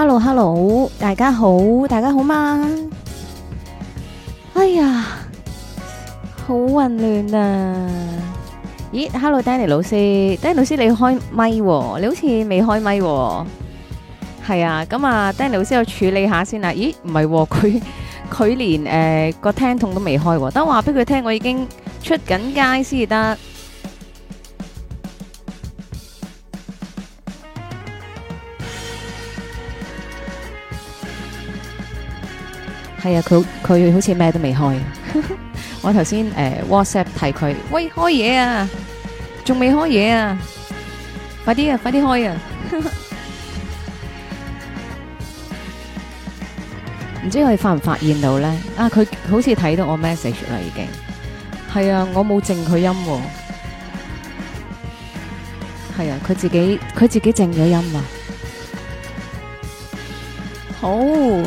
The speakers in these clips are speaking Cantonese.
Hello，Hello，Hello. 大家好，大家好嗎？哎呀，好混亂啊！咦，Hello，Danny 老師，Danny 老師，Danny 老師你開咪，你好似未開咪。係啊，咁啊，Danny 老師我處理一下先啦。咦，唔係佢佢連誒、呃、個聽筒都未開，等話俾佢聽，我已經出緊街先至得。係啊，佢佢好似咩都未開。 我頭先誒 WhatsApp 提佢，喂，開嘢啊，仲未開嘢啊，快啲啊，快啲開啊！唔 知佢發唔發現到咧？啊，佢好似睇到我 message 啦，已經。係啊，我冇靜佢音，係啊，佢自己佢自己靜咗音啊，好。Oh.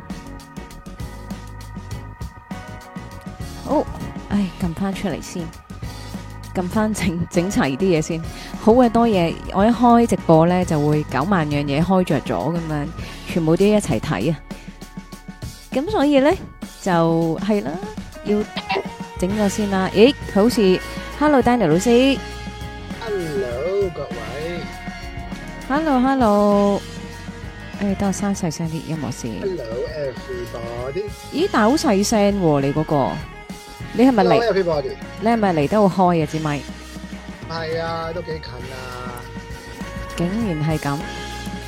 好，唉、哦，撳、哎、翻出嚟先，撳翻整整齊啲嘢先。好嘅多嘢，我一開直播咧就會九萬樣嘢開着咗咁樣，全部都一齊睇啊！咁所以咧就係啦，要整咗 先啦。咦，好似 Hello Danny 老師，Hello 各位，Hello Hello，誒，等、哎、我刪細聲啲音樂先。Hello, everybody. 咦，但好細聲喎，你嗰個。你係咪嚟？你係咪嚟得好開啊？志咪？係啊，都幾近啊！竟然係咁，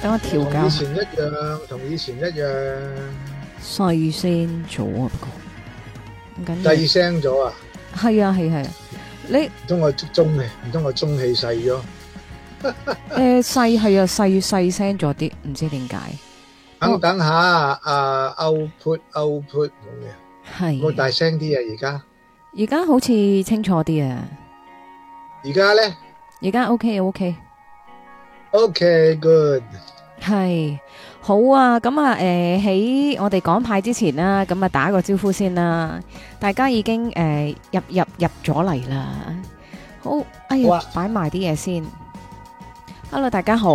等我調教。同以前一樣，同以前一樣。細聲咗啊！唔緊要。細聲咗啊！係啊，係係。你唔通我中氣？唔通我中氣細咗？誒細係啊，細細聲咗啲，唔知點解。等等下，阿 Output Output，會大聲啲啊！而家。而家好似清楚啲啊！而家咧，而家 OK OK OK Good，係好啊！咁啊，誒、呃，喺我哋講牌之前啦，咁、嗯、啊，打個招呼先啦。大家已經誒、呃、入入入咗嚟啦。好，哎呀，擺埋啲嘢先。Hello，大家好。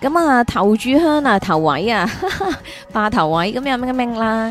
咁啊，頭炷香啊，頭位啊，哈哈霸頭位，咁有咩名啦？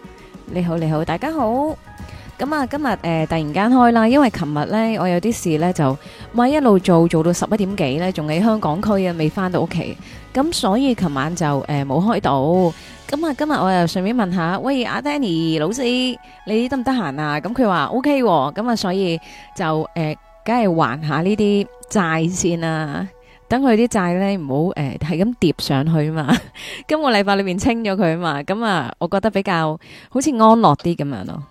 你好，你好，大家好。咁啊，今日誒突然間開啦，因為琴日咧我有啲事咧就咪一路做，做到十一點幾咧，仲喺香港區啊，未翻到屋企。咁所以琴晚就誒冇開到。咁啊，今日我又順便問下，喂阿 Danny 老師，你得唔得閒啊？咁佢話 OK，咁啊，所以就誒，梗係還下呢啲債先啦。等佢啲債咧唔好誒係咁疊上去啊嘛，今個禮拜裏面清咗佢啊嘛，咁啊我覺得比較好似安樂啲咁樣咯。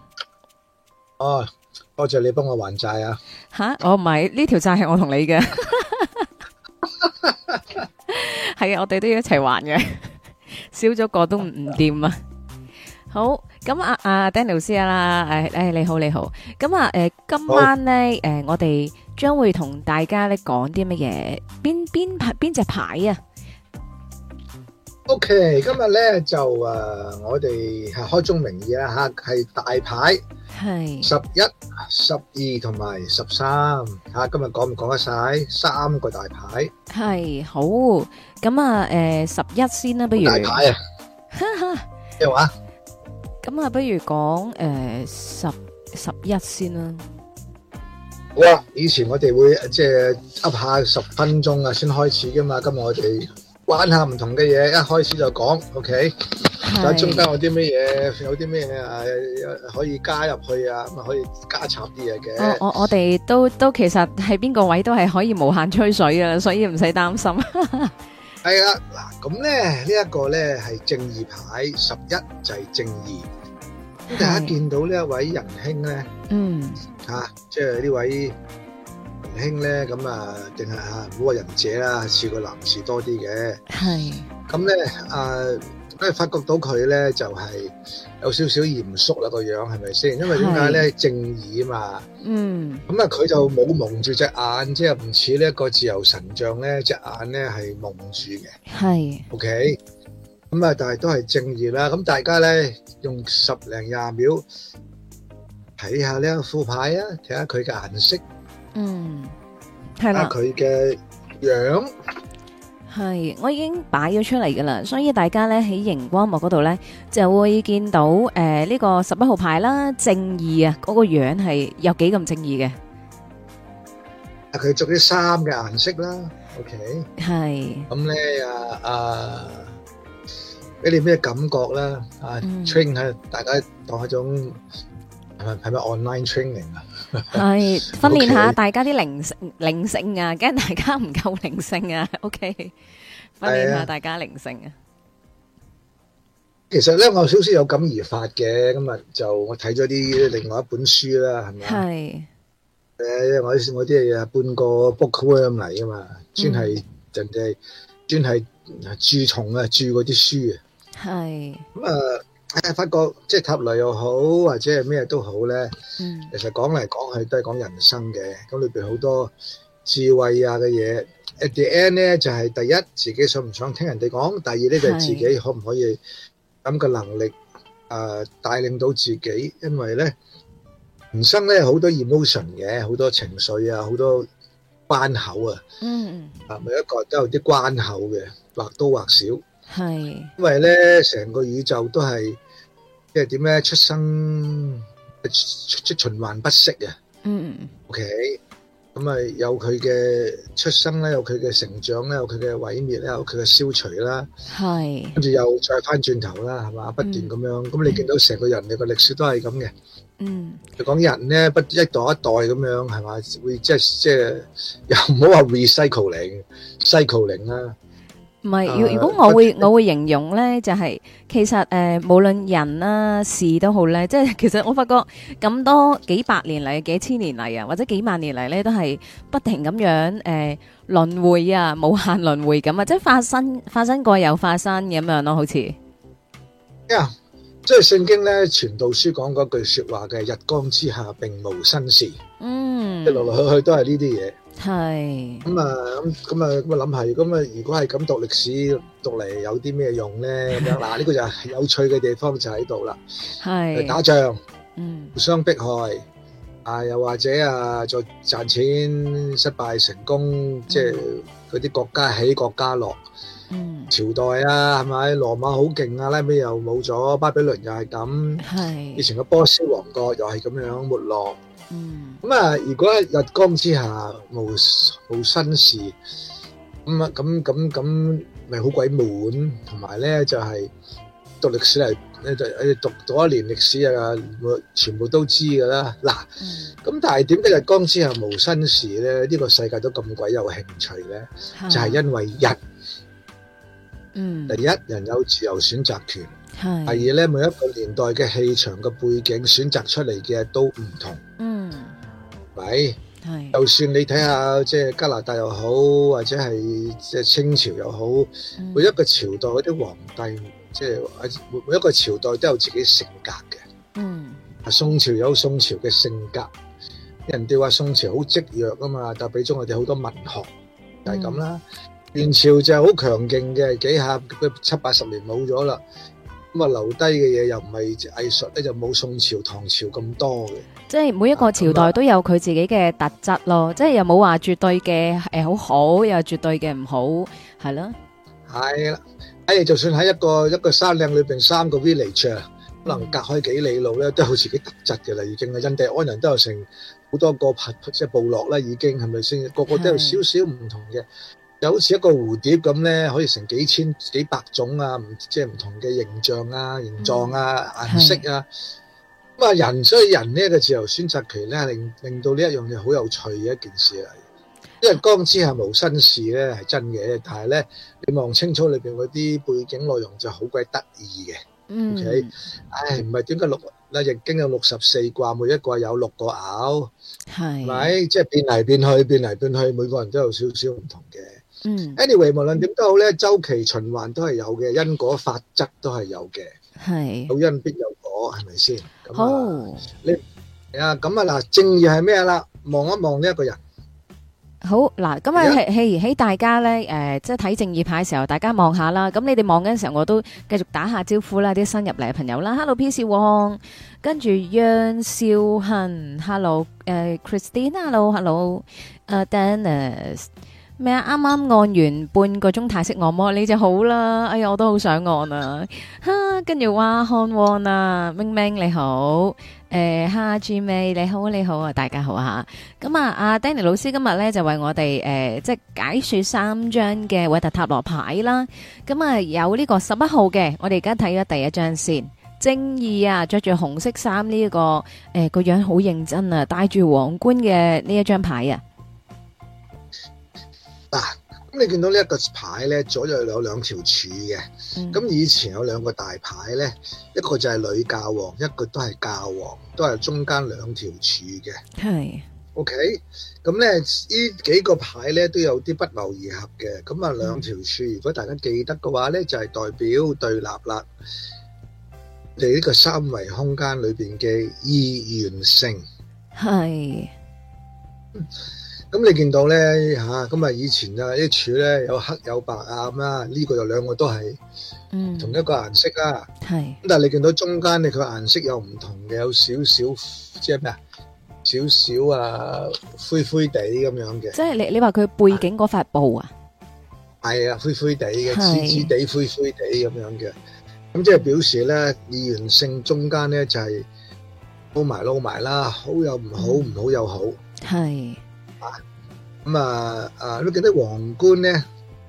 哦，多謝你幫我還債啊！吓，我唔係呢條債係我同你嘅，係啊，我哋都要一齊還嘅，少咗個都唔掂啊！好，咁阿阿 Danny 老師啊，啦誒誒你好你好，咁啊誒今晚咧誒我哋，將會同大家咧講啲乜嘢？邊邊牌邊隻牌啊？OK，今日咧就誒，我哋係開宗明義啦吓，係大牌，係十一、十二同埋十三吓。今日講唔講得晒？三個大牌係好咁啊？誒，十一先啦，不如大牌啊？哈哈，咩話？咁啊，不如講誒十十一先啦。好哇、啊！以前我哋會即係噏下十分鐘啊，先開始噶嘛。今日我哋玩下唔同嘅嘢，一開始就講，OK 是。係。中間有啲咩嘢，有啲咩嘢可以加入去啊，咁啊可以加插啲嘢嘅。我我我哋都都其實喺邊個位都係可以無限吹水啊，所以唔使擔心。係 啦，嗱，咁咧呢一個咧係正義牌十一，就係正義。大家見到呢一位仁兄咧，嗯嚇，即係呢位仁兄咧，咁啊，定係啊，個仁者啦，似個男士多啲嘅。係。咁咧啊，我哋發覺到佢咧就係有少少嚴肅啦個樣，係咪先？因為點解咧？正義嘛。嗯。咁啊，佢就冇矇住隻眼，即係唔似呢一個自由神像咧，隻眼咧係矇住嘅。係。O K。咁啊，但係都係正義啦。咁大家咧。用十零廿秒睇下呢個副牌啊，睇下佢嘅顏色，嗯，係啦，佢嘅樣係，我已經擺咗出嚟噶啦，所以大家咧喺熒光幕嗰度咧就會見到誒呢個十一號牌啦，正義啊，嗰個樣係有幾咁正義嘅，啊佢着啲衫嘅顏色啦，OK，係，咁咧啊啊。俾你咩感覺咧？啊，training 係大家當一種係咪係咪 online training 啊？係訓練下大家啲靈性靈性啊，驚大家唔夠靈性啊。OK，訓練下大家靈性啊。其實咧，我少少有感而發嘅，今日就我睇咗啲另外一本書啦，係咪？係誒，我我啲啊半個 bookworm 嚟噶嘛，專係人哋專係蛀蟲啊，蛀嗰啲書啊。係噉啊！誒，發覺即係塔雷又好，或者係咩都好咧。嗯，其實講嚟講去都係講人生嘅，噉裏邊好多智慧啊嘅嘢。At the end 咧，就係第一自己想唔想聽人哋講，第二咧就係自己可唔可以噉嘅能力誒帶領到自己，因為咧人生咧好多 emotion 嘅，好多情緒啊，好多關口啊。嗯，啊，每一個人都有啲關口嘅，或多或少。係，因為咧成個宇宙都係即係點咧，出生出出循環不息嘅。嗯，OK，咁啊有佢嘅出生咧，有佢嘅成長咧，有佢嘅毀滅咧，有佢嘅消除啦。係，跟住又再翻轉頭啦，係嘛，不斷咁樣。咁你見到成個人嘅歷史都係咁嘅。嗯，就講人咧，不一代一代咁樣係嘛，會即係即係又唔好話 recycle 嚟，cycle 嚟啦。唔係，如如果我會我會形容咧，就係其實誒，無論人啊事都好咧，即係其實我發覺咁多幾百年嚟、幾千年嚟啊，或者幾萬年嚟咧，都係不停咁樣誒輪迴啊，無限輪迴咁啊，即係發生發生過又發生咁樣咯，好似啊，即係聖經咧傳道書講嗰句說話嘅日光之下並無新事，嗯，即係來來去去都係呢啲嘢。係咁啊，咁咁啊，咁啊諗係，咁啊，如果係咁讀歷史，讀嚟有啲咩用咧？咁樣嗱，呢個就係有趣嘅地方就喺度啦。係打仗，嗯，互相迫害，啊，又或者啊，再賺錢失敗成功，即係嗰啲國家起國家落，嗯，朝代啊，係咪？羅馬好勁啊，拉尾又冇咗，巴比倫又係咁，係以前嘅波斯王國又係咁樣沒落。嗯，咁啊、嗯，如果日光之下無無新事，咁、嗯、啊，咁咁咁咪好鬼悶。同埋咧，就係、是、讀歷史嚟，你讀讀嗰一年歷史啊，全部都知噶啦。嗱，咁、嗯嗯、但係點解日光之下無新事咧？呢、呢個世界都咁鬼有興趣咧，是就係因為一，嗯，第一人有自由選擇權，係是。第二咧，每一個年代嘅氣場嘅背景選擇出嚟嘅都唔同。嗯，咪係，就算你睇下即係加拿大又好，或者係即係清朝又好，mm. 每一個朝代嗰啲皇帝，即係每每一個朝代都有自己性格嘅。嗯，啊宋朝有宋朝嘅性格，人哋話宋朝好積弱啊嘛，俾咗我哋好多文學係咁、就係、啦。Mm. 元朝就好強勁嘅，幾下七八十年冇咗啦，咁啊留低嘅嘢又唔係藝術咧，就冇宋朝、唐朝咁多嘅。即係每一個朝代都有佢自己嘅特質咯，啊、即係又冇話絕對嘅誒好好，又絕對嘅唔好，係咯。係啦，誒，就算喺一個一個山嶺裏邊，三個 village，可能隔開幾里路咧，都係有自己特質嘅啦。已經係印第安人都有成好多個即係部落咧，已經係咪先？個個都有少少唔同嘅，的就好似一個蝴蝶咁咧，可以成幾千幾百種啊，唔即係唔同嘅形象啊、形狀啊、顏的色啊。咁啊，人所以人呢一個自由選擇期咧，令令到呢一樣嘢好有趣嘅一件事嚟。因為光知係無新事咧係真嘅，但係咧你望清楚裏邊嗰啲背景內容就好鬼得意嘅。嗯，OK，唉、哎，唔係點解六嗱易經有六十四卦，每一卦有六個爻，係咪即係變嚟變去，變嚟變去，每個人都有少少唔同嘅。嗯，anyway，無論點都好咧，周期循環都係有嘅，因果法則都係有嘅，係有因必有。係咪先？好，你啊咁啊嗱，正義係咩啦？望一望呢一個人。好嗱，咁啊，係係喺大家咧，誒，即係睇正義牌嘅時候，大家望下啦。咁你哋望緊嘅時候，我都繼續打下招呼啦，啲新入嚟嘅朋友啦，Hello PC Wong，跟住楊少恒，Hello，誒、uh, Christina，Hello，Hello，uh, Dennis 咩啊？啱啱按完半個鐘泰式按摩，你就好啦。哎呀，我都好想按啊！哈、啊，跟住話漢王啊，明明你好，誒、呃，哈 G 未？你好你好啊，大家好啊！咁啊，阿 Danny 老師今日咧就為我哋誒，即、呃、係解說三張嘅偉特塔羅牌啦。咁啊，有呢個十一號嘅，我哋而家睇咗第一張先，正義啊，穿着住紅色衫呢，這個誒、呃、個樣好認真啊，戴住皇冠嘅呢一張牌啊。嗱，咁你見到呢一個牌咧，左右有兩條柱嘅，咁以前有兩個大牌咧，一個就係女教皇，一個都係教皇，都係中間兩條柱嘅。係，OK，咁咧呢幾個牌咧都有啲不謀而合嘅，咁啊兩條柱，如果大家記得嘅話咧，就係代表對立啦，你呢個三維空間裏邊嘅二元性。係。咁、嗯、你見到咧嚇，咁啊以前啊啲柱咧，有黑有白啊咁啦。呢、這個有兩個都係同一個顏色啦、啊。咁、嗯、但係你見到中間咧佢顏色有唔同嘅，有少少即係咩啊？少少啊灰灰地咁樣嘅。即係你你話佢背景嗰塊布啊？係啊，灰灰地嘅，黐黐地灰灰地咁樣嘅。咁、嗯、即係表示咧二元性中間咧就係、是、撈埋撈埋啦，好又唔好，唔、嗯、好又好。係。啊咁啊啊都見到皇冠咧，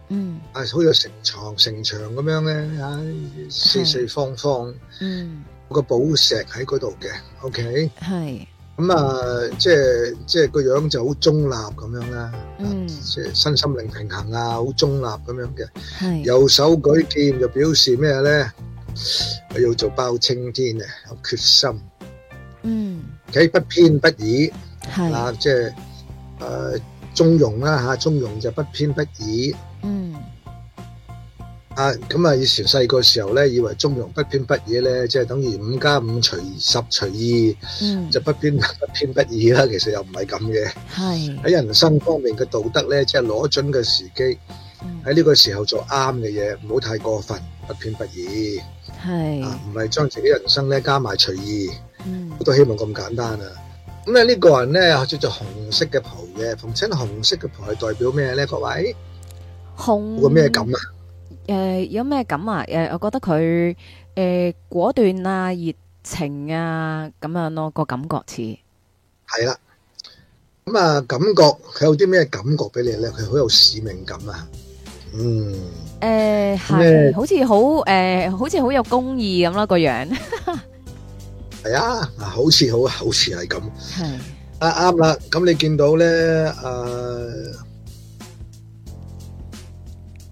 嗯，啊，呢嗯啊好似城牆城牆咁樣咧，啊四是四方方，嗯，個寶石喺嗰度嘅，OK，係，咁啊即係即係個樣就好中立咁樣啦、嗯啊，即係身心靈平衡啊，好中立咁樣嘅，係是，右手舉劍就表示咩咧？我要做包青天啊，有決心，嗯，不偏不倚，係是、啊，即係。誒、呃，中庸啦吓，中庸就不偏不倚。嗯。啊，咁啊，以前細個時候咧，以為中庸不偏不倚咧，即、就、係、是、等於五加五除以十除二，嗯，就不偏不偏不倚啦。其實又唔係咁嘅。係是。喺人生方面嘅道德咧，即係攞準嘅時機，喺呢，嗯，個時候做啱嘅嘢，唔好太過分，不偏不倚。係是。唔係將自己人生咧加埋隨意。嗯，我都希望咁簡單啊！咁呢個人咧，着着紅色嘅袍嘅，逢親紅色嘅袍係代表咩咧？各位，紅個咩感啊？誒、呃，有咩感啊？誒、呃，我覺得佢誒、呃、果斷啊，熱情啊，咁樣咯，個感覺似係啦。咁啊、嗯呃，感覺佢有啲咩感覺俾你咧？佢好有使命感啊。嗯。誒、呃，係、呃呃，好似好誒，好似好有公義咁咯，個樣。 係啊，好似好，好似係咁。係啊，啱啦。咁你見到咧，誒，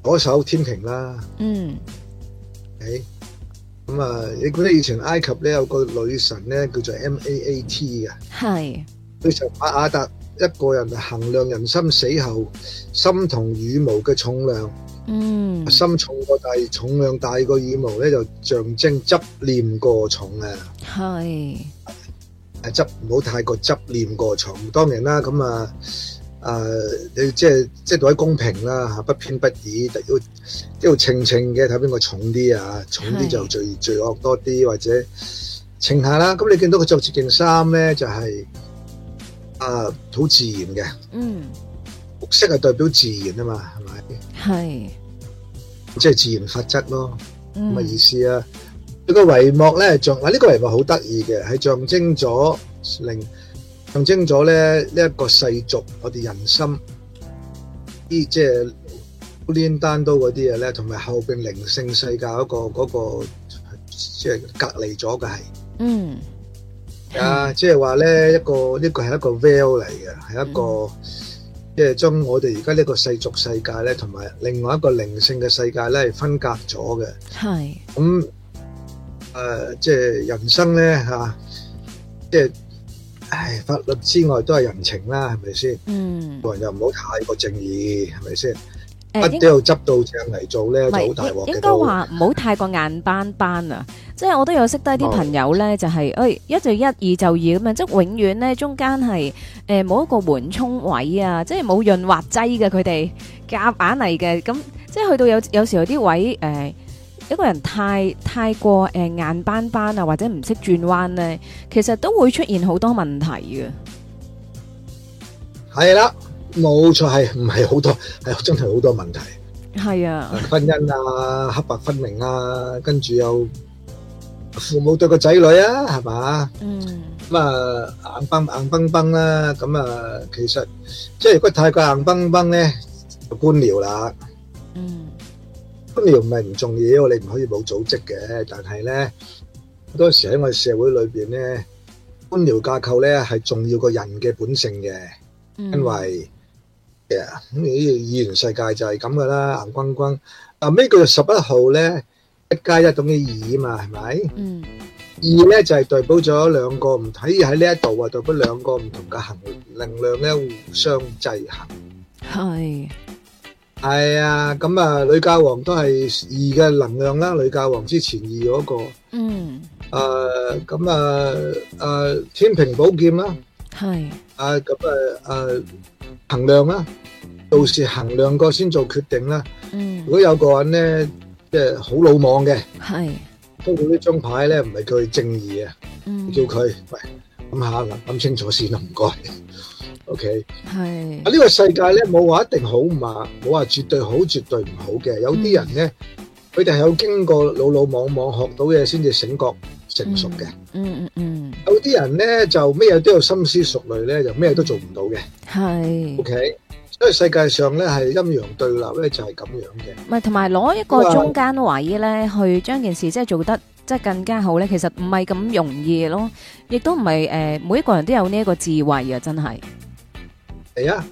左手天平啦。嗯，誒，咁啊，你記得以前埃及咧有個女神咧叫做 M A A T 嘅，係佢就話阿達一個人衡量人心死後心同羽毛嘅重量。嗯，心重過大重量大過羽毛咧，就象徵執念過重啊。係，誒執唔好太過執念過重。當然啦，咁啊誒，你即係即係對喺公平啦，吓不偏不倚，要要稱稱嘅睇邊個重啲啊，重啲就罪罪惡多啲，或者稱下啦。咁你見到佢着住件衫咧，就係啊好自然嘅。嗯，綠色係代表自然啊嘛，係咪？係。即係自然法則咯，咁嘅意思啊。佢個帷幕咧，象嗱呢個帷幕好得意嘅，係象徵咗，象徵咗咧呢一個世俗我哋人心，依即係孤零單刀嗰啲嘢咧，同埋後邊靈性世界嗰個嗰個，即係隔離咗嘅。係。嗯。啊，即係話咧，一個呢個係一個 Veil 嚟嘅，係一個。即係將我哋而家呢個世俗世界咧，同埋另外一個靈性嘅世界咧，係分隔咗嘅。係。咁誒，即係人生咧嚇，即係唉，法律之外都係人情啦，係咪先？嗯。做人又唔好太過正義，係咪先？乜都、欸、要執到正嚟做咧，就好大應該話唔好太過硬斑斑啊！即係我都有識得啲朋友咧，就係、是，哎、欸，一就一，二就二咁樣，即係永遠咧中間係，誒、欸，冇一個緩衝位啊，即係冇潤滑劑嘅，佢哋夾硬嚟嘅。咁即係去到有有時候有啲位，誒、欸，一個人太太過，誒、欸，硬斑斑啊，或者唔識轉彎咧，其實都會出現好多問題嘅。係啦。冇錯，係唔係好多？係真係好多問題。係啊，婚姻啊，黑白分明啊，跟住又父母對個仔女啊，係嘛？嗯。咁啊，硬繃硬繃繃啦，咁啊，其實即係如果太過硬繃繃咧，就官僚啦。嗯。官僚唔係唔重要，你唔可以冇組織嘅。但係咧，好多時喺我哋社會裏邊咧，官僚架構咧係重要個人嘅本性嘅，因為。啊，咁呢啲二元世界就係咁噶啦，硬轟轟。啊，呢個月十一號咧，一加一等於二嘛，係咪？嗯。二咧就係代表咗兩個唔喺喺呢一度啊，代表兩個唔同嘅行能量咧互相制衡。係。係啊，咁啊，女教皇都係二嘅能量啦。女教皇之前二嗰個，嗯。誒，咁啊，誒，天平寶劍啦。係。啊，咁啊，誒，衡量啦。到時衡量過先做決定啦。嗯，如果有個人咧，即係好魯莽嘅，係通過呢張牌咧，唔係叫佢正義啊。嗯，叫佢喂諗下啦，諗清楚先啦。唔該，O K 係啊。呢個世界咧，冇話一定好嘛，冇話絕對好，絕對唔好嘅。有啲人咧，佢哋係有經過老老莽莽學到嘢，先至醒覺成熟嘅。嗯嗯嗯。有啲人咧，就咩嘢都要深思熟慮咧，就咩嘢都做唔到嘅。係 O K。因為世界上咧係陰陽對立咧就係咁樣嘅，唔係同埋攞一個中間位咧去將件事即係做得即係更加好咧，其實唔係咁容易咯，亦都唔係誒每一個人都有呢一個智慧啊，真係係啊，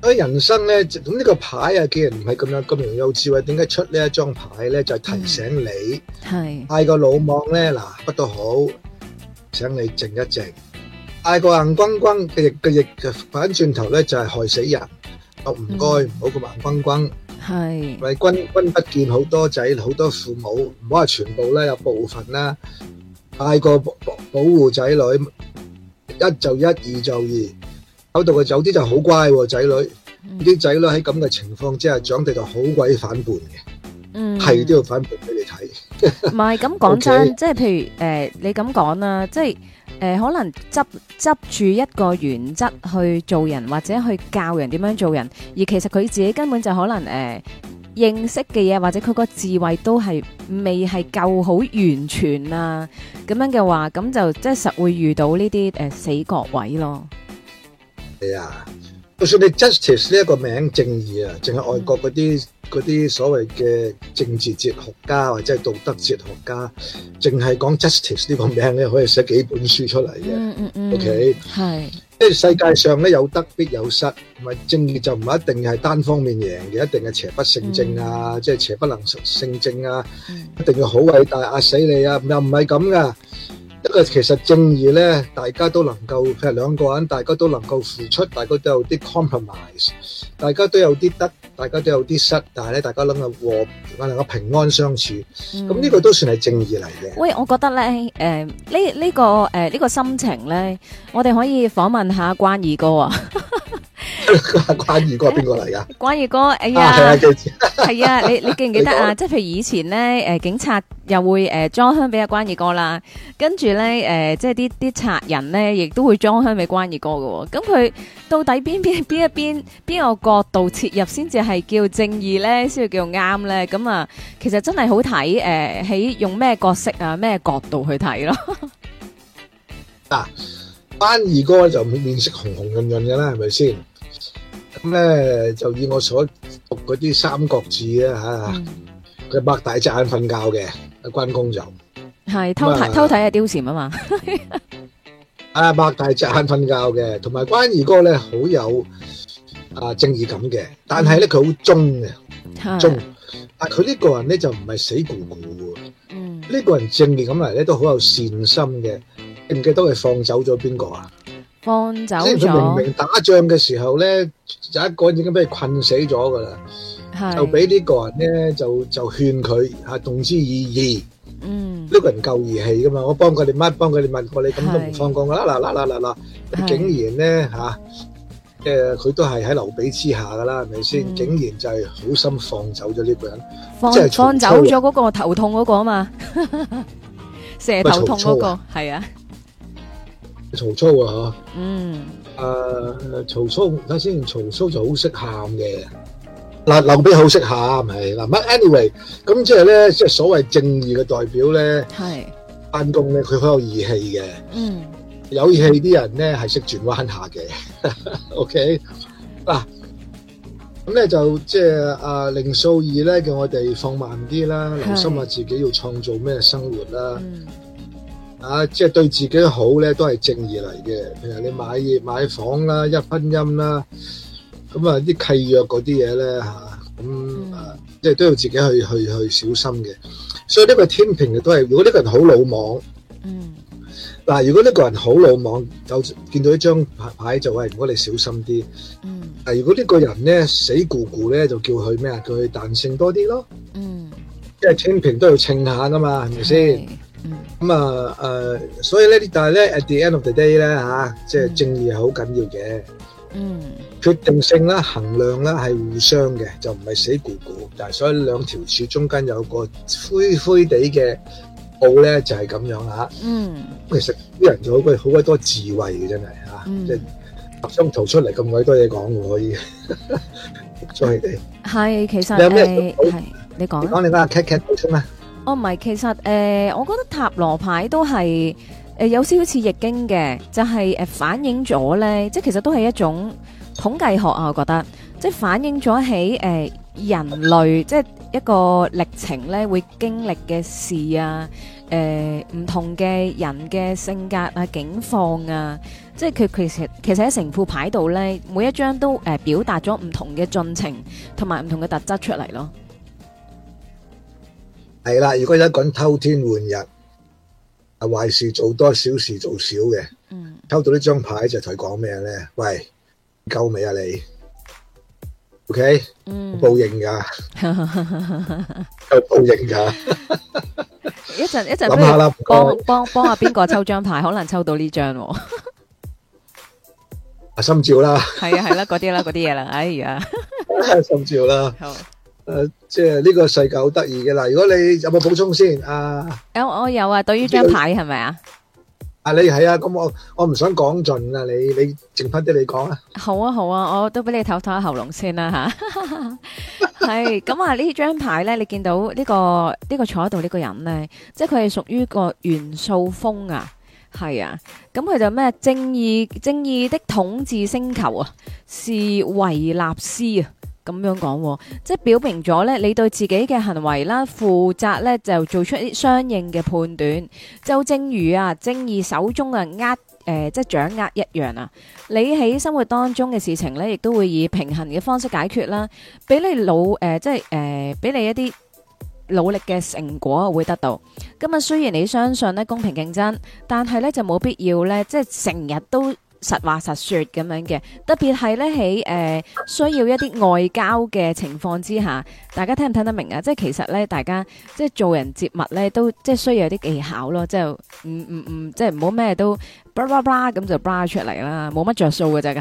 所以人生咧，咁呢個牌啊，既然唔係咁樣咁容易有智慧，點解出呢一張牌咧，就係提醒你係嗌個老莫咧嗱，乜都好，請你靜一靜，嗌個硬轟轟嘅嘅嘅反轉頭咧就係害死人。唔該，唔好咁盲轟轟，係，為君君不見好多仔，好多父母唔好話全部啦，有部分啦，太過保保護仔女，一就一，二就二，搞到佢有啲就好乖喎，仔女，啲仔女喺咁嘅情況之下長大就好鬼反叛嘅，嗯，係都要反叛俾你睇。唔係咁講真 Okay. 即、呃，即係譬如誒，你咁講啦，即係誒，可能執執住一個原則去做人，或者去教人點樣做人，而其實佢自己根本就可能誒、呃，認識嘅嘢或者佢個智慧都係未係夠好完全啊，咁樣嘅話，咁就即係實會遇到呢啲誒死角位咯。Yeah. 就算你 justice 呢一個名正義啊，淨係外國嗰啲嗰啲所謂嘅政治哲學家或者係道德哲學家，淨係講 justice 呢個名咧，可以寫幾本書出嚟嘅。嗯嗯嗯。OK，係。即係世界上咧有得必有失，唔係正義就唔係一定係單方面贏嘅，一定係邪不勝正啊，即係邪不能勝勝正啊，一定要好偉大壓死你啊，又唔係咁噶。一個其實正義呢，大家都能夠譬如兩個人，大家都能夠付出，大家都有啲 compromise，大家都有啲得，大家都有啲失，但係呢，大家能夠和平能夠平安相處，咁呢、嗯、個都算係正義嚟嘅。喂，我覺得呢誒呢呢個誒呢、呃這個心情呢，我哋可以訪問下關二哥啊、哦。 關二哥係邊個嚟噶？關二哥，哎呀，係啊，啊，啊，你你，你記唔記得啊？即係譬如以前咧，誒，警察又會誒裝、呃、香俾阿關二哥啦，跟住咧，誒、呃，即係啲啲賊人咧，亦都會裝香俾關二哥噶、哦。咁佢到底邊邊邊一邊邊個角度切入先至係叫正義咧，先至叫啱咧？咁啊，其實真係好睇誒，喺、呃、用咩角色啊，咩角度去睇咯？嗱、啊，關二哥就面色紅紅潤潤嘅啦，係咪先？咁咧就以我所讀嗰啲三國志咧嚇，佢擘大隻眼瞓覺嘅，關公就係偷睇偷睇係貂蟬啊嘛，啊擘大隻眼瞓覺嘅，同埋關二哥咧好有啊正義感嘅，但係咧佢好忠嘅，忠，但佢呢個人咧就唔係死咕咕嘅，嗯，呢個人正面咁嚟咧都好有善心嘅，記唔記得佢放走咗邊個啊？放走咗，即係佢明明打仗嘅時候咧，就一個已經俾佢困死咗噶啦，就俾呢個人咧就就勸佢吓動之以義，嗯，呢個人夠義氣噶嘛，我幫佢哋乜，幫佢哋問過你，咁都唔放降啦啦啦啦啦啦，竟然咧吓，誒，佢都係喺劉備之下噶啦，係咪先？竟然就係好心放走咗呢個人，即係放走咗嗰個頭痛嗰個啊嘛，蛇頭痛嗰個係啊。曹操啊嗬，嗯，誒，曹操睇下先，曹操就好識喊嘅。嗱，劉備好識喊，係嗱，乜 anyway，咁即係咧，即係所謂正義嘅代表咧，係，關公咧，佢好有義氣嘅，嗯，有義氣啲人咧係識轉彎下嘅，OK，嗱，咁咧就即係誒零數二咧，叫我哋放慢啲啦，留心下自己要創造咩生活啦。啊，即、就、係、是、對自己好咧，都係正義嚟嘅。譬如你買嘢、嗯、買房啦、一婚姻啦，咁啊啲契約嗰啲嘢咧嚇，咁啊即係、嗯嗯啊就是、都要自己去去去，去小心嘅。所以呢個天平亦都係，如果呢個人好魯莽，嗯，嗱、啊，如果呢個人好魯莽，就見到一張牌就係，如果你小心啲，嗯，嗱、啊，如果呢個人咧死咕咕咧，就叫佢咩啊，叫佢彈性多啲咯，嗯，即係天平都要稱下噶嘛，係咪先？是咁啊誒，所以咧，但係咧，at the end of the day 咧，吓，即係正義係好緊要嘅。嗯，決定性啦，衡量啦，係互相嘅，就唔係死咕咕，但係所以兩條柱中間有個灰灰地嘅奧咧，就係咁樣吓。嗯，其實啲人就好鬼好鬼多智慧嘅，真係吓，即係幅張圖出嚟咁鬼多嘢講，可以。再係，係其實誒，係你講啊，講你嗱 cut cut 先啦。哦，唔係，其實誒、呃，我覺得塔羅牌都係誒、呃、有少少似易經嘅，就係、是、誒、呃、反映咗咧，即係其實都係一種統計學啊，我覺得，即係反映咗喺誒人類，即係一個歷程咧會經歷嘅事啊，誒、呃、唔同嘅人嘅性格啊、境況啊，即係佢其實其實喺成副牌度咧，每一張都誒、呃、表達咗唔同嘅進程同埋唔同嘅特質出嚟咯。係啦，如果有一個人偷天換日，啊壞事做多，少事做少嘅，嗯，抽到呢張牌就同佢講咩咧？喂，夠未啊你？O K，嗯，報應噶，有報應噶。一陣一陣，幫幫幫下邊個抽張牌？可能抽到呢張。阿心照啦，係啊係啦，嗰啲啦嗰啲嘢啦，哎呀，心照啦。好。誒，即係呢個世界好得意嘅啦！如果你有冇補充先啊？誒、哦，我有啊，對於張牌係咪啊？啊，你係啊，咁、嗯、我我唔想講盡啊你你剩翻啲你講啊好啊，好啊，我都俾你唞唞下喉嚨先啦吓。係，咁 啊呢張牌咧，你見到呢、呢個呢、呢個坐喺度呢個人咧，即係佢係屬於個元素風啊，係啊，咁、嗯、佢、嗯、就咩正義正義的統治星球啊，是維納斯啊。咁樣講，即係表明咗呢，你對自己嘅行為啦負責呢，就做出啲相應嘅判斷。就正如啊，正義手中嘅握誒，即係掌握一樣啊。你喺生活當中嘅事情呢，亦都會以平衡嘅方式解決啦，俾你努誒、呃，即係誒，俾、呃、你一啲努力嘅成果會得到。咁、嗯、啊，雖然你相信呢公平競爭，但係呢，就冇必要呢，即係成日都，實話實説咁樣嘅，特別係咧喺誒需要一啲外交嘅情況之下，大家聽唔聽得明啊？即係其實咧，大家即係做人接物咧，都即係需要有啲技巧咯。即係唔唔唔，即係唔好咩都巴拉巴拉咁就巴拉、ah、出嚟啦，冇乜着數嘅咋嚇。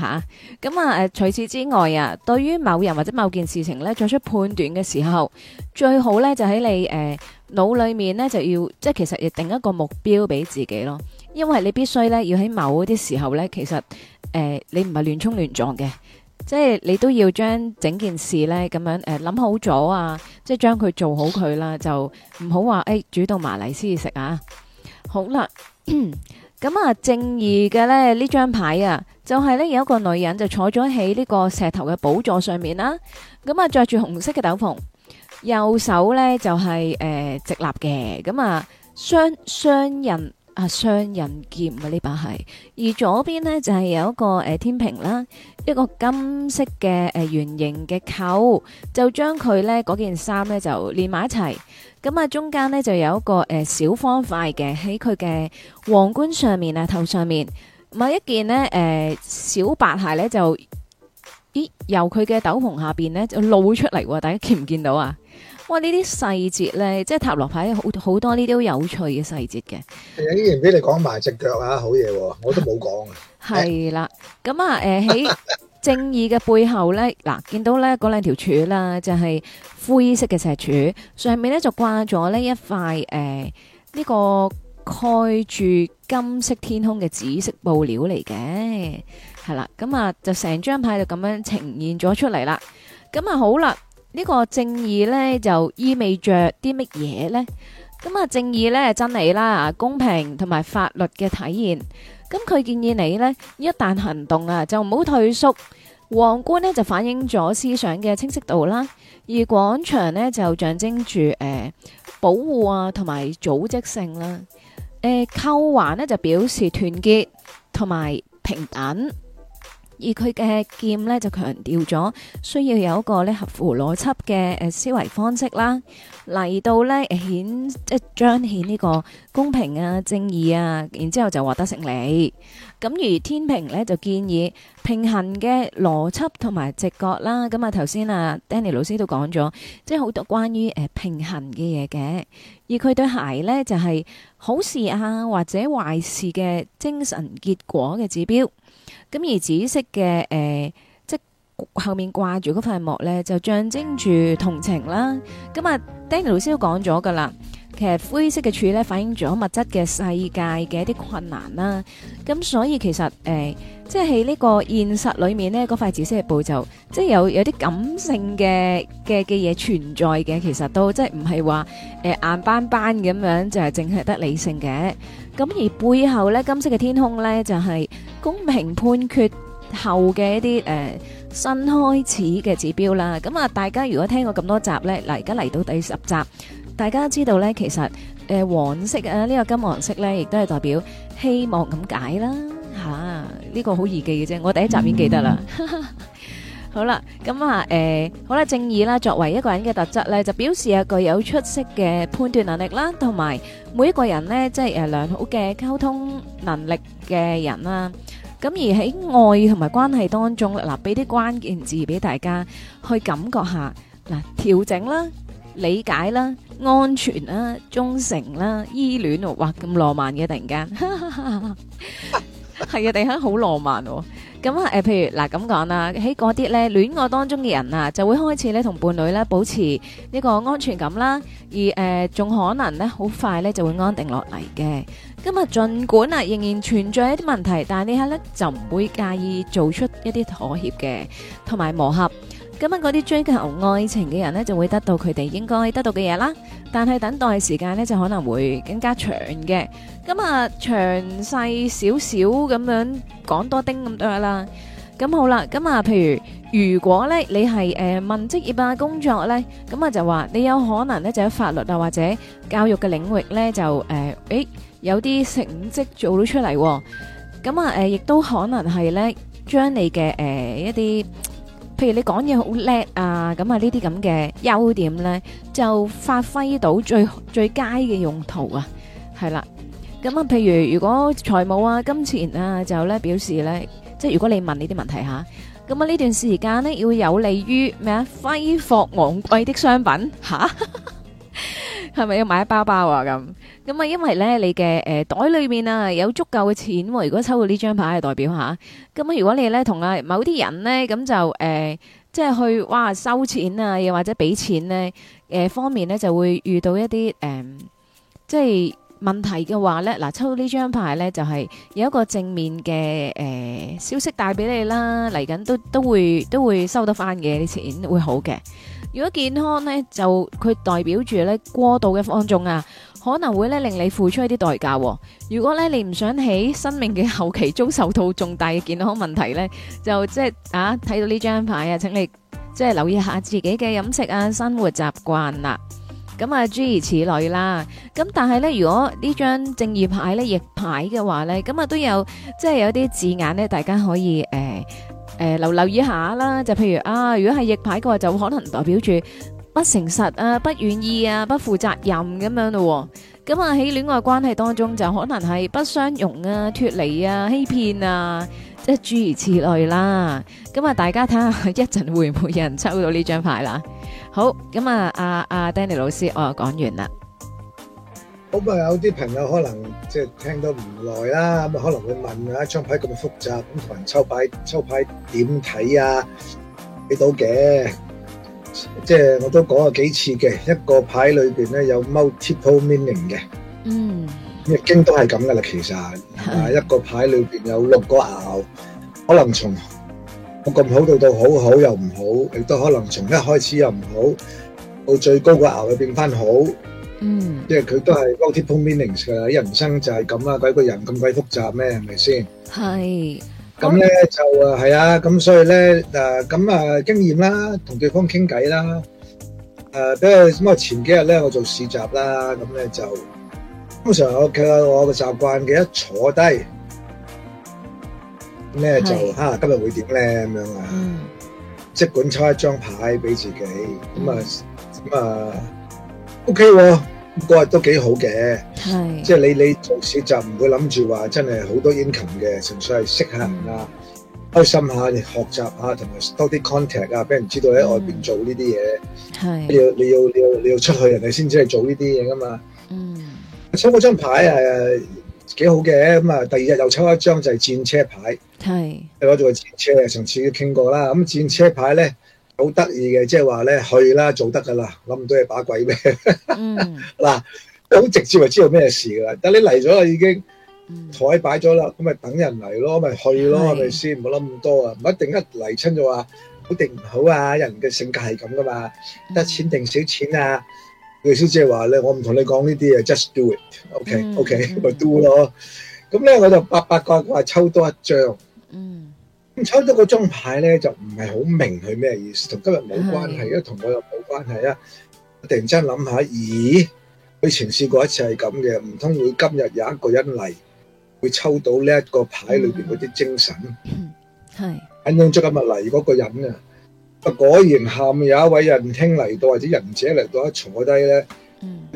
咁啊誒、呃，除此之外啊，對於某人或者某件事情咧作出判斷嘅時候，最好咧就喺你誒腦、呃、裡面咧就要，即係其實要定一個目標俾自己咯。因為你必須咧，要喺某啲時候咧，其實誒、呃，你唔係亂衝亂撞嘅，即係你都要將整件事咧咁樣諗、呃、好咗啊，即係將佢做好佢啦，就唔好話誒煮到埋嚟先食啊。好啦，咁啊，正義嘅咧呢張牌啊，就係、是、咧有一個女人就坐咗喺呢個石頭嘅寶座上面啦。咁啊，嗯、着住紅色嘅斗篷，右手咧就係、是、誒、呃、直立嘅。咁、嗯、啊，雙雙刃。啊，雙刃劍啊，呢把係，而左邊呢就係、是、有一個誒、呃、天平啦，一個金色嘅誒、呃、圓形嘅扣，就將佢呢嗰件衫呢就連埋一齊，咁、嗯、啊中間呢就有一個誒、呃、小方塊嘅喺佢嘅皇冠上面啊頭上面，咪一件呢誒、呃、小白鞋呢就，咦由佢嘅斗篷下面呢就露出嚟，大家見唔見到啊？哇！呢啲細節咧，即係塔羅牌好好，好多呢啲有趣嘅細節嘅。竟然俾你講埋隻腳啊，好嘢，啊！我都冇講、 欸、啊。係、呃、啦，咁啊，誒，喺正義嘅背後咧，嗱，見到咧嗰兩條柱啦，就係、是、灰色嘅石柱，上面咧就掛咗呢一塊誒、呢、呃這個蓋住金色天空嘅紫色布料嚟嘅，係啦，咁啊，就成張牌就咁樣呈現咗出嚟啦，咁啊，好啦。呢個正義呢，就意味着啲乜嘢呢？咁啊，正義呢，真理啦，公平同埋法律嘅體現。咁佢建議你呢，一旦行動啊就唔好退縮。皇冠呢，就反映咗思想嘅清晰度啦，而廣場呢，就象徵住誒、呃、保護啊同埋組織性啦。誒、呃、扣環呢，就表示團結同埋平等。而佢嘅劍咧就強調咗需要有一個咧合乎邏輯嘅誒思維方式啦，嚟到咧顯即彰顯呢個公平啊正義啊，然之後就獲得勝利。咁而天平咧就建議平衡嘅邏輯同埋直覺啦。咁啊頭先啊 Danny 老師都講咗，即係好多關於誒平衡嘅嘢嘅。而佢對鞋咧就係、是、好事啊或者壞事嘅精神結果嘅指標。咁而紫色嘅誒、呃，即係後面掛住嗰塊幕咧，就象徵住同情啦。咁、嗯、 啊，Danny 老師都講咗噶啦，其實灰色嘅柱咧，反映咗物質嘅世界嘅一啲困難啦。咁、嗯、所以其實誒、呃，即係喺呢個現實裏面咧，嗰塊紫色嘅步驟即係有有啲感性嘅嘅嘅嘢存在嘅，其實都即係唔係話誒硬斑斑咁樣，就係淨係得理性嘅。咁、嗯、而背後咧，金色嘅天空咧，就係、是。公平判決後嘅一啲、呃、新開始嘅指標啦，咁啊，大家如果聽過咁多集呢，嗱，而家嚟到第十集，大家知道呢，其實誒、呃、黃色啊，呢個金黃色呢，亦都係代表希望咁解啦吓，呢個好易記嘅啫，我第一集已經記得啦。嗯 好啦，咁啊，誒，好啦，正義啦，作為一個人嘅特質咧，就表示啊，具有出色嘅判斷能力啦，同埋每一個人咧，即係誒良好嘅溝通能力嘅人啦。咁而喺愛同埋關係當中，嗱，俾啲關鍵字俾大家去感覺下，嗱，調整啦，理解啦，安全啦，忠誠啦，依戀啊，哇，咁浪漫嘅突然間。係啊，地下好浪漫喎。咁啊，誒，譬如嗱，咁講啦，喺嗰啲咧戀愛當中嘅人啊，就會開始咧同伴侶咧保持呢個安全感啦，而誒仲可能咧好快咧就會安定落嚟嘅。今日盡管啊仍然存在一啲問題，但係你睇咧就唔會介意做出一啲妥協嘅，同埋磨合。咁樣，嗰啲追求愛情嘅人咧，就會得到佢哋應該得到嘅嘢啦。但係等待時間咧，就可能會更加長嘅。咁啊，詳細少少咁樣講多丁咁多啦。咁好啦，咁啊，譬如如果咧，你係誒問職業啊工作咧，咁啊就話你有可能咧，就喺法律啊或者教育嘅領域咧，就誒，誒有啲成績做到出嚟喎。咁啊，誒亦都可能係咧，將你嘅誒一啲。譬如你講嘢好叻啊，咁啊呢啲咁嘅優點咧，就發揮到最最佳嘅用途啊，係啦。咁啊，譬如如果財務啊、金錢啊，就咧表示咧，即係如果你問呢啲問題吓，咁啊呢段時間咧，要有利於咩啊？揮霍昂貴的商品吓。係咪 要買一包包啊？咁咁啊，因為咧，你嘅誒、呃、袋裏面啊有足夠嘅錢喎、啊。如果抽到呢張牌，係代表吓，咁啊，如果你咧同啊某啲人咧，咁就誒、呃，即係去哇收錢啊，又或者俾錢咧，誒、呃、方面咧就會遇到一啲誒、呃，即係問題嘅話咧，嗱抽到這張呢張牌咧就係、是、有一個正面嘅誒、呃、消息帶俾你啦。嚟緊都都會都會收得翻嘅啲錢，會好嘅。如果健康咧就佢代表住咧過度嘅放縱啊，可能會咧令你付出一啲代價啊。如果咧你唔想喺生命嘅後期中受到重大嘅健康問題咧，就即係啊睇到呢張牌啊，請你即係留意下自己嘅飲食啊、生活習慣啦。咁啊，諸如此類啦。咁但係咧，如果呢張正義牌咧逆牌嘅話咧，咁啊都有即係有啲字眼咧，大家可以誒。呃誒，留留意下啦，就譬如啊，如果係逆牌嘅話，就可能代表住不誠實啊、不願意啊、不負責任咁樣咯。咁啊，喺戀愛關係當中就可能係不相容啊、脫離啊、欺騙啊，即係諸如此類啦。咁啊，大家睇下一陣會唔會有人抽到呢張牌啦？好，咁啊，阿阿 Danny 老師，我又講完啦。咁啊，有啲朋友可能即係聽到唔耐啦，咁啊可能會問啊，一張牌咁複雜，咁同人抽牌抽牌點睇啊？睇到嘅，即係我都講過幾次嘅，一個牌裏邊咧有 multiple meaning 嘅。嗯。咩經都係咁噶啦，其實啊，一個牌裏邊有六個牛，可能從咁好到到好好又唔好，亦都可能從一開始又唔好，到最高個牛又變翻好。嗯，即係佢都係 multiple meanings 噶啦，人生就係咁啊，鬼個人咁鬼複雜咩？係咪先？係，咁咧就誒係啊，咁所以咧誒咁啊經驗啦，同對方傾偈啦，誒，即係咁啊前幾日咧我做市集啦，咁咧就通常我佢我個習慣嘅一坐低，咁咧就哈今日會點咧咁樣啊？嗯，即管抽一張牌俾自己，咁啊咁啊，O K。嗰日都幾好嘅，是即係你你做事就唔會諗住話真係好多 income 嘅，純粹係識下人啦、啊，開心下，學習下，同埋多啲 contact 啊，俾人知道喺外邊做呢啲嘢。你要你要你要你要出去，人哋先知係做呢啲嘢噶嘛。嗯，抽嗰張牌係幾、嗯、好嘅，咁啊第二日又抽一張就係戰車牌。係是，你攞咗戰車，上次都傾過啦。咁戰車牌咧。好得意嘅，即係話咧，去啦，做得噶啦，諗唔到嘢，把鬼咩？嗱，都好直接，就知道咩事噶啦。但你嚟咗啦，已經台擺咗啦，咁咪等人嚟咯，咪去咯，係咪先？唔好諗咁多啊，唔一定一嚟親就話好定唔好啊，人嘅性格係咁噶嘛，得錢定少錢啊。意思即係話咧，我唔同你講呢啲嘢，just do it，ok ok，咪 do 咯。咁咧，我就八八卦卦抽多一張。嗯。咁抽到個中牌咧，就唔係好明佢咩意思，同今日冇關係，因同我又冇關係啦。的我突然之間諗下，咦，佢前試過一次係咁嘅，唔通會今日有一個人嚟，會抽到呢一個牌裏邊嗰啲精神，係，啱啱咗近咪嚟嗰個人啊，啊果然喊有一位人兄嚟到，或者人者嚟到，一坐低咧。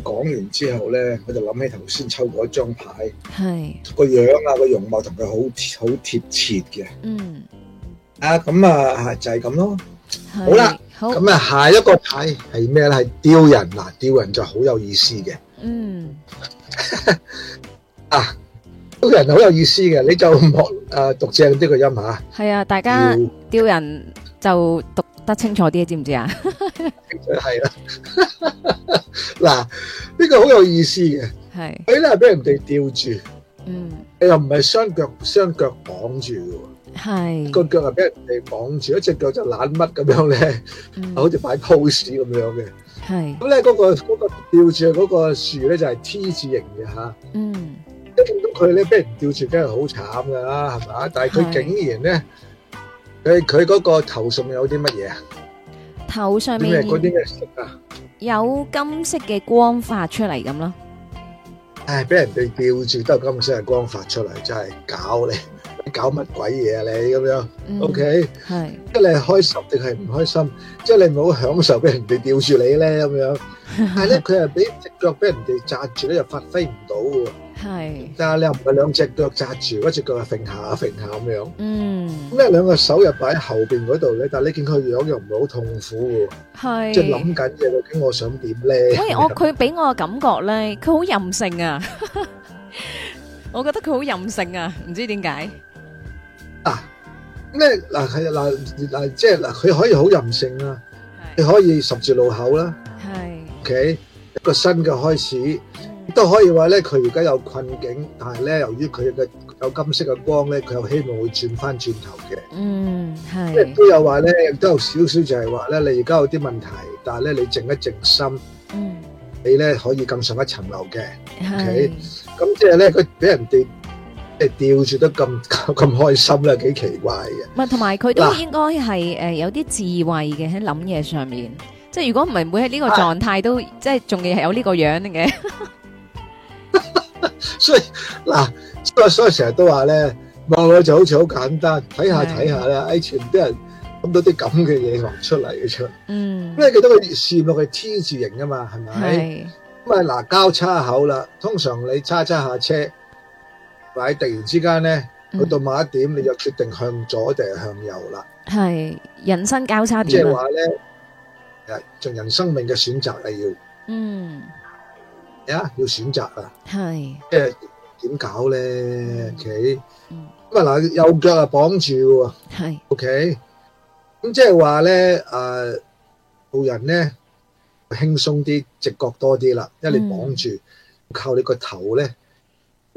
講、嗯、完之後咧，我就諗起頭先抽嗰一張牌，係個樣啊個容貌同佢好好貼切嘅。嗯，啊咁啊就係、是、咁咯。好啦，咁啊下一個牌係咩咧？係吊人嗱，吊人就好有意思嘅。嗯， 啊吊人好有意思嘅，你就唔誒、啊、讀正啲個音吓。係啊，大家吊人就讀。得清楚啲，知唔知啊？係啦，嗱，呢個好有意思嘅，係佢咧俾人哋吊住，嗯，又唔係雙腳雙腳綁住嘅喎，係個腳啊俾人哋綁住，一隻腳就懶乜咁樣咧，嗯、好似擺 pose 咁樣嘅，係咁咧嗰個吊住嗰個樹咧就係 T 字形嘅吓，嗯，一見到佢咧俾人吊住梗係好慘噶啦，係咪？但係佢竟然咧。佢佢嗰個頭上面有啲乜嘢啊？頭上面啲啊，有金色嘅光發出嚟咁咯。唉，俾人哋吊住都係金色嘅光發出嚟，真係搞你！搞乜鬼嘢啊，你咁樣？OK，係即係你開心定係唔開心？即係你唔好享受俾人哋吊住你咧咁樣。但係咧，佢係俾隻腳俾人哋紮住咧，又發揮唔到。係，但係你又唔係兩隻腳紮住，一隻腳又揈下揈下咁樣。嗯，咁你兩個手又擺喺後邊嗰度咧，但係你見佢樣又唔係好痛苦。係即係諗緊嘢，究竟我想點咧？所以我佢俾我嘅感覺咧，佢好任性啊！我覺得佢好任性啊，唔知點解。嗱，咩嗱係嗱嗱即係嗱，佢可以好任性啊！你對可以十字路口啦對，OK，一個新嘅開始，都可以話咧，佢而家有困境，但係咧由於佢嘅有金色嘅光咧，佢又希望會轉翻轉頭嘅，嗯係是，即係都有話咧，都有少少就係話咧，你而家有啲問題，但係咧你靜一靜心，嗯，你咧可以更上一層樓嘅，OK，咁即係咧佢俾人哋。誒，吊住得咁咁開心咧，幾奇怪嘅。唔係，同埋佢都應該係誒，有啲智慧嘅喺諗嘢上面。即係如果唔係，每喺呢個狀態都，即係仲要係有呢個樣嘅。所以嗱，所以所以成日都話咧，望落就好似好簡單，睇下睇下啦。誒，全啲人諗到啲咁嘅嘢畫出嚟嘅出。嗯。因為佢都佢綫落去天字型噶嘛？係咪？係。咁啊，嗱交叉口啦，通常你叉叉下車。突然之間咧，去到某一點，你就決定向左定係向右啦。係人生交叉點。即係話咧，係盡人生命嘅選擇係要，嗯，啊要選擇啊。係即係點搞咧？OK，咁啊嗱，右腳啊綁住，係 O K。咁即係話咧，誒，做人咧輕鬆啲，直覺多啲啦，因為你綁住，靠你個頭咧。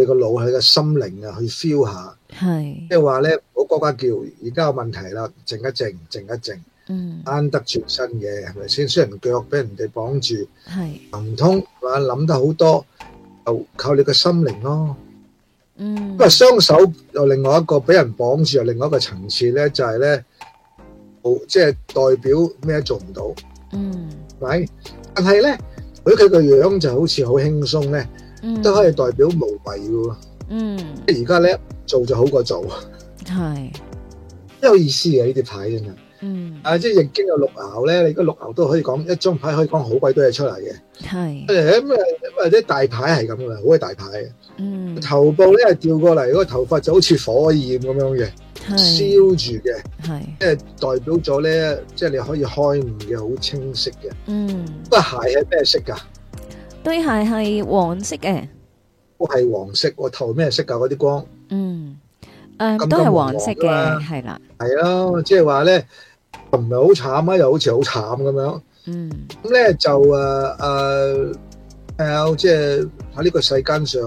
你個腦係個心靈啊，去 feel 下，係即係話咧，唔好呱呱叫而家有問題啦，靜一靜，靜一靜，嗯，啱得全身嘅係咪先？雖然腳俾人哋綁住，係行唔通，係嘛？諗得好多，就靠你個心靈咯，嗯。咁啊，雙手又另外一個俾人綁住，又另外一個層次咧，就係咧，好即係代表咩做唔到，嗯，係咪？但係咧，佢佢個樣就好似好輕鬆咧。都可以代表無畏嘅喎，嗯，而家咧做就好過做，係是，真有意思嘅，呢啲牌真係，嗯，啊即係經有綠牛咧，你個綠牛都可以講一張牌可以講好鬼多嘢出嚟嘅，係是，咁啊或者大牌係咁嘅，好鬼大牌，嗯，頭部咧係掉過嚟，個頭髮就好似火焰咁樣嘅，係是，燒住嘅，係是，即係代表咗咧，即係你可以開悟嘅，好清晰嘅，嗯，個鞋係咩色噶？對，鞋係黃色嘅，都係黃色嘅，個頭咩色噶？嗰啲光，嗯，誒，都係黃色嘅，係啦，係咯，即係話咧，唔係好慘啊，又好似好慘咁樣，嗯，啊，咁咧就誒誒，誒，即係喺呢個世間上，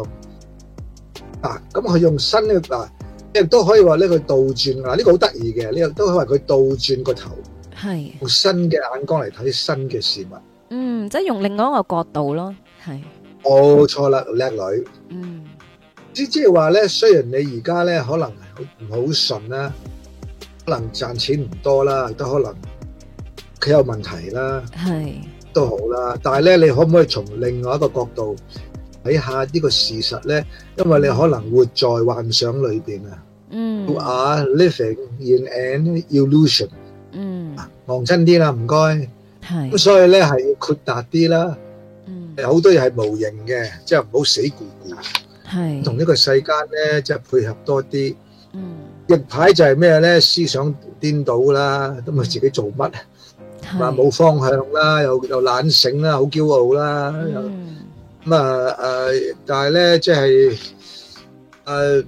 嗱，咁佢用新嘅嗱，即係都可以話咧佢倒轉，嗱，呢個好得意嘅，呢個都可以話佢倒轉個頭，係用新嘅眼光嚟睇新嘅事物，嗯，即係用另外一個角度咯。係，哦錯啦，叻女，嗯，即即係話咧，雖然你而家咧可能好唔好順啦，可能賺錢唔多啦，亦都可能佢有問題啦，係，都好啦，但係咧，你可唔可以從另外一個角度睇下呢個事實咧？因為你可能活在幻想裏邊啊，嗯，You are living in an illusion，嗯，望真啲啦，唔該，係，咁所以咧係要豁達啲啦。有好多嘢係無形嘅，即係唔好死咕咕，同呢個世間咧即係配合多啲。逆牌就係咩咧？思想顛倒啦，咁啊自己做乜？話冇方向啦，又又懶醒啦，好驕傲啦。咁啊誒，但係咧即係誒，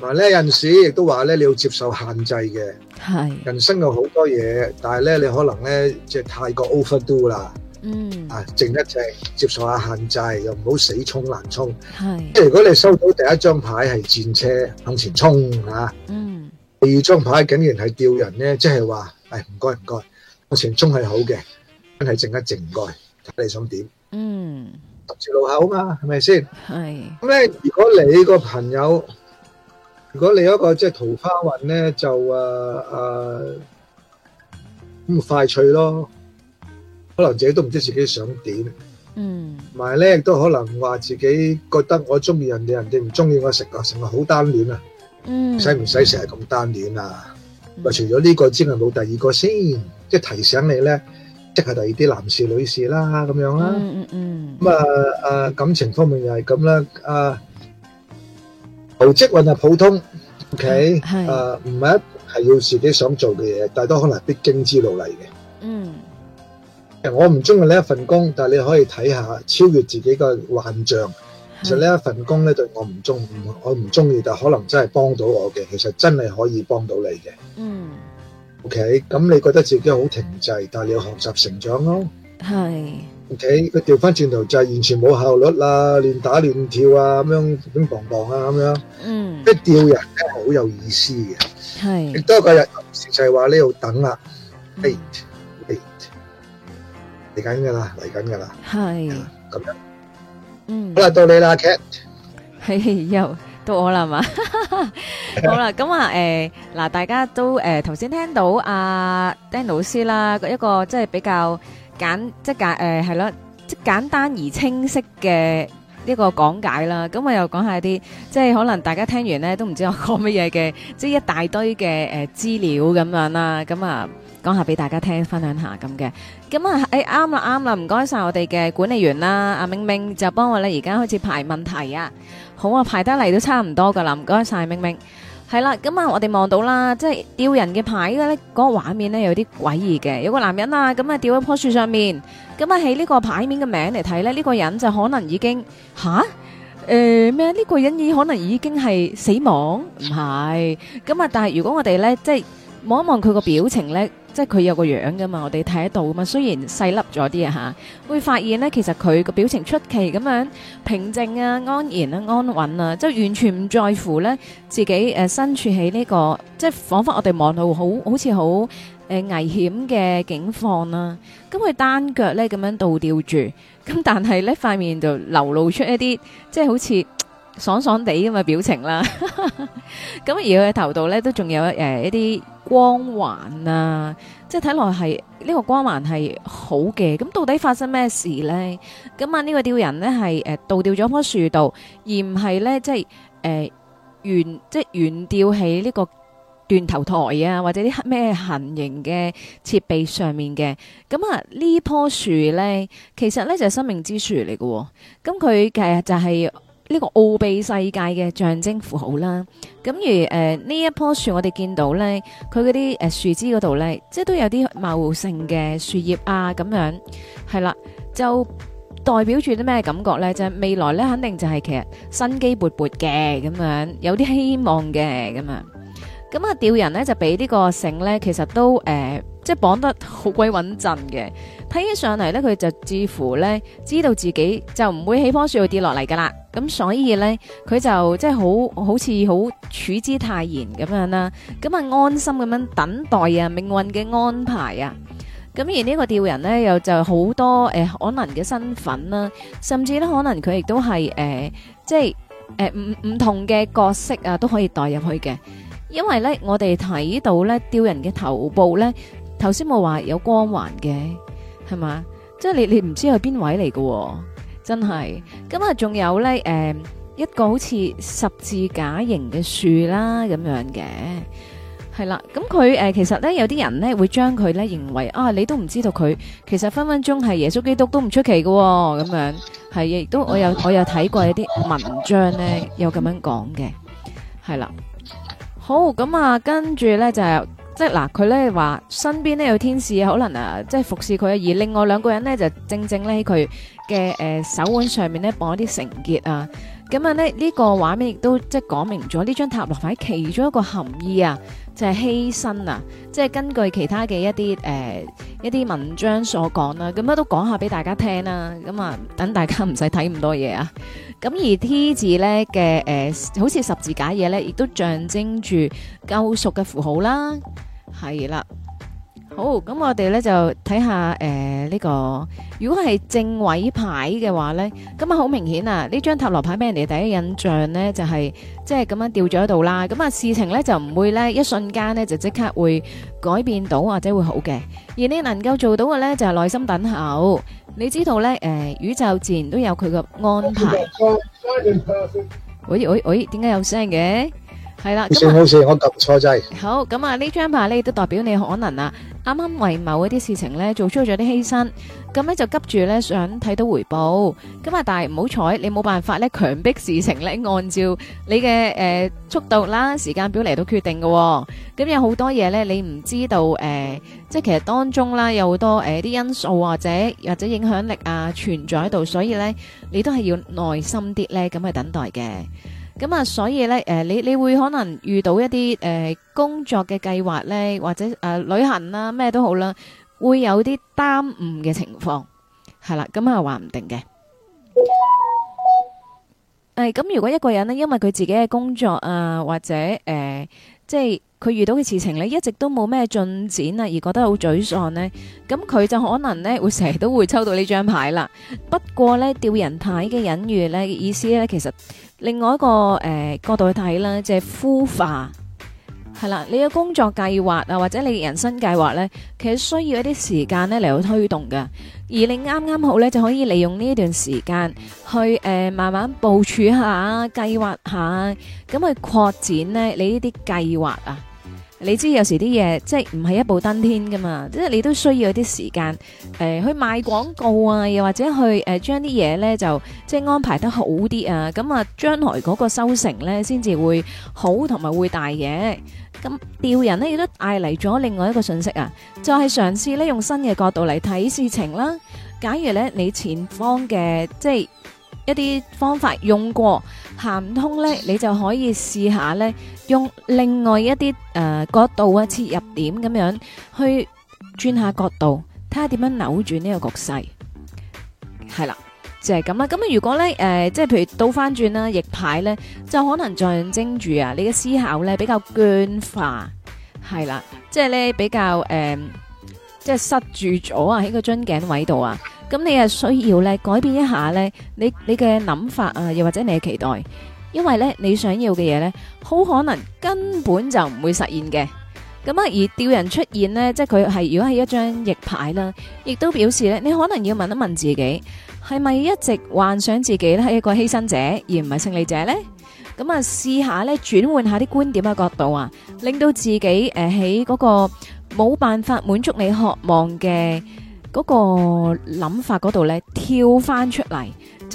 嗱咧有陣時亦都話咧，你要接受限制嘅。係人生有好多嘢，但係咧你可能咧即係太過 overdo 啦。嗯，啊，靜一靜，接受下限制，又唔好死衝難衝。係，即係如果你收到第一張牌係戰車、嗯、向前衝、啊，吓，嗯，第二張牌竟然係吊人咧，即係話，誒、哎，唔該唔該，向前衝係好嘅，真係靜一靜，唔該睇你想點。嗯，十字路口嘛，係咪先？係。咁咧，如果你個朋友，如果你一個即係桃花運咧，就誒誒咁快脆咯。可能自己都唔知自己想點，嗯，同埋咧亦都可能話自己覺得我中意人哋，人哋唔中意我食啊，成日好單戀啊，嗯，使唔使成日咁單戀啊？話除咗呢個之外，冇第二個先，即係提醒你咧，即係第二啲男士女士啦，咁樣啦，嗯嗯嗯，咁啊啊感情方面又係咁啦，啊勞積運係普通，OK，係，啊唔係係要自己想做嘅嘢，但都可能係必經之路嚟嘅。我唔中意呢一份工，但係你可以睇下超越自己個幻象。其實呢一份工咧對我唔中，我唔中意，但係可能真係幫到我嘅。其實真係可以幫到你嘅。嗯。O K，咁你覺得自己好停滯，但係你要學習成長咯。係。O K，佢調翻轉頭就係完全冇效率啦，亂打亂跳啊，咁樣咁磅磅啊，咁樣。嗯。即係吊人咧，好有意思嘅。係。亦都係個人事就係話呢度等啊，嘿。嚟緊噶啦，嚟緊噶啦，係咁樣，嗯，好啦，到你啦，Cat，又到我啦嘛？好啦，咁啊，誒，嗱，大家都誒，頭先聽到阿 Dan 老師啦，一個即係比較簡，即係簡，誒，係咯，即係簡單而清晰嘅一個講解啦。咁我又講下啲，即係可能大家聽完咧都唔知我講乜嘢嘅，即係一大堆嘅誒資料咁樣啦，咁啊。講下俾大家聽，分享下咁嘅。咁啊，誒，啱啦，啱啦，唔該晒我哋嘅管理員啦。阿明明就幫我咧，而家開始排問題啊。好啊，排得嚟都差唔多噶啦，唔該晒明明。係啦，咁啊，我哋望到啦，即係吊人嘅牌咧，嗰個畫面咧有啲詭異嘅。有個男人啊，咁啊吊喺棵樹上面，咁啊喺呢個牌面嘅名嚟睇咧，呢個人就可能已經吓？誒，咩？呢個人已可能已經係死亡，唔係？咁啊，但係如果我哋咧，即係。望一望佢個表情咧，即係佢有個樣噶嘛，我哋睇得到嘛。雖然細粒咗啲啊嚇，會發現咧，其實佢個表情出奇咁樣平靜啊、安然啊、安穩啊，即係完全唔在乎咧自己誒身處喺呢個，即係彷彿我哋望到好好似好誒危險嘅境況啦。咁佢單腳咧咁樣倒吊住，咁但係咧塊面就流露出一啲即係好似，爽爽地咁嘅表情啦， 咁而佢嘅頭度咧都仲有誒一啲光環啊，即係睇落係呢個光環係好嘅。咁到底發生咩事咧？咁啊呢個吊人呢係誒、呃、倒吊咗棵樹度，而唔係咧即係誒懸即係懸吊起呢個斷頭台啊或者啲咩行刑嘅設備上面嘅。咁啊這棵樹呢棵樹咧其實咧就係、係、生命之樹嚟嘅，咁佢係就係、係。呢個奧秘世界嘅象徵符號啦，咁而誒呢一棵樹，我哋見到咧，佢嗰啲誒樹枝嗰度咧，即係都有啲茂盛嘅樹葉啊，咁樣係啦，就代表住啲咩感覺咧？就係未來咧，肯定就係其實生機勃勃嘅咁樣，有啲希望嘅咁樣。咁啊，吊人咧就俾呢個繩咧，其實都誒、呃，即係綁得好鬼穩陣嘅。睇起上嚟咧，佢就似乎咧知道自己就唔會喺棵樹度跌落嚟噶啦。咁所以咧，佢就即係好好似好處之泰然咁樣啦。咁啊，安心咁樣等待啊命運嘅安排啊。咁而這個呢個吊人咧，又就好多誒、呃、可能嘅身份啦、啊，甚至咧可能佢亦都係誒，即係誒唔唔同嘅角色啊，都可以代入去嘅。因為咧，我哋睇到咧吊人嘅頭部咧，頭先冇話有光環嘅，係嘛？即係你你唔知係邊位嚟嘅，真係。咁啊、哦，仲有咧，誒、呃，一個好似十字架形嘅樹啦，咁樣嘅，係啦。咁佢誒，其實咧有啲人咧會將佢咧認為啊，你都唔知道佢，其實分分鐘係耶穌基督都唔出奇嘅，哦，咁樣係亦都我有我有睇過一啲文章咧，有咁樣講嘅，係啦。好咁啊，跟住咧就係即係嗱，佢咧話身邊咧有天使可能啊，即係服侍佢，而另外兩個人咧就正正咧喺佢嘅誒手腕上面咧綁一啲繩結啊。咁啊咧，呢個畫面亦都即係講明咗呢張塔羅牌其中一個含義啊，就係、是、犧牲啊，即係根據其他嘅一啲誒、呃、一啲文章所講啦，咁啊都講下俾大家聽啦，咁啊等大家唔使睇咁多嘢啊，咁而 T 字咧嘅誒好似十字架嘢咧，亦都象徵住救贖嘅符號啦，係啦。好，咁我哋咧就睇下誒呢個，如果係正位牌嘅話咧，咁啊好明顯啊，呢張塔羅牌俾人哋第一印象咧就係即係咁樣掉咗喺度啦，咁啊事情咧就唔會咧一瞬間咧就即刻會改變到或者會好嘅，而你能夠做到嘅咧就係耐心等候，你知道咧誒宇宙自然都有佢嘅安排。喂喂喂，點解有聲嘅？係啦，好似我撳錯掣。好，咁啊，呢張牌咧都代表你可能啊，啱啱為某一啲事情咧做出咗啲犧牲，咁咧就急住咧想睇到回報，咁啊但係唔好彩，你冇辦法咧強迫事情咧按照你嘅誒速度啦、時間表嚟到決定嘅。咁有好多嘢咧，你唔知道誒，即係其實當中啦有好多誒啲因素或者或者影響力啊存在喺度，所以咧你都係要耐心啲咧咁去等待嘅。咁啊、嗯，所以咧，誒、呃，你你會可能遇到一啲誒、呃、工作嘅計劃咧，或者誒、呃、旅行啦，咩都好啦，會有啲耽誤嘅情況，係啦，咁啊，話唔定嘅。誒、嗯，咁如果一個人呢，因為佢自己嘅工作啊，或者誒、呃，即係佢遇到嘅事情咧，一直都冇咩進展啊，而覺得好沮喪呢，咁、嗯、佢就可能呢會成日都會抽到呢張牌啦。不過呢，吊人牌嘅隱喻呢，意思咧，其實。另外一個誒、呃、角度去睇啦，即係孵化係啦，你嘅工作計劃啊，或者你嘅人生計劃咧，其實需要一啲時間咧嚟到推動嘅，而你啱啱好咧就可以利用呢一段時間去誒、呃、慢慢部署下、計劃下，咁去擴展咧你呢啲計劃啊。你知有時啲嘢即係唔係一步登天㗎嘛，即係你都需要啲時間，誒、呃、去賣廣告啊，又或者去誒將啲嘢呢就即係安排得好啲啊，咁啊將來嗰個收成呢先至會好同埋會大嘅。咁吊人呢亦都帶嚟咗另外一個訊息啊，就係嘗試呢用新嘅角度嚟睇事情啦。假如呢，你前方嘅即係一啲方法用過行唔通呢，你就可以試下呢。用另外一啲、呃、角度啊，切入點咁樣去轉下角度，睇下點樣扭轉呢個局勢，係啦，就係咁啊。咁啊，如果咧、呃、即係譬如倒翻轉啦，逆牌咧，就可能象徵住啊，你嘅思考咧比較僵化，係啦，即係咧比較誒、呃，即係塞住咗啊，喺個樽頸位度啊，咁你係需要咧改變一下咧，你你嘅諗法啊，又或者你嘅期待。因為咧，你想要嘅嘢咧，好可能根本就唔會實現嘅。咁啊，倒吊人出現咧，即係佢係如果係一張逆牌啦，亦都表示咧，你可能要問一問自己，係咪一直幻想自己咧係一個犧牲者，而唔係勝利者咧？咁啊，試下咧，轉換下啲觀點嘅角度啊，令到自己誒喺嗰個冇辦法滿足你渴望嘅嗰個諗法嗰度咧，跳翻出嚟。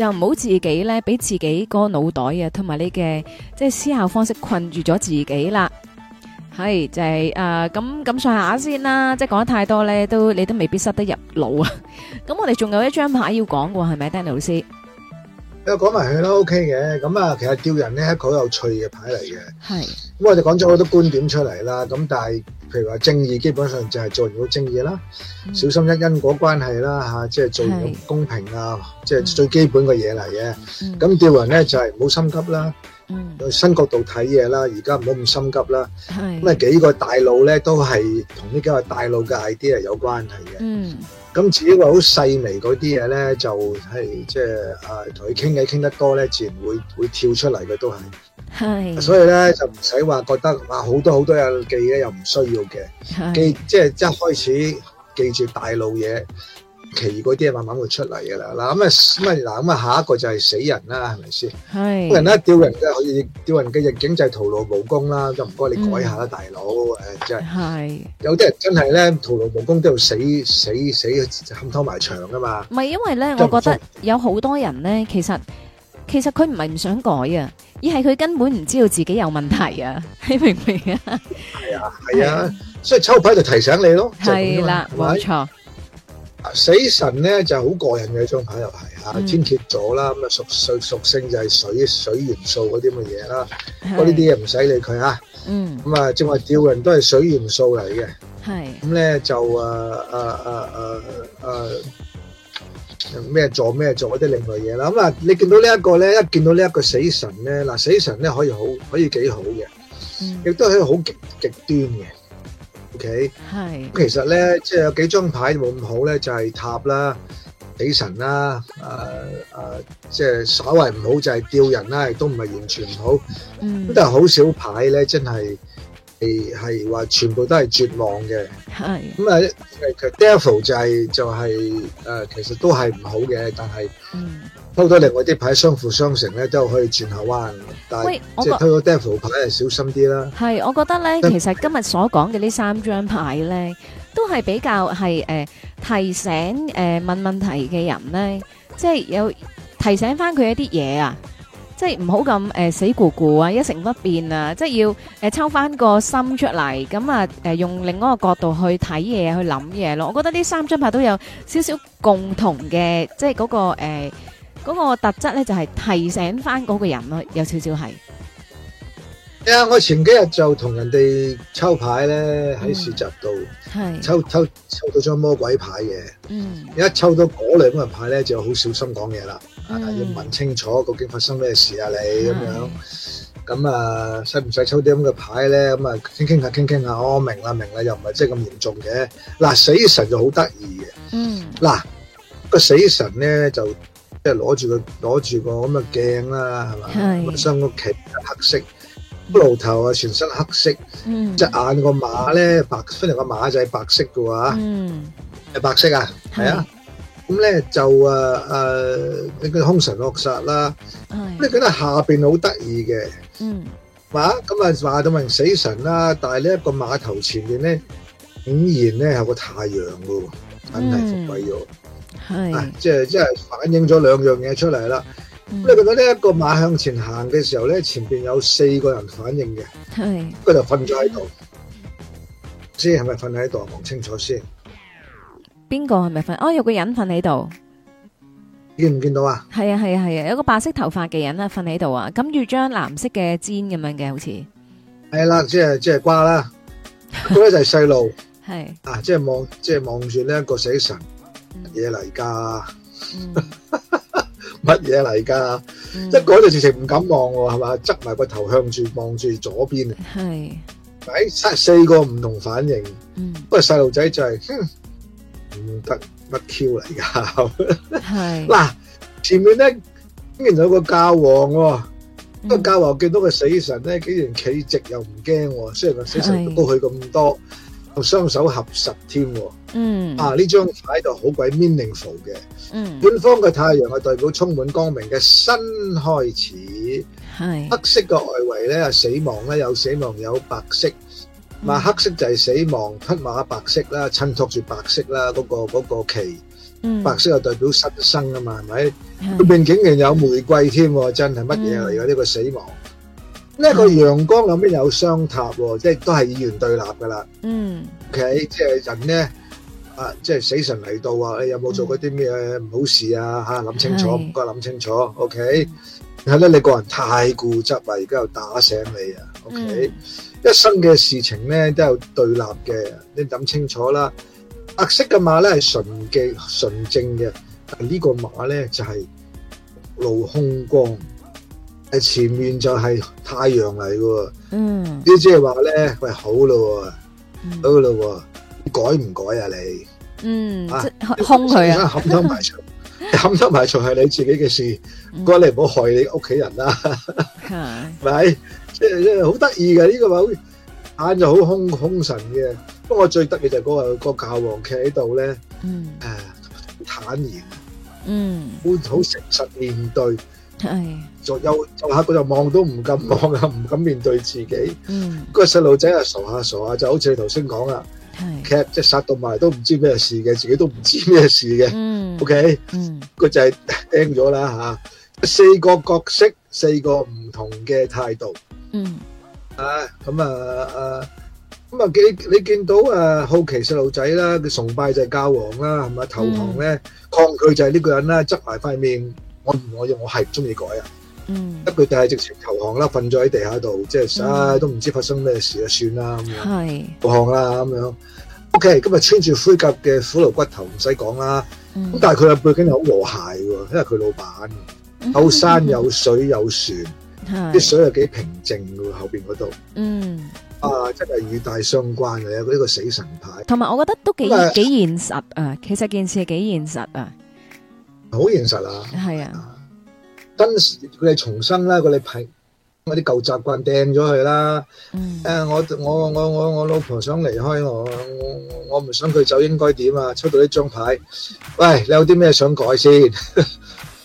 就唔好自己咧，俾自己個腦袋啊，同埋你嘅即係思考方式困住咗自己啦。係就係誒，咁咁上下先啦。即係講得太多咧，都你都未必塞得入腦啊。咁我哋仲有一張牌要講嘅喎，係咪 Danny 老師？誒，講埋佢都 OK 嘅。咁啊，其實吊人咧，一個好有趣嘅牌嚟嘅。係。咁我哋講咗好多觀點出嚟啦。咁但係。譬如話正義，基本上就係做人好正義啦，小心一因果關係啦嚇，即係做人公平啊，即係最基本嘅嘢嚟嘅。咁吊人咧就係唔好心急啦，用新角度睇嘢啦，而家唔好咁心急啦。咁啊幾個大腦咧都係同呢幾個大腦嘅 idea 有關係嘅。咁至於個好細微嗰啲嘢咧，就係即係啊同佢傾偈傾得多咧，自然會會跳出嚟嘅都係。係，所以咧就唔使話覺得哇好多好多人記嘅又唔需要嘅，記即係一開始記住大路嘢，其餘嗰啲啊慢慢會出嚟噶啦。嗱咁啊咁啊嗱咁啊下一個就係死人啦，係咪先？係，人一吊人嘅可以吊人嘅逆境就係徒勞無功啦，就唔該你改下啦，大佬誒，即係。係。有啲人真係咧徒勞無功，都要死死死冚拖埋牆噶嘛。唔係因為咧，我覺得有好多人咧，其實其實佢唔係唔想改啊。而係佢根本唔知道自己有問題啊！你明唔明啊？係啊係啊，所以抽牌就提醒你咯。係啦，冇錯。死神咧就好過癮嘅一張牌又係吓，天蠍座啦，咁啊屬屬屬性就係水水元素嗰啲咁嘅嘢啦，我呢啲嘢唔使理佢吓。嗯。咁啊，正話吊人都係水元素嚟嘅。係。咁咧就誒誒誒誒誒。咩做咩做啲另外嘢啦，咁啊你見到呢一個咧，一見到呢一個死神咧，嗱，死神咧可以好可以幾好嘅，亦都可以好極極端嘅。O K 係咁，其實咧即係有幾張牌冇咁好咧，就係塔啦、死神啦、誒誒，即係稍微唔好就係吊人啦，亦都唔係完全唔好，嗯，但係好少牌咧真係。係係話全部都係絕望嘅，係咁啊！devil 就係就係誒，其實都係唔好嘅，但係好多另外啲牌相輔相成咧，都可以轉下彎。但係即係推個 devil 牌，小心啲啦。係，我覺得咧，其實今日所講嘅呢三張牌咧，都係比較係誒提醒誒問問題嘅人咧，即係有提醒翻佢一啲嘢啊。即係唔好咁誒死固固啊，一成不變啊！即係要誒抽翻個心出嚟，咁啊誒用另外一個角度去睇嘢，去諗嘢咯。我覺得呢三張牌都有少少共同嘅，即係嗰個誒嗰個特質咧，就係提醒翻嗰個人咯，有少少係。係啊，我前幾日就同人哋抽牌咧喺市集度，抽抽抽到張魔鬼牌嘅，一抽到嗰兩張牌咧，就要好小心講嘢啦。嗯、要問清楚究竟發生咩事啊你？你咁是樣咁啊，使唔使抽啲咁嘅牌咧？咁啊，傾傾下，傾傾下，下，哦，明啦，明啦，又唔係即係咁嚴重嘅。嗱、啊，死神就好得意嘅。嗯。嗱、啊，個死神咧就即係攞住個攞住個咁嘅鏡啦，係嘛？係是。身個旗黑色，個露頭啊，全身黑色。嗯。隻眼個馬咧、嗯、白，分條個馬仔白色嘅話。嗯。係白色啊！係是啊。咁咧就誒誒，你、啊、叫、啊、凶神惡煞啦。咁的你覺得下邊好得意嘅，嗯，話咁啊話到明死神啦、啊。但係呢一個馬頭前面咧，竟然咧有個太陽嘅喎，真係服貴咗，係、嗯啊、即係即係反映咗兩樣嘢出嚟啦。咁、嗯、你覺得呢一個馬向前行嘅時候咧，前邊有四個人反映嘅，係佢的就瞓咗喺度，即係係咪瞓喺度？望清楚先。邊個係咪瞓？哦，有個人瞓喺度，見唔見到啊？係啊，係啊，係啊，有個白色頭髮嘅人啊，瞓喺度啊，咁要張藍色嘅氈咁樣嘅，好似係啦，即係即係瓜啦，嗰個就係細路，係啊，即係望即係望住呢一個死神嘢嚟噶，乜嘢嚟噶？即係嗰件事情唔敢望喎，係嘛？側埋個頭向住望住左邊啊，係喺四個唔同反應，不過細路仔就係。唔得乜 Q 嚟噶，係嗱前面咧竟然有個教皇，個教皇見到個死神咧，竟然企直又唔驚，雖然個死神都高佢咁多，雙手合十添，嗯啊，呢張牌就好鬼 meaningful 嘅。嗯，官方嘅太陽係代表充滿光明嘅新開始，係黑色嘅外圍咧係死亡咧，有死亡有白色。嘛，黑色就係死亡，匹馬白色啦，襯托住白色啦，嗰個嗰個旗，白色就代表新生啊嘛，係咪？個背景入邊竟然有玫瑰添，真係乜嘢嚟嘅呢個死亡？呢個陽光入邊有雙塔，即係都係二元對立噶啦。嗯，OK，即係人咧，啊，即係死神嚟到啊，你有冇做過啲咩唔好事啊？吓，諗清楚，唔該諗清楚，OK。然後咧，你個人太固執啊，而家又打醒你啊，OK。一生嘅事情咧都有對立嘅，你諗清楚啦。白色嘅馬咧係純嘅，純正嘅，但係呢個馬咧就係露凶光，誒前面就係太陽嚟㗎。嗯，呢即係話咧，喂，好咯，好咯，改唔改啊你？嗯，空佢啊，冚兜埋床，冚兜埋床係你自己嘅事，哥你唔好害你屋企人啦，係咪？即係即係好得意嘅呢個話，好似眼就好空空神嘅。不過我最得意就係嗰個個教皇企喺度咧，誒坦然，嗯，好好誠實面對，係做有做下佢就望都唔敢望啊，唔敢面對自己。嗯，個細路仔啊，傻下傻下，就好似你頭先講啦，劇即係殺到埋都唔知咩事嘅，自己都唔知咩事嘅。嗯，OK，嗯，佢就係 end 咗啦嚇。四個角色，四個唔同嘅態度。嗯啊，啊，咁啊，誒、啊，咁啊，啊，你你見到誒、啊、好奇細路仔啦，佢崇拜就係教皇啦，係嘛，投降咧，嗯、抗拒就係呢個人啦，執埋塊面，我唔，我我係唔中意改啊，嗯，一句就係直情投降啦，瞓咗喺地下度，即係、嗯、啊都唔知發生咩事啊，算啦咁樣，是投降啦咁樣，OK，今日穿住灰甲嘅骷髏骨頭唔使講啦，咁、嗯、但係佢嘅背景又好和諧嘅，因為佢老闆、嗯、有山、嗯、有水有船。啲水又幾平靜噶，後邊嗰度。嗯。啊，真係與大相關嘅，有呢個死神牌。同埋我覺得都幾幾現實啊，其實件事幾現實啊。好現實啊。係啊。當時佢哋重生啦，佢哋批我啲舊習慣掟咗佢啦。誒，我我我我我老婆想離開我，我我唔想佢走，應該點啊？抽到呢張牌，喂，你有啲咩想改先？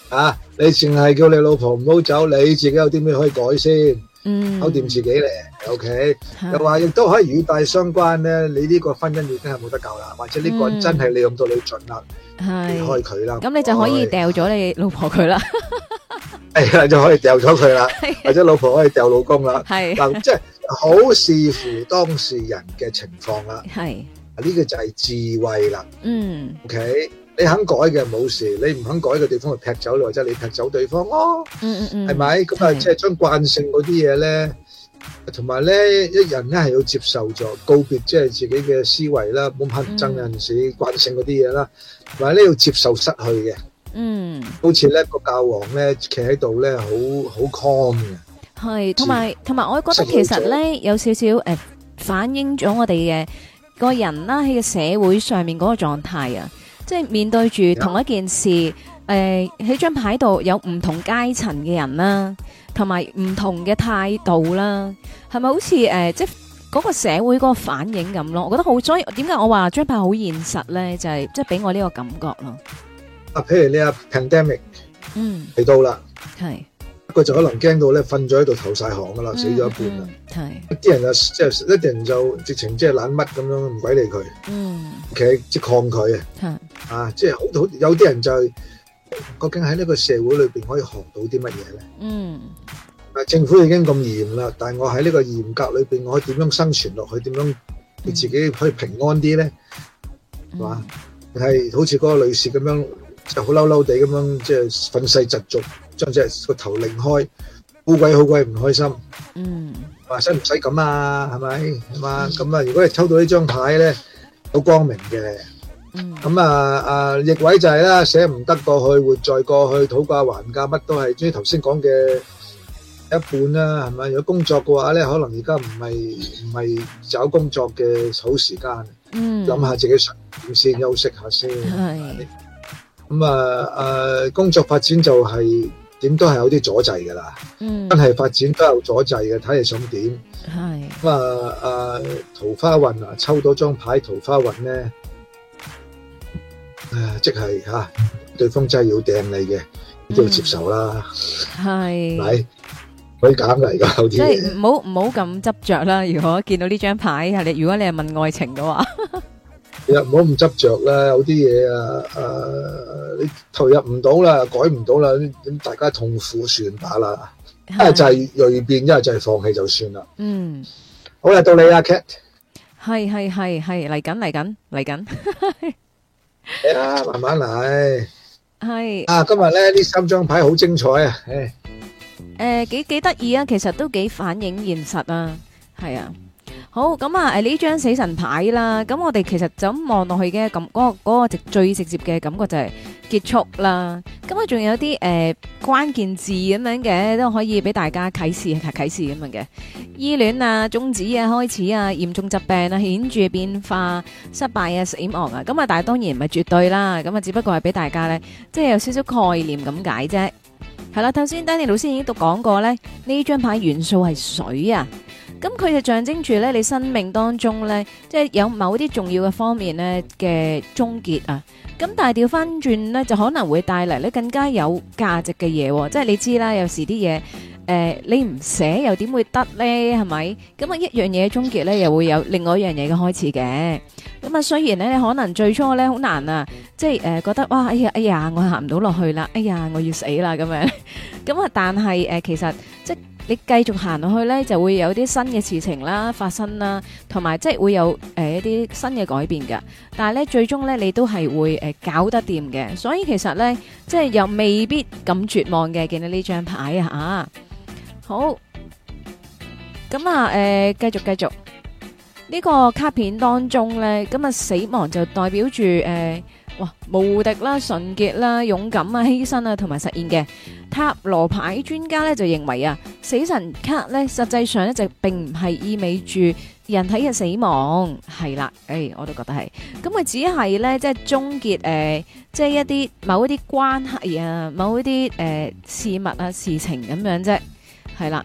啊！你淨係叫你老婆唔好走，你自己有啲咩可以改先？嗯，搞掂自己嚟。OK，又話亦都可以語帶相關咧。你呢個婚姻已經係冇得救啦，或者呢個人真係利用到你盡啦，離開佢啦。咁你就可以掉咗你老婆佢啦，係啊，就可以掉咗佢啦，或者老婆可以掉老公啦。係嗱，即係好視乎當事人嘅情況啦。係啊，呢個就係智慧啦。嗯，OK。你肯改嘅冇事，你唔肯改嘅地方，就劈走你，或者你劈走對方咯。嗯嗯嗯，係咪？咁啊，即係將慣性嗰啲嘢咧，同埋咧，一人咧係要接受咗告別，即係自己嘅思維啦，本派憎人士慣性嗰啲嘢啦，同埋咧要接受失去嘅。嗯，好似咧個教皇咧企喺度咧，好好抗嘅。係，同埋同埋，我覺得其實咧有少少誒，反映咗我哋嘅個人啦，喺個社會上面嗰個狀態啊。即係面對住同一件事，誒喺張牌度有唔同階層嘅人啦，同埋唔同嘅態度啦，係咪好似誒即係嗰個社會嗰個反應咁咯？我覺得好，所以點解我話張牌好現實咧？就係即係俾我呢個感覺咯。啊，譬如呢個 pandemic，嗯，嚟到啦，係。佢就可能驚到咧，瞓咗喺度投晒行噶啦，死咗一半啦。係啲人啊，即係一啲人就直情即係懶乜咁樣，唔鬼理佢。嗯，其實即係抗拒啊。嚇！啊，即係好，好有啲人就究竟喺呢個社會裏邊可以學到啲乜嘢咧？嗯。啊，政府已經咁嚴啦，但係我喺呢個嚴格裏邊，我可以點樣生存落去？點樣自己可以平安啲咧？係嘛？係好似嗰個女士咁樣。就好嬲嬲地咁樣，即係憤世嫉俗，將隻個頭擰開，好鬼好鬼唔開心。嗯，話使唔使咁啊？係咪？嘛咁啊？如果係抽到呢張牌咧，好光明嘅。嗯，咁啊啊逆位就係啦，捨唔得過去，活在過去，討價還價，乜都係。至於頭先講嘅一半啦，係咪？如果工作嘅話咧，可能而家唔係唔係找工作嘅好時間。嗯，諗下自己想先休息下先。係。咁啊，誒，工作發展就係點都係有啲阻滯噶啦，真係發展都有阻滯嘅，睇你想點。係咁啊，啊桃花運啊，抽到張牌桃花運咧，誒，即係吓，對方真係要掟你嘅，都要接受啦。係，嚟可以揀噶而家好似。即係唔好唔好咁執着啦。如果見到呢張牌啊，你如果你係問愛情嘅話。又唔好咁執着啦，有啲嘢啊，誒，你投入唔到啦，改唔到啦，咁大家痛苦算罷啦，一係就係銳變，一係就係放棄就算啦。嗯，好啦，到你啊，Kate，係係係係嚟緊嚟緊嚟緊，係啊，慢慢嚟，係。啊，今日咧呢三張牌好精彩啊，誒，誒幾幾得意啊，其實都幾反映現實啊，係啊。好咁啊，誒、啊，呢張死神牌啦，咁、啊嗯、我哋其實就咁望落去嘅咁嗰個、那個直最直接嘅感覺就係結束啦。咁、嗯、啊，仲有啲誒、呃、關鍵字咁樣嘅，都可以俾大家啟示，啟示咁樣嘅依戀啊、終止啊、開始啊、嚴重疾病啊、顯著變化、失敗啊、死亡啊。咁、嗯、啊，但係當然唔係絕對啦。咁啊，只不過係俾大家咧，即係有少少概念咁解啫。係、嗯、啦，頭先 Danny 老師已經都講過咧，呢張牌元素係水啊。咁佢就象徵住咧，你生命當中咧，即係有某啲重要嘅方面咧嘅終結啊。咁但係調翻轉咧，就可能會帶嚟咧更加有價值嘅嘢。即係你知啦，有時啲嘢誒，你唔捨又點會得咧？係咪？咁啊，一樣嘢終結咧，又會有另外一樣嘢嘅開始嘅。咁啊，雖然咧可能最初咧好難啊，即係誒覺得哇，哎呀哎呀，我行唔到落去啦，哎呀，我要死啦咁樣。咁啊，但係誒，其實即你繼續行落去呢，就會有啲新嘅事情啦，發生啦，同埋即係會有誒一啲新嘅改變㗎。但係呢，最終呢，你都係會誒搞得掂嘅。所以其實呢，即係又未必咁絕望嘅。見到呢張牌啊，吓，好。咁啊，誒，繼續繼續。呢個卡片當中呢，咁啊，死亡就代表住誒。哇，無敵啦，純潔啦，勇敢啊，犧牲啊，同埋實現嘅。塔羅牌專家咧就認為啊，死神卡咧實際上咧就並唔係意味住人體嘅死亡，係啦，誒、哎，我都覺得係，咁、嗯、佢只係咧即係終結誒、呃，即係一啲某一啲關係啊，某一啲誒、呃、事物啊，事情咁樣啫，係啦，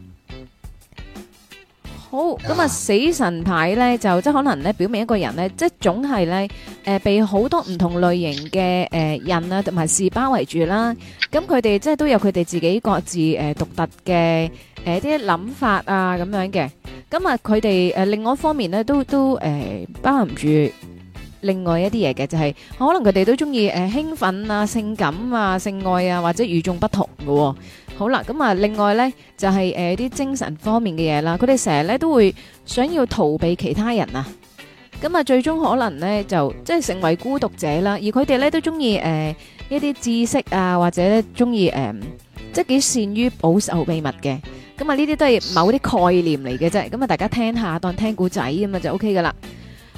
好，咁、嗯嗯、啊死神牌咧就即係可能咧表明一個人咧即係總係咧。誒，被好多唔同類型嘅誒人啊，同埋事包圍住啦，咁佢哋即係都有佢哋自己各自誒獨特嘅誒啲諗法啊，咁樣嘅。咁啊，佢哋誒另外一方面咧，都都誒包含住另外一啲嘢嘅，就係可能佢哋都中意誒興奮啊、性感啊、性愛啊，或者與眾不同㗎喎。好啦，咁啊，另外咧就係誒啲精神方面嘅嘢啦，佢哋成日咧都會想要逃避其他人啊。咁啊，最終可能咧就即係成為孤獨者啦。而佢哋咧都中意誒一啲知識啊，或者中意誒，即係幾善於保守秘密嘅。咁啊，呢啲都係某啲概念嚟嘅啫。咁啊，大家聽下當聽古仔咁啊就 OK 噶啦。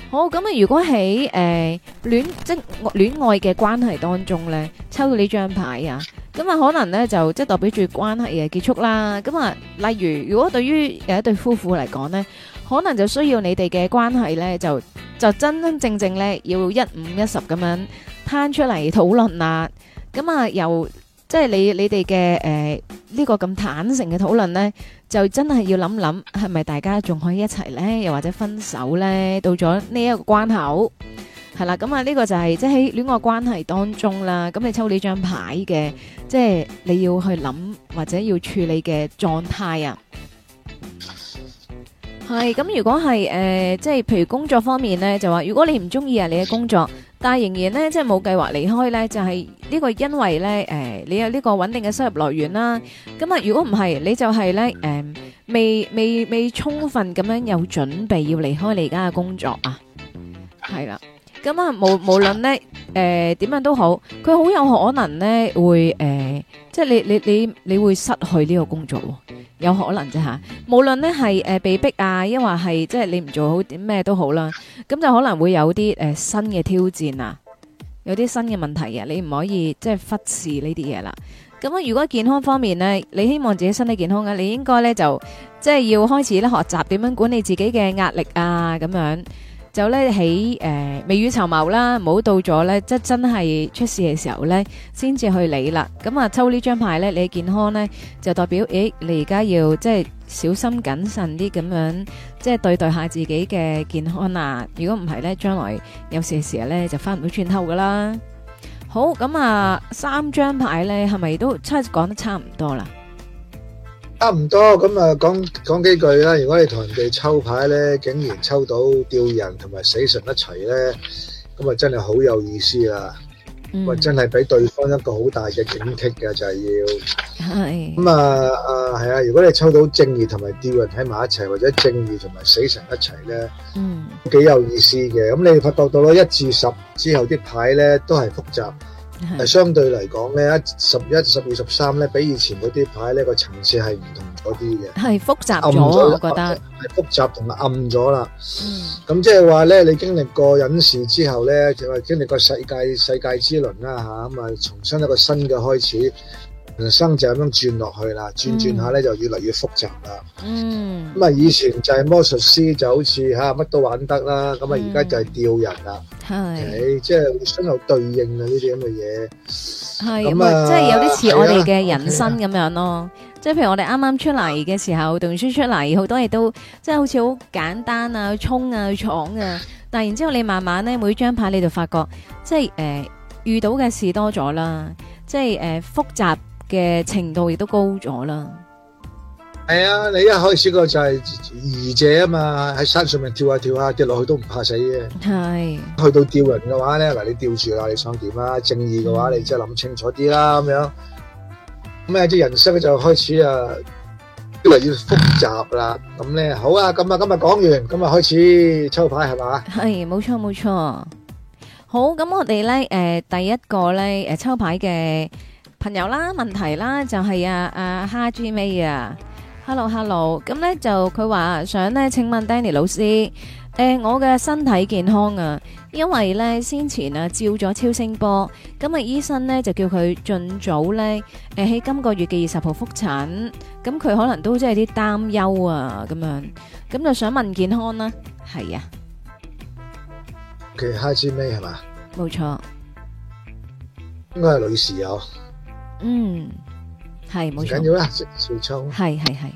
好，咁啊，如果喺誒戀即戀愛嘅關係當中咧，抽到呢張牌啊，咁啊可能咧就即係代表住關係嘅結束啦。咁啊，例如如果對於有一對夫婦嚟講咧，可能就需要你哋嘅關係呢，就就真真正正呢，要一五一十咁樣攤出嚟討論啦。咁啊，又、啊、即係你你哋嘅誒呢個咁坦誠嘅討論呢，就真係要諗諗係咪大家仲可以一齊呢？又或者分手呢？到咗呢一個關口，係啦。咁、嗯、啊、呢、這個就係、是、即係喺戀愛關係當中啦。咁你抽呢張牌嘅，即係你要去諗或者要處理嘅狀態啊。係，咁如果係誒、呃，即係譬如工作方面咧，就話如果你唔中意啊你嘅工作，但係仍然咧即係冇計劃離開咧，就係、是、呢個因為咧誒、呃，你有呢個穩定嘅收入來源啦。咁啊，如果唔係，你就係咧誒，未未未充分咁樣有準備要離開你而家嘅工作啊，係啦。咁啊，無無論咧，誒、呃、點樣都好，佢好有可能咧會誒、呃，即係你你你你會失去呢個工作，有可能啫吓。無論咧係誒被逼啊，亦或係即係你唔做好點咩都好啦，咁就可能會有啲誒、呃、新嘅挑戰啊，有啲新嘅問題啊，你唔可以即係忽視呢啲嘢啦。咁啊，如果健康方面咧，你希望自己身體健康嘅，你應該咧就即係要開始咧學習點樣管理自己嘅壓力啊，咁樣。就咧喺誒未雨綢繆啦，唔好到咗咧，即真係出事嘅時候咧，先至去理啦。咁、嗯、啊抽呢張牌咧，你嘅健康咧就代表誒，你而家要即係小心謹慎啲咁樣，即係對待下自己嘅健康啊。如果唔係咧，將來有事嘅時候咧就翻唔到轉頭噶啦。好咁、嗯、啊，三張牌咧係咪都差講得差唔多啦？差唔多咁啊，講講、嗯、幾句啦。如果你同人哋抽牌咧，竟然抽到吊人同埋死神一齊咧，咁啊真係好有意思啦。嗯、或真係俾對方一個好大嘅警惕嘅，就係、是、要咁是、嗯、啊啊係啊。如果你抽到正義同埋吊人喺埋一齊，或者正義同埋死神一齊咧、嗯，嗯，幾有意思嘅。咁你發覺到咗一至十之後呢，啲牌咧都係複雜。係是相對嚟講咧，十一、十二、十三咧，比以前嗰啲牌呢個層次係唔同咗啲嘅，係複雜咗了我覺得，係複雜同埋暗咗啦。嗯，咁即係話咧，你經歷過隱士之後咧，就係經歷過世界世界之輪啦吓，咁啊，重新一個新嘅開始。人生就咁樣轉落去啦，轉轉下咧就越嚟越複雜啦。嗯，咁啊以前就係魔術師就好似吓乜都玩得啦，咁啊而家就係吊人啦。係的，誒即係互相有對應啊呢啲咁嘅嘢。係，咁啊的那即係有啲似我哋嘅人生咁樣咯。即係、okay、譬如我哋啱啱出嚟嘅時候，讀書、啊、出嚟，很多都好多嘢都即係好似好簡單啊，去衝啊，去闖啊。 但係然之後你慢慢咧，每張牌你就發覺，即係誒、呃、遇到嘅事多咗啦，即係誒、呃、複雜嘅程度亦都高咗啦。係啊，你一開始個就係愚者啊嘛，喺山上面跳下跳下跌落去都唔怕死嘅。係。去到吊人嘅話咧，嗱你吊住啦，你想點啊？正義嘅話，嗯、你即係諗清楚啲啦，咁樣。咁即啲人生就開始啊，越嚟越複雜啦。咁咧好啊，咁啊，今日講完，咁啊開始抽牌係嘛？係，冇錯冇錯。好，咁我哋咧誒，第一個咧誒、呃、抽牌嘅。朋友啦，問題啦，就係、是、啊啊哈 G 妹啊，hello hello，咁咧就佢話想咧，請問 Danny 老師，誒、呃、我嘅身體健康啊，因為咧先前啊照咗超聲波，今日醫生咧就叫佢盡早咧，誒、呃、喺今個月嘅二十號復診，咁佢可能都真係啲擔憂啊咁樣，咁就想問健康啦，係啊，佢哈、啊 okay, G 妹係嘛？冇錯，應該係女士啊。嗯，係冇錯，唔緊要啦，食少醋，係係係，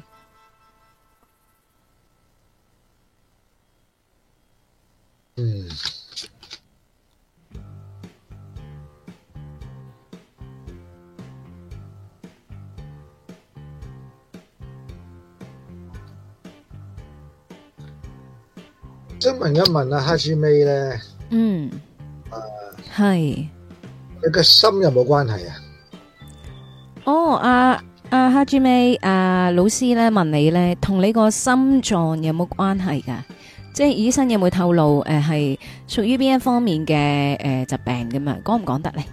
嗯，即係聞一聞啊，黑芝麻咧，嗯，啊，係，你個心有冇關係啊？哦，阿阿哈朱尾，阿、啊啊、老師咧問你咧，同你個心臟有冇關係噶？即係醫生有冇透露，誒係屬於邊一方面嘅誒、呃、疾病噶嘛？講唔講得咧？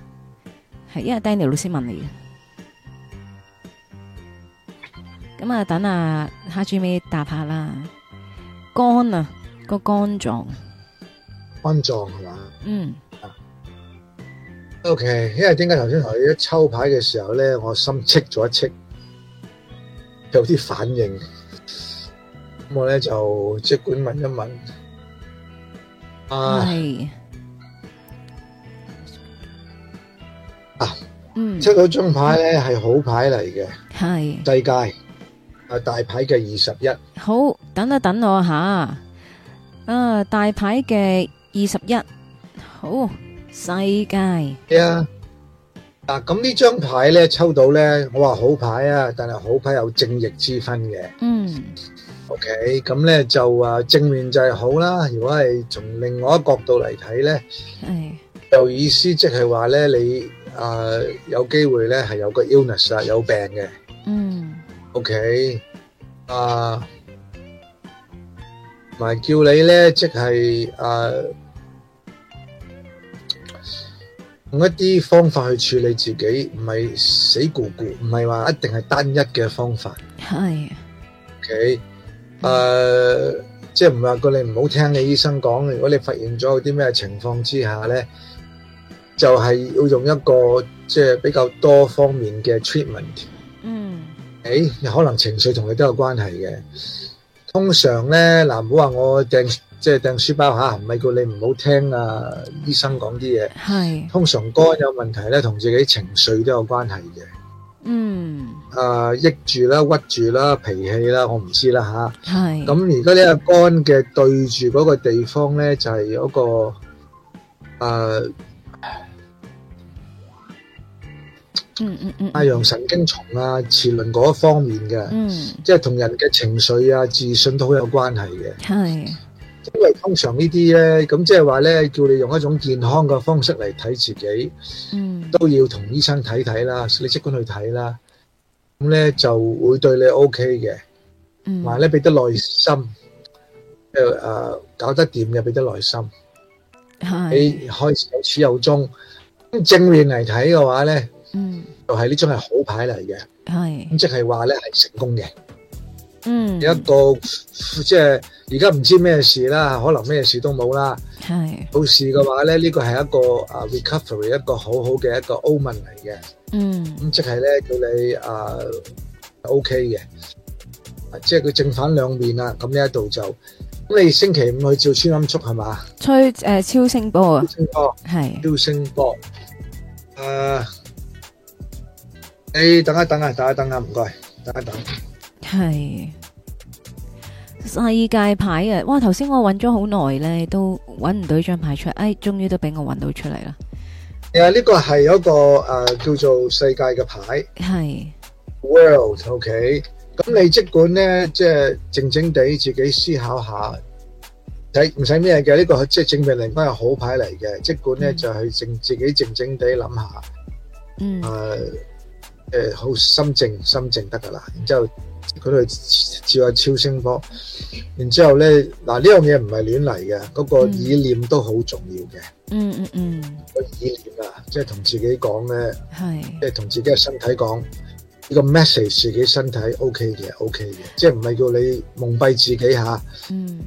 係因為 Danny 老師問你嘅，咁啊等阿哈朱尾答下啦。肝啊，個肝臟，肝臟係嘛？嗯。O K，因為點解頭先頭一抽牌嘅時候咧，我心戚咗一戚，有啲反應。咁我咧就即管問一問。啊。係。啊。嗯。出咗張牌咧係好牌嚟嘅。係。世界。啊大牌嘅二十一。好，等一等我吓。啊大牌嘅二十一。好。世界，係啊嗱，咁呢張牌咧抽到咧，我話好牌啊，但係好牌有正逆之分嘅。嗯，OK，咁咧就話正面就係好啦，如果係從另外一個角度嚟睇咧，就意思即係話咧你誒有機會咧係有個 illness，有病嘅。嗯，OK，啊，埋叫你咧即係誒。用一啲方法去處理自己，唔係死估估，唔係話一定係單一嘅方法。係啊，OK，誒，即係唔係話過你唔好聽你醫生講，如果你發現咗有啲咩情況之下咧，就係要用一個即係比較多方面嘅 treatment。嗯，誒，可能情緒同你都有關係嘅。通常咧，嗱，唔好話我正。即係掟書包嚇，唔係叫你唔好聽啊！嗯、醫生講啲嘢，是通常肝有問題咧，同自己情緒都有關係嘅。嗯，啊，抑住啦、屈住啦、脾氣啦，我唔知啦吓？係。咁而家呢個肝嘅對住嗰個地方咧，就係、是、嗰、嗰個誒、呃嗯，嗯嗯嗯，太陽神經叢啊、臍輪嗰方面嘅。嗯。即係同人嘅情緒啊、自信都好有關係嘅。係。因為通常呢啲咧，咁即係話咧，叫你用一種健康嘅方式嚟睇自己，嗯，都要同醫生睇睇啦，你即管去睇啦。咁咧就會對你 OK 嘅，嗯，同埋咧俾得耐心，誒誒搞得掂嘅俾得耐心，你開始有始有終。咁正面嚟睇嘅話咧，嗯，就係呢張係好牌嚟嘅，係，咁即係話咧係成功嘅。嗯，一個即係而家唔知咩事啦，可能咩事都冇啦。係的，冇事嘅話咧，呢、這個係一個啊、uh, recovery，一個好好嘅一個 omen 嚟嘅。嗯，咁即係咧叫你啊、uh, ok 嘅，即係佢正反兩面啦。咁呢一度就，咁你星期五去照超音速係嘛？吹誒超聲波啊！超聲波係。超聲波，誒的、呃，你等一等啊，等一等啊，唔該，等一等。係世界牌啊！哇，頭先我揾咗好耐咧，都揾唔到張牌出嚟，哎，終於都俾我揾到出嚟啦！啊，呢個係有一個誒叫做世界嘅牌，係 World，OK。咁你即管咧，即係靜靜地自己思考下，睇唔使咩嘅呢個，即係正面嚟翻係好牌嚟嘅。即管咧就係靜自己靜靜地諗下，嗯，誒，誒，好心靜心靜得㗎喇，然之後。佢哋照下超聲波，然之後咧，嗱，呢樣嘢唔係亂嚟嘅，嗰個意念都好重要嘅。嗯嗯嗯。個意念啊，即係同自己講咧，係，即係同自己嘅身體講呢個 message，自己身體 OK 嘅，OK 嘅，即係唔係叫你蒙蔽自己吓。嗯。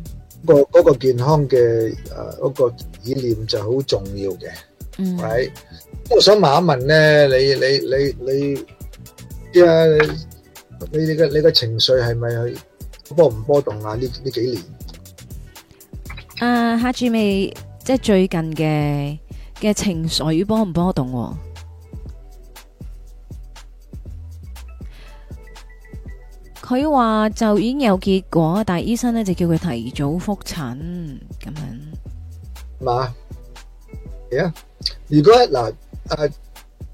個嗰個健康嘅誒嗰個意念就好重要嘅。嗯。喂，咁我想問一問咧，你你你你點啊？你你個你個情緒係咪波唔波動啊？呢呢幾年？誒、uh，下住未，即係最近嘅嘅情緒波唔波動啊？佢話、mm. 就已經有結果，但係醫生咧就叫佢提早複診咁樣，嘛？而家如果嗱誒？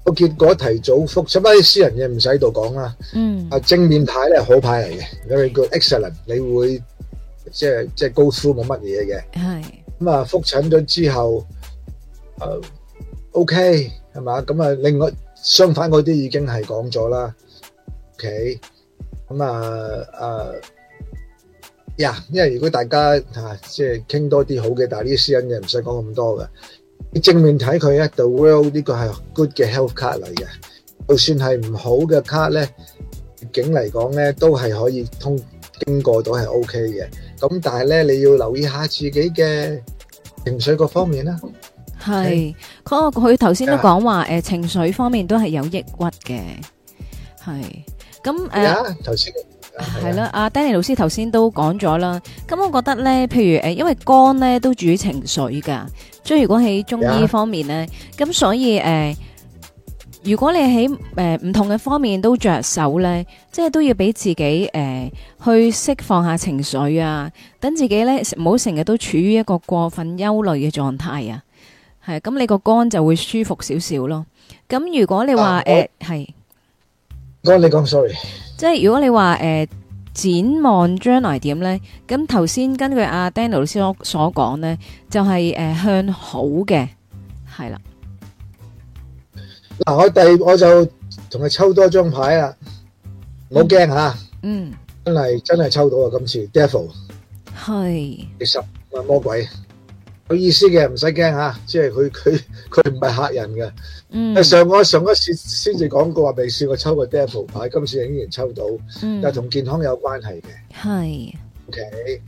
個結果提早複，使乜啲私人嘢，唔使喺度講啦。嗯，啊正面牌咧係好牌嚟嘅，因為叫 excellent，你會即係即係 go through 冇乜嘢嘅。係咁啊，複診咗之後，誒，OK 係嘛？咁啊，另外相反嗰啲已經係講咗啦。OK，咁啊誒呀，因為如果大家吓即係傾多啲好嘅，但係呢啲私人嘢唔使講咁多嘅。正面睇佢咧，the world 呢個係 good 嘅 health card 嚟嘅。就算係唔好嘅 card 咧，境嚟講咧都係可以通經過到係 O K 嘅。咁但係咧，你要留意下自己嘅情緒各方面啦。係佢，佢頭先都講話誒，情緒方面都係有抑鬱嘅。係咁誒，頭先係啦，阿 Danny 老師頭先都講咗啦。咁我覺得咧，譬如誒，因為肝咧都住於情緒噶。即係如果喺中醫方面呢，咁 Yeah. 所以誒、呃，如果你喺誒唔同嘅方面都着手呢，即係都要俾自己誒、呃、去釋放下情緒啊，等自己呢，唔好成日都處於一個過分憂慮嘅狀態啊，係咁你個肝就會舒服少少咯。咁如果你話誒係，ah, I 呃、我你講 sorry，即係如果你話誒。呃展望將來點咧？咁頭先根據阿 Daniel 老師所所講咧，就係誒向好嘅係啦。嗱，我第我就同佢抽多一張牌啦，唔好驚吓，嗯，真係真係抽到啊！今次 Devil，係其實係魔鬼。有意思嘅，唔使驚吓，即係佢佢佢唔係吓人嘅。嗯，上我上一次先至講過話，未試過抽個 Devil 牌，今次竟然抽到，但同健康有關係嘅。係，OK，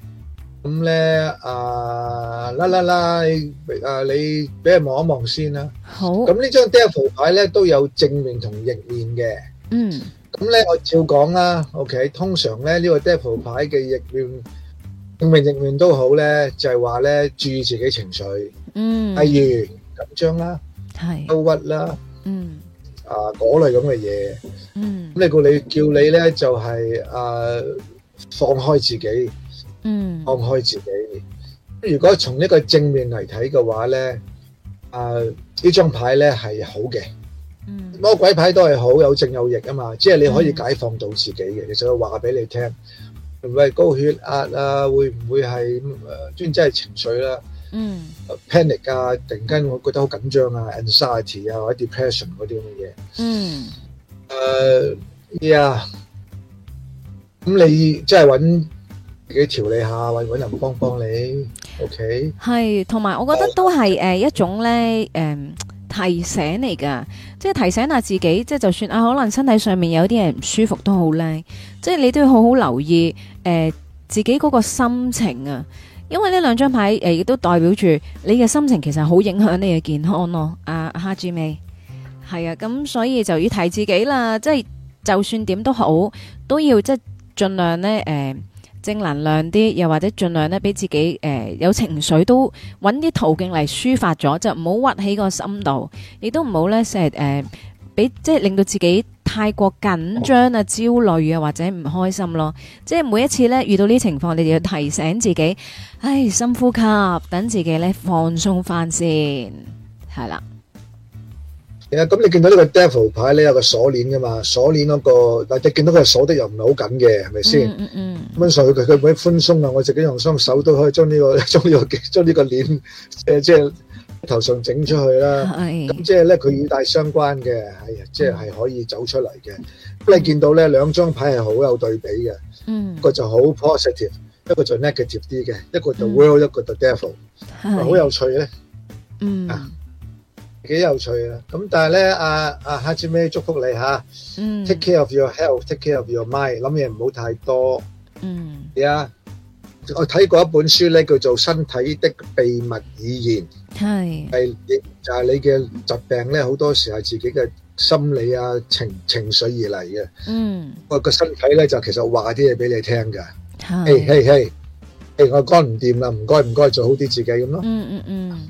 咁咧啊啦啦啦，啊你俾人望一望先啦。好。咁呢張 Devil 牌咧都有正面同逆面嘅。嗯。咁咧我照講啦，OK，通常咧呢個 Devil 牌嘅逆面。正面正面都好咧，就係話咧注意自己情緒，嗯，例如緊張啦，係，憂鬱啦，嗯，啊嗰類咁嘅嘢，嗯，咁你叫你叫你咧就係啊放開自己，嗯，放開自己。咁如果從呢個正面嚟睇嘅話咧，啊呢張牌咧係好嘅，嗯，魔鬼牌都係好，有正有逆啊嘛，即係你可以解放到自己嘅，其實我話俾你聽。唔係高血壓啊，會唔會係誒？當然真係情緒啦，嗯，panic 啊，突然間我覺得好緊張啊，anxiety 啊，或者 depression 嗰啲咁嘅嘢，嗯，誒，依家咁你即係揾自己調理下，或者揾人幫幫你，OK，係，同埋我覺得都係誒一種咧誒提醒嚟㗎。即提醒下自己，即係就算啊，可能身體上面有啲嘢唔舒服都好咧。即係你都要好好留意誒、呃，自己嗰個心情啊，因為呢兩張牌誒亦、呃、都代表住你嘅心情，其實好影響你嘅健康咯。阿哈志美係啊，咁、啊啊、所以就要提自己啦。即係就算點都好，都要即係盡量咧誒。呃正能量啲，又或者儘量呢俾自己，誒、呃、有情緒都揾啲途徑嚟抒發咗，就唔好屈喺個心度，亦都唔好呢，成日誒俾即係、呃、令到自己太過緊張啊、焦慮啊或者唔開心咯。即係每一次呢，遇到呢情況，你哋要提醒自己，唉，深呼吸，等自己呢，放鬆翻先，係啦。咁你見到呢個 devil 牌咧，有個鎖鏈㗎嘛，鎖鏈嗰個，但你見到佢鎖得又唔係好緊嘅，係咪先？嗯嗯，咁所以佢佢佢寬鬆啊，我自己用雙手都可以將呢個將呢個將呢個鏈即係頭上整出去啦。咁即係咧，佢以帶相關嘅，係啊，即係可以走出嚟嘅。咁你見到咧，兩張牌係好有對比嘅。嗯。一個就好 positive，一個就 negative 啲嘅，一個就 world，一個就 devil，好有趣咧。嗯。幾有趣啊！咁但係咧，阿阿黑姐咩祝福你吓，take care of your health，take care of your mind，諗嘢唔好太多。嗯，係啊，我睇過一本書咧，叫做《身體的秘密語言》，係，係就係你嘅疾病咧，好多時係自己嘅心理啊情情緒而嚟嘅。嗯，我個身體咧就其實話啲嘢俾你聽噶，誒誒誒，我幹唔掂啦，唔該唔該，做好啲自己咁咯。嗯嗯嗯。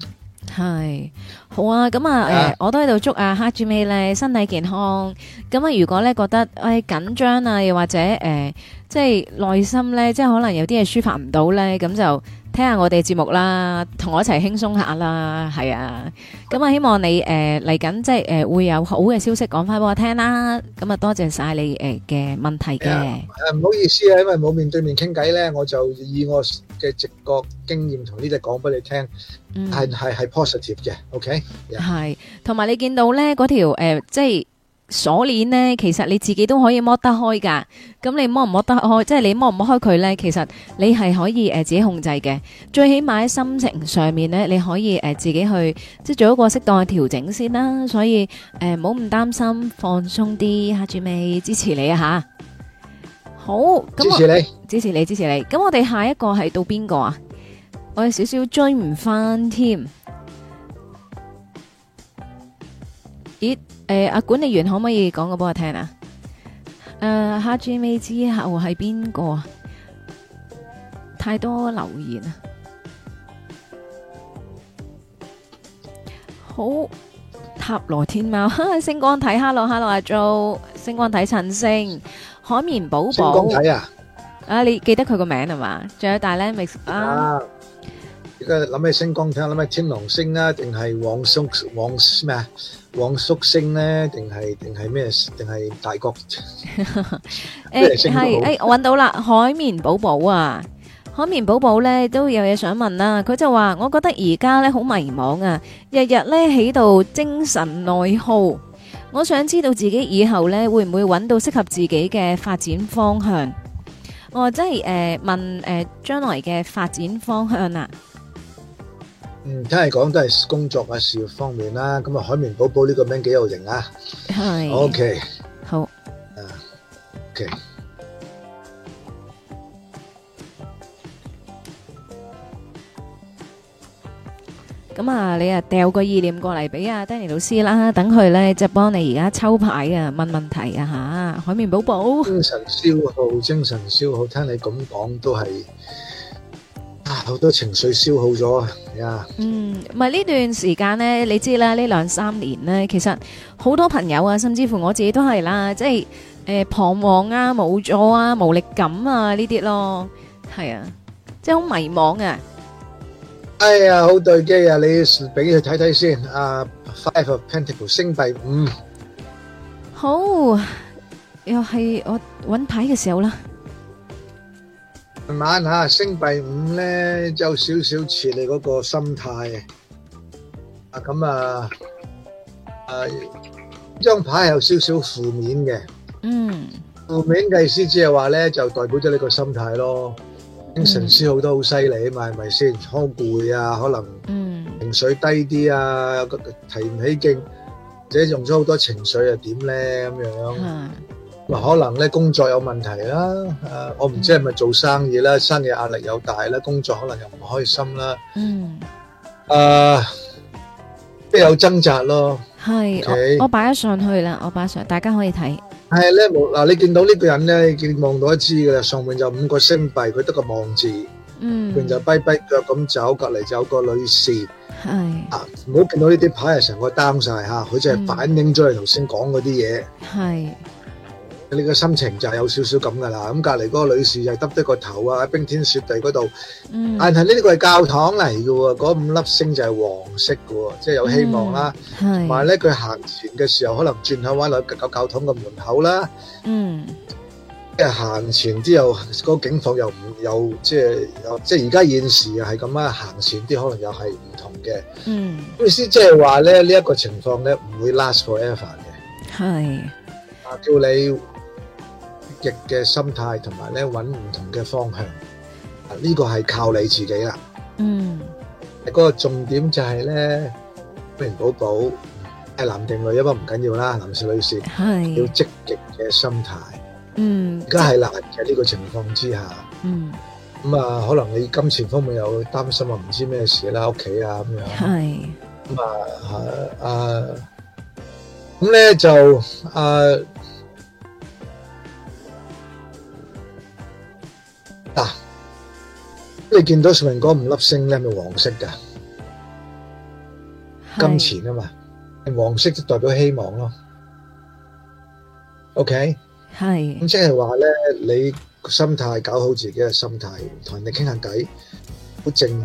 係好啊！咁啊，呃、Yeah. 我都喺度祝啊。哈住尾呢，身體健康。咁、呃、啊，如果咧覺得誒緊張啊，又或者誒、呃，即係內心咧，即係可能有啲嘢抒發唔到咧，咁就。聽下我哋節目啦，同我一齊輕鬆下啦，係啊。咁啊，希望你誒嚟緊即係誒會有好嘅消息講翻俾我聽啦。咁啊，多謝晒你誒嘅問題嘅。誒，唔好意思啊，因為冇面對面傾偈咧，我就以我嘅直覺經驗同呢隻講俾你聽。嗯，係係係 positive 嘅，OK。係，同埋你見到咧嗰條誒，即係。鎖鏈呢，其實你自己都可以剝得開噶。咁你剝唔剝得開，即係你剝唔剝開佢呢？其實你係可以誒、呃、自己控制嘅。最起碼喺心情上面呢，你可以誒、呃、自己去即係做一個適當嘅調整先啦。所以誒，唔好唔擔心，放鬆啲，吓住咪支持你啊吓。好，我支持你，支持你，支持你，支持你。咁我哋下一個係到邊個啊？我有少少追唔翻添。咦？誒、呃，管理員可唔可以講個俾我聽啊？誒、呃，哈 G 未之後係邊個？太多留言啊！好塔羅天貓，星光睇 Hello Hello 阿 Joe 星光睇陳星，海綿寶寶，星光睇啊！啊，你記得佢個名係嘛？仲有大 a m i 啊！諗咩星光聽下，諗咩天狼星啦，定係黃叔黃咩黃叔星咧？定係定係咩？定係大國誒係誒，搵、 哎哎、到啦！海綿寶寶啊，海綿寶寶咧都有嘢想問啦。佢就話：，我覺得而家咧好迷茫啊，日日咧喺度精神內耗。我想知道自己以後咧會唔會搵到適合自己嘅發展方向？我、哦、即係誒、呃、問誒將、呃、來嘅發展方向啊！嗯，聽你講都係工作啊、事業方面啦，咁啊《海綿寶寶》呢個名幾有型啊？係，OK，好，啊，OK。咁啊，你啊掉個意念過嚟俾阿 Danny 老師啦，等佢咧就幫你而家抽牌啊，問問題啊吓，《海綿寶寶》精神消耗，精神消耗，聽你咁講都係。好、啊、多情緒消耗咗啊！Yeah. 嗯，唔係呢段時間咧，你知啦，呢兩三年咧，其實好多朋友啊，甚至乎我自己都係啦，即係誒、呃、彷徨啊、冇咗啊、無力感啊呢啲咯，係啊，即係好迷茫啊！哎呀，好對機啊！你俾佢睇睇先啊、uh,，Five of Pentacles 星幣五，好又係我揾牌嘅時候啦。晚吓星幣五咧，就有少少似你嗰個心態啊！咁啊，誒、啊，張牌有少少負面嘅，嗯，負面意思即係話咧，就代表咗你個心態咯。精神思好多好犀利啊嘛，係咪先？好攰啊，可能，嗯，情緒低啲啊，提唔起勁，或者用咗好多情緒又點咧？咁樣嗯嗱，可能咧，工作有問題啦，誒，我唔知係咪做生意啦，生意壓力又大啦，工作可能又唔開心啦，嗯，誒，都有掙扎咯。係，我擺咗上去啦，我擺上，大家可以睇。係咧，嗱，你見到呢個人咧，見望到一支㗎啦，上面就五個星幣，佢得個望字，嗯，佢就跛跛腳咁走，隔離就有個女士，係，啊，唔好見到呢啲牌係成個 down 曬嚇，佢就係反映咗你頭先講嗰啲嘢，係。你個心情就係有少少咁噶啦，咁隔離嗰個女士就耷低個頭啊，喺冰天雪地嗰度。嗯。但係呢個係教堂嚟嘅喎，嗰五粒星就係黃色嘅喎，即係有希望啦。係。同埋咧，佢行前嘅時候，可能轉向彎來入個教堂嘅門口啦。嗯。即係行前之後又個景況又唔又即係又即係而家現時又係咁樣，行前啲可能又係唔同嘅。嗯。意思即係話咧，呢一個情況咧唔會 last forever 嘅。係。啊！叫你。極嘅心態，同埋咧揾唔同嘅方向，啊呢個係靠你自己啦。嗯，嗰個重點就係咧，譬如寶寶係男定女，一般唔緊要啦，男士女士，係要積極嘅心態。嗯，而家係難嘅呢個情況之下。嗯，咁啊，可能你金錢方面有擔心啊，唔知咩事啦，屋企啊咁樣。係，咁啊，誒，咁咧就誒。你見到上面嗰五粒星咧，係咪黃色噶？金錢啊嘛，黃色就代表希望咯。OK，係咁，即係話咧，你心態搞好自己嘅心態，同人哋傾下偈，好靜，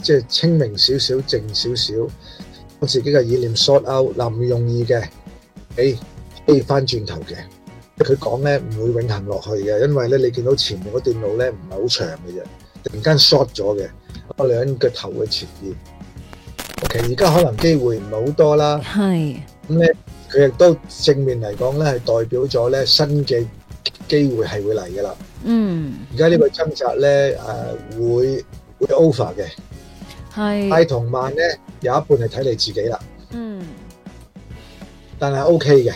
即係清明少少，靜少少，我自己嘅意念 short out，嗱唔容易嘅？誒，飛翻轉頭嘅。佢講咧唔會永恆落去嘅，因為咧你見到前面嗰段路咧唔係好長嘅啫。突然間 short 咗嘅，我兩個頭嘅前面，OK，而家可能機會唔係好多啦，係咁咧，佢亦都正面嚟講咧，係代表咗咧新嘅機會係會嚟噶啦，嗯，而家呢個掙扎咧，誒會會 over 嘅，係快同慢咧有一半係睇你自己啦，嗯，但係 OK 嘅，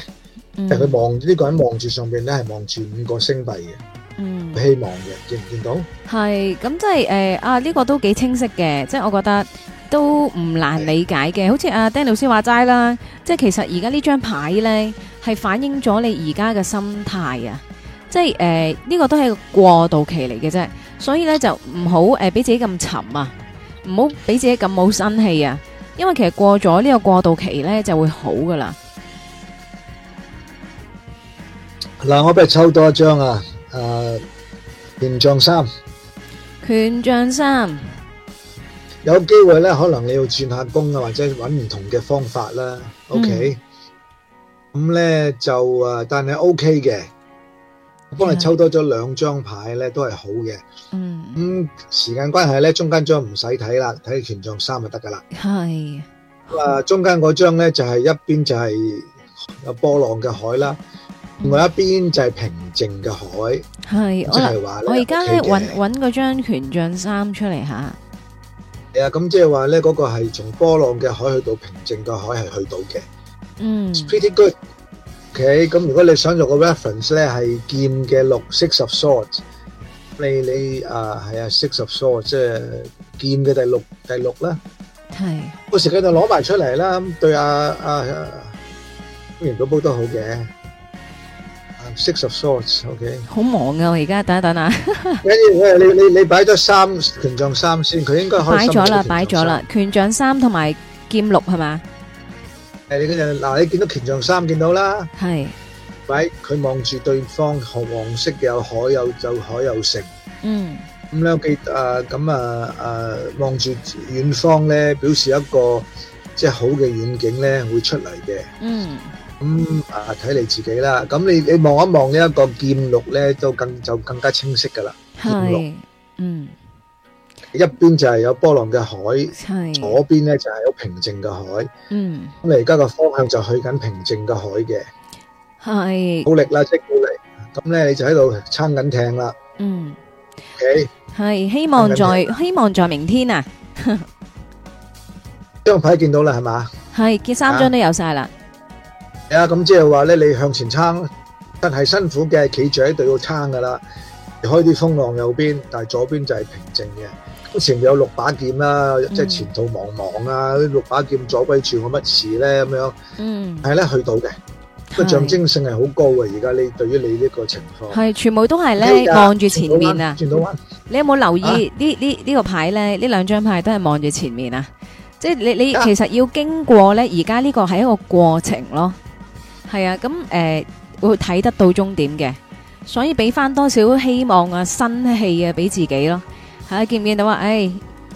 佢望住呢個人望住上邊咧係望住五個星幣嘅。嗯，希望嘅見唔見到？係咁即係誒啊呢、這個都幾清晰嘅，即係我覺得都唔難理解嘅。嗯、好似阿 Danny 老師話齋啦，即係其實而家呢張牌呢，係反映咗你而家嘅心態啊！即係誒呢個都係個過渡期嚟嘅啫，所以呢就唔好誒俾自己咁沉啊，唔好俾自己咁冇生氣啊，因為其實過咗呢個過渡期呢就會好噶啦。嗱，我俾你抽多一張啊！誒，權杖三，權杖三，有機會咧，可能你要轉下工啊，或者揾唔同嘅方法啦。OK，咁咧就啊，但係 OK 嘅，我幫你抽多咗兩張牌咧，都係好嘅。嗯，咁時間關係咧，中間張唔使睇啦，睇權杖三就得噶啦。係，啊，中間嗰張咧就係一邊就係有波浪嘅海啦。另外一邊就係平靜嘅海，係我我而家咧揾揾嗰張權杖三出嚟吓。係啊，咁即係話咧，嗰個係從波浪嘅海去到平靜嘅海係去到嘅。嗯，pretty good。OK，咁如果你想用個 reference 咧，係劍嘅六 six of swords。你你啊，係啊，six of swords，即係劍嘅第六第六啦。係。到時佢就攞埋出嚟啦，對啊啊，贏到波都好嘅。Six of Swords，OK。好忙啊，我而家等一等啊。跟住我，你你你擺咗三權杖三先，佢應該可以。擺咗啦，擺咗啦，權杖三同埋劍六係嘛？誒，你嗰陣嗱，你見到權杖三見到啦。係。擺，佢望住對方，紅黃色嘅有海，有就海，有城。嗯。咁咧，記啊，咁啊，誒，望住遠方咧，表示一個即係好嘅遠景咧，會出嚟嘅。嗯。咁啊，睇你自己啦。咁你你望一望呢一個劍綠咧，都更就更加清晰噶啦。係，嗯。一邊就係有波浪嘅海，係。左邊咧就係有平靜嘅海，嗯。咁你而家個方向就去緊平靜嘅海嘅，係。努力啦，即係努力。咁咧你就喺度撐緊艇啦，嗯。O K，係希望在希望在明天啊。張牌見到啦，係嘛？係，見三張都有晒啦。係啊，咁即係話咧，你向前撐，但係辛苦嘅，企住喺度要撐噶啦。開啲風浪右邊，但係左邊就係平靜嘅。前面有六把劍啦、啊，嗯、即係前途茫茫啊！六把劍左歸住我乜事咧？咁樣，嗯，係咧去到嘅，個象徵性係好高嘅。而家你對於你呢個情況，係全部都係咧，望住前面啊！到你有冇留意呢？呢呢個牌咧，呢兩張牌都係望住前面啊！即係你你其實要經過咧，而家呢個係一個過程咯。係啊，咁誒會睇得到終點嘅，所以俾翻多少希望啊，新氣啊，俾自己咯係啊，見唔見到啊？誒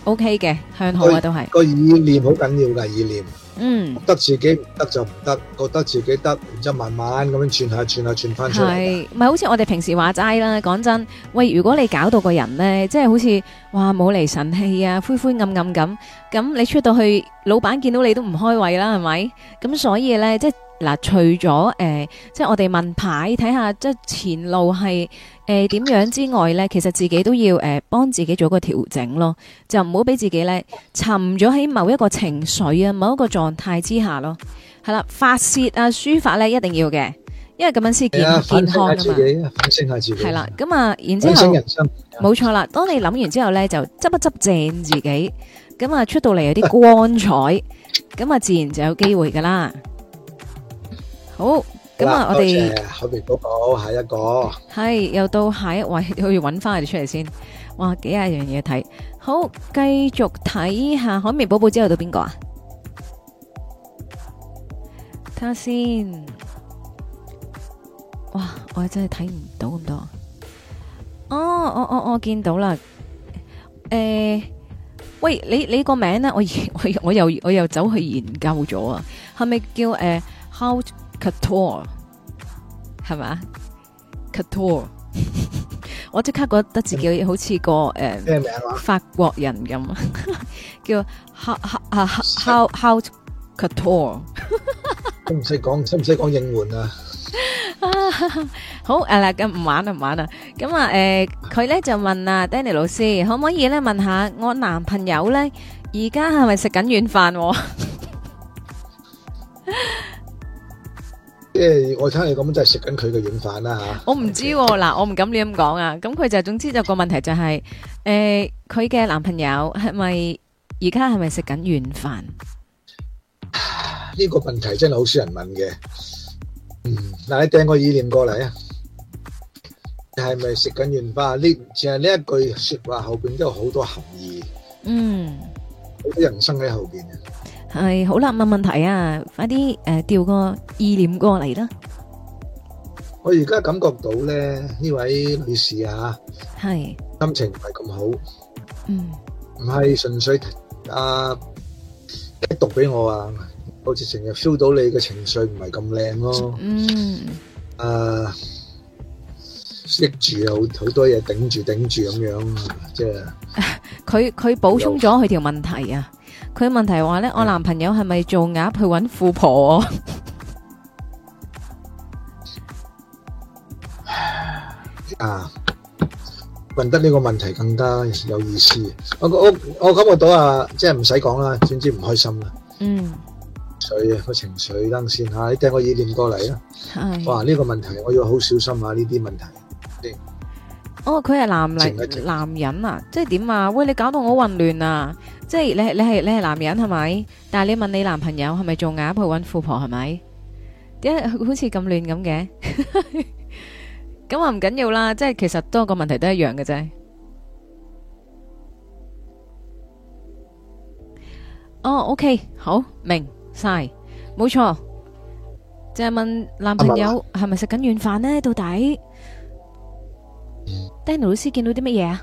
，O K 嘅，向好啊，都係個意念好緊要噶，意念嗯覺得自己唔得就唔得，覺得自己得，然之後慢慢咁樣轉下轉下轉翻出嚟，係咪？好似我哋平時話齋啦，講真喂，如果你搞到個人咧，即係好似嘩冇厘神氣啊，灰灰暗暗咁，咁你出到去，老闆見到你都唔開胃啦，係咪？咁所以咧，即係。嗱，除咗誒、呃，即係我哋問牌睇下，即係前路係誒點樣之外咧，其實自己都要誒幫、呃、自己做個調整咯，就唔好俾自己咧沉咗喺某一個情緒啊、某一個狀態之下咯。係啦，發泄啊、抒發咧，一定要嘅，因為咁樣先健的健康啊嘛。發泄下自己，發泄下自己係啦。咁啊，然之後，發泄人生冇錯啦。當你諗完之後咧，就執一執正自己，咁啊出到嚟有啲光彩，咁啊 自然就有機會噶啦。好，咁啊，我哋海綿寶寶下一個係，又到下一位，去揾翻佢出嚟先，哇，幾下樣嘢睇，好繼續睇下海綿寶寶之後到邊個啊？睇下先，哇，我真係睇唔到咁多啊！哦，我我，我見到啦，誒、欸，喂，你你個名咧，我我我又我又走去研究咗啊，係咪叫誒、呃、How？Catal，係咪？Catal，我即刻覺得自己好似個誒，咩名啊？法國人咁，叫 How How How How Catal。都唔使講，都唔使講應援啊！好誒啦，咁唔玩啦，唔玩啦。咁啊，誒，佢咧就問啊，Danny 老師可唔可以咧問下我男朋友咧，而家係咪食緊軟飯？即係我睇你咁樣都係食緊佢嘅軟飯啦吓，我唔知嗱，我唔敢你亂咁講啊。咁佢就總之就個問題就係，誒，佢嘅男朋友係咪而家係咪食緊軟飯？呢個問題真係好少人問嘅。嗯，嗱，你掟個意念過嚟啊，係咪食緊軟飯？呢淨係呢一句說話後邊都有好多含義。嗯，好多人生喺後邊。係好啦，問問題啊，快啲誒，調個意念過嚟啦。我而家感覺到咧，呢位女士啊，係心情唔係咁好，嗯，唔係純粹啊，讀俾我啊，好似成日 feel 到你嘅情緒唔係咁靚咯，嗯，誒，識住，有好多嘢頂住頂住咁樣，即係佢佢補充咗佢條問題啊。佢問題話咧，我男朋友係咪做鴨去揾富婆？啊，問得呢個問題更加有意思。我我我感覺到啊，即係唔使講啦，總之唔開心啦。嗯，所以個情緒等先吓，你掟個意念過嚟啦。哇，呢個問題我要好小心啊，呢啲問題。哦，佢係男嚟男人啊，即係點啊？喂，你搞到我好混亂啊！即係你係你係你係男人係咪？但係你問你男朋友係咪做鴨去揾富婆係咪？點解好似咁亂咁嘅？咁啊唔緊要啦。即係其實多個問題都一樣嘅啫。哦，OK，好明晒，冇錯。就係問男朋友係咪食緊軟飯呢？到底？Danny 老師見到啲乜嘢啊？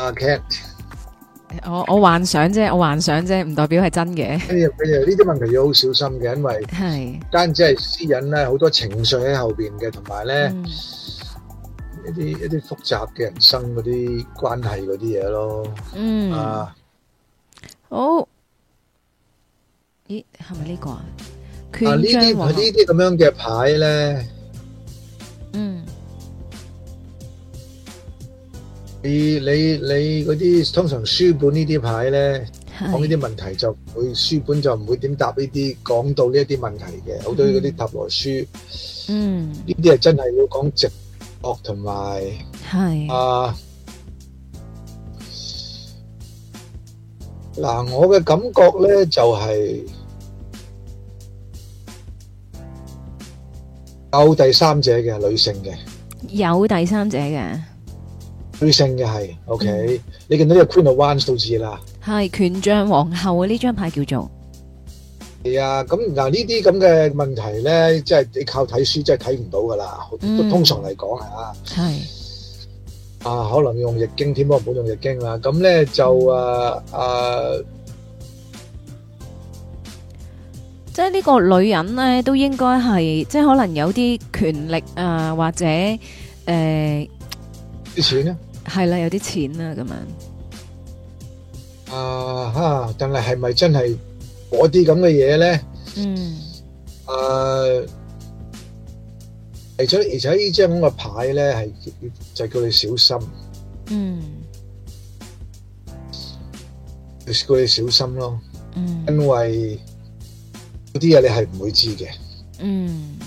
啊，cat！我我幻想啫，我幻想啫，唔代表係真嘅。哎呀，哎呀，呢啲問題要好小心嘅，因為係單只係私隱咧，好多情緒喺後邊嘅，同埋咧一啲一啲複雜嘅人生嗰啲關係嗰啲嘢咯。嗯，啊，好，咦，係咪呢個啊？啊，呢啲呢啲咁樣嘅牌咧，嗯。你你你嗰啲通常書本呢啲牌呢，講呢啲問題就會書本就唔會點答呢啲，講到呢一啲問題嘅，好多嗰啲塔羅書，嗯，呢啲係真係要講直覺同埋係啊。嗱，我嘅感覺呢就係有第三者嘅女性嘅，有第三者嘅。女性嘅係，OK，你見到呢個 Queen of Wands 數字啦，係權杖皇后啊，呢張牌叫做係啊。咁嗱，呢啲咁嘅問題咧，即係你靠睇書，真係睇唔到噶啦。嗯，都通常嚟講啊，係啊，可能用易經添啦，唔好用易經啦。咁咧就誒誒，即係呢個女人咧都應該係，即係可能有啲權力啊，或者誒啲錢咧。係啦，有啲錢啦咁樣啊！啊哈，但係係咪真係嗰啲咁嘅嘢咧？嗯。誒，而且而且呢張咁嘅牌咧，係就叫你小心。嗯。叫你小心咯。嗯。因為嗰啲嘢你係唔會知嘅。嗯。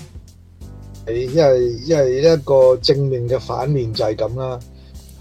你因為因為一個正面嘅反面就係咁啦。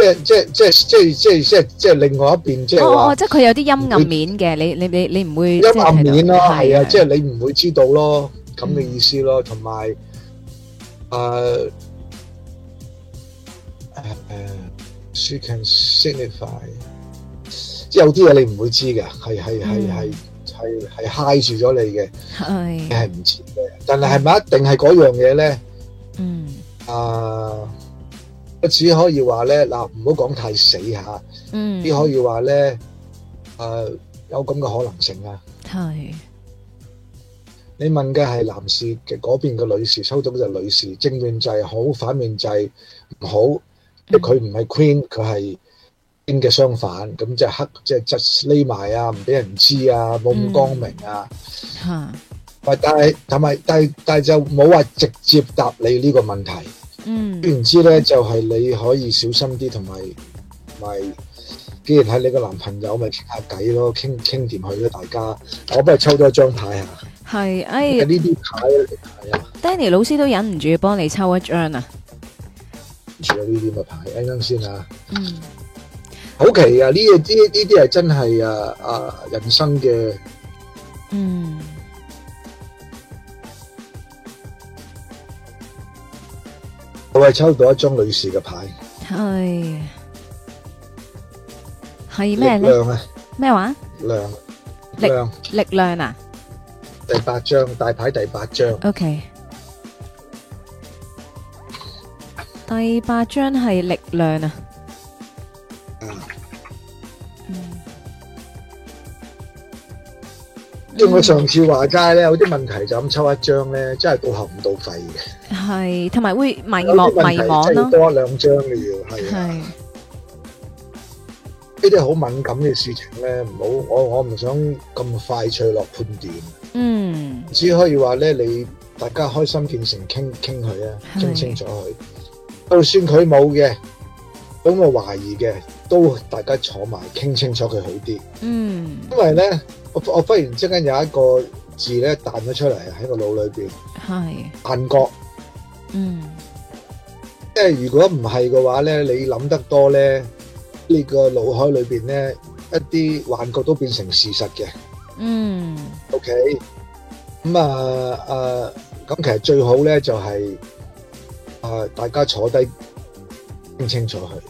即係即係即係即係即係即係，另外一邊即係哦哦，即係佢有啲陰暗面嘅，你你你你唔會陰暗面咯，係啊，即係你唔會知道咯，咁嘅意思咯，同埋誒誒，signify，即係有啲嘢你唔會知嘅，係係係係係係 high 住咗你嘅，係，你係唔知嘅，但係係咪一定係嗰樣嘢咧？嗯，啊。我只可以話咧，嗱，唔好講太死吓，只可以話咧，誒，有咁嘅可能性啊。係，你問嘅係男士嘅嗰邊嘅女士，抽到嗰隻女士，正面就係好，反面就係唔好。佢唔係 queen，佢係英嘅相反，咁即係黑，即係 just 匿埋啊，唔俾人知啊，冇咁光明啊。吓，但係同埋但係但係就冇話直接答你呢個問題。嗯，然之咧就係、是、你可以小心啲，同埋咪，既然喺你個男朋友，咪傾下偈咯，傾傾掂佢咧，大家，我不如抽多一張牌啊！係，哎呀，呢啲牌係啊，Danny 老師都忍唔住幫你抽一張啊！有呢啲咪牌？啱啱先啊，嗯，好奇啊，呢嘢，呢呢啲係真係啊啊，人生嘅，嗯。我係抽到一張女士嘅牌，係，係咩？力量啊？咩話？量力力量啊！第八張大牌第八張，OK，第八張係力量啊！因為我上次話齋咧有啲問題，就咁抽一張咧，真係符合唔到費嘅係，同埋會迷惘迷惘咯。多一兩張嘅嘢係，呢啲好敏感嘅事情咧，唔好我我唔想咁快脆落判斷。嗯，只可以話咧，你大家開心見誠傾傾佢啊，傾清楚佢，就算佢冇嘅。咁我懷疑嘅，都大家坐埋傾清楚佢好啲。嗯，因為咧，我我忽然之間有一個字咧，彈咗出嚟喺個腦裏邊，係幻覺。嗯，即係如果唔係嘅話咧，你諗得多咧，呢個腦海裏邊咧，一啲幻覺都變成事實嘅。嗯。OK，咁啊啊，咁其實最好咧就係啊，大家坐低傾清楚佢。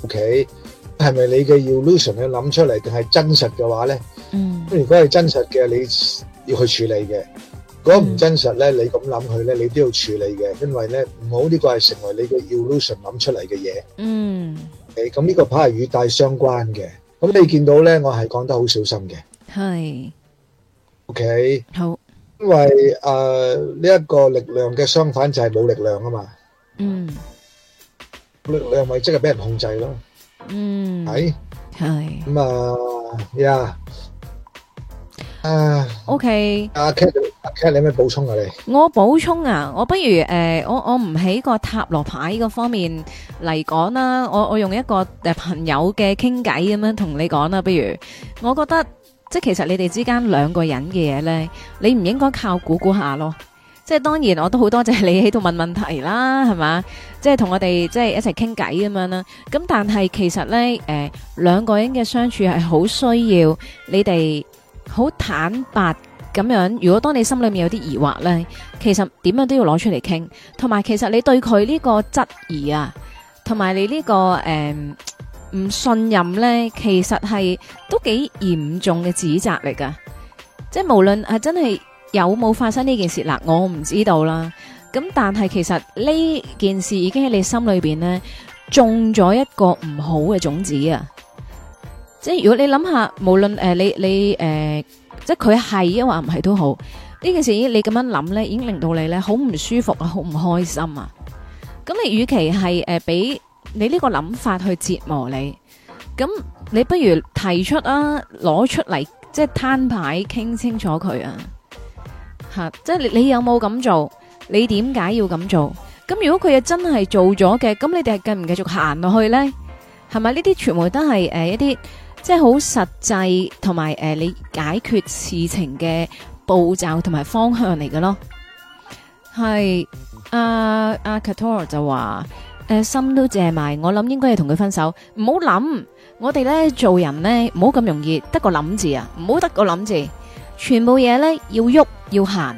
O.K.，係咪你嘅 illusion 去諗出嚟定係真實嘅話咧？嗯，如果係真實嘅，你要去處理嘅，如果唔真實咧，你咁諗佢咧，你都要處理嘅，因為咧唔好呢個係成為你嘅 illusion 諗出嚟嘅嘢。嗯，誒咁呢個牌係與大相關嘅，咁你見到咧，我係講得好小心嘅。係，O.K. 好，因為誒呢一個力量嘅相反就係冇力量啊嘛。嗯。你你係咪即係俾人控制咯？嗯，係係咁啊，依家啊，OK，阿 Cat，阿 Cat，你有咩補充啊？你我補充啊，我不如誒，我我唔喺個塔羅牌嗰方面嚟講啦，我我用一個誒朋友嘅傾偈咁樣同你講啦。不如我覺得，即係其實你哋之間兩個人嘅嘢咧，你唔應該靠估估下咯。即係當然，我都好多謝你喺度問問題啦，係嘛？即係同我哋即係一齊傾偈咁樣啦，咁但係其實呢，誒、呃，兩個人嘅相處係好需要你哋好坦白咁樣。如果當你心裏面有啲疑惑呢，其實點樣都要攞出嚟傾。同埋其實你對佢呢個質疑啊，同埋你呢、呢個誒唔、呃、信任呢，其實係都幾嚴重嘅指責嚟噶。即係無論係真係有冇發生呢件事，嗱，我唔知道啦。咁但係其實呢件事已經喺你心裏邊呢種咗一個唔好嘅種子啊！即係如果你諗下，無論誒、呃、你你誒、呃，即係佢係啊，話唔係都好呢件事，你咁樣諗呢，已經令到你呢好唔舒服啊，好唔開心啊！咁你與其係誒俾你呢個諗法去折磨你，咁你不如提出啊，攞出嚟即係攤牌傾清楚佢啊！吓、啊，即係你，你有冇咁做？你點解要咁做？咁如果佢又真係做咗嘅，咁你哋係繼唔繼續行落去呢？係咪？呢啲全部都係誒、呃、一啲即係好實際同埋誒你解決事情嘅步驟同埋方向嚟嘅咯。係阿阿、啊、Cator 就話：，誒、啊、心都借埋，我諗應該係同佢分手。唔好諗，我哋咧做人呢，唔好咁容易，得個諗字啊，唔好得個諗字，全部嘢咧，要喐要行。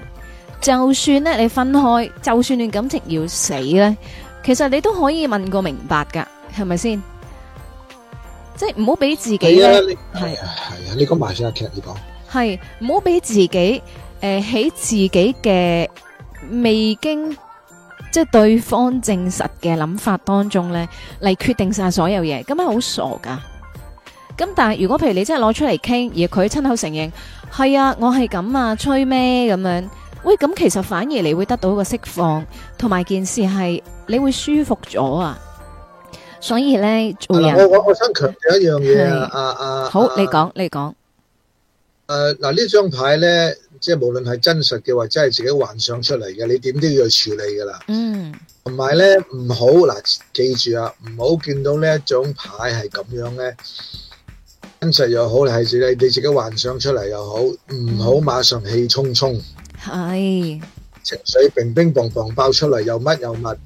就算咧，你分開，就算段感情要死咧，其實你都可以問個明白噶，係咪先？即係唔好俾自己係啊，係係啊，你講埋先啊，其實你講係唔好俾自己誒喺自己嘅未經即係對方證實嘅諗法當中咧嚟決定晒所有嘢，咁係好傻噶。咁但係如果譬如你真係攞出嚟傾，而佢親口承認係啊，我係咁啊，吹咩咁樣？喂，咁其實反而你會得到個釋放，同埋件事係你會舒服咗啊！所以咧，做人我我想強調一樣嘢啊啊！好，你講你講。誒，嗱呢張牌咧，即係無論係真實嘅或者係自己幻想出嚟嘅，你點都要處理噶啦。嗯，同埋咧唔好嗱，記住啊，唔好見到呢一種牌係咁樣咧，真實又好，係你你自己幻想出嚟又好，唔好馬上氣冲沖。係情緒乒乒乓乓爆出嚟，又乜又乜？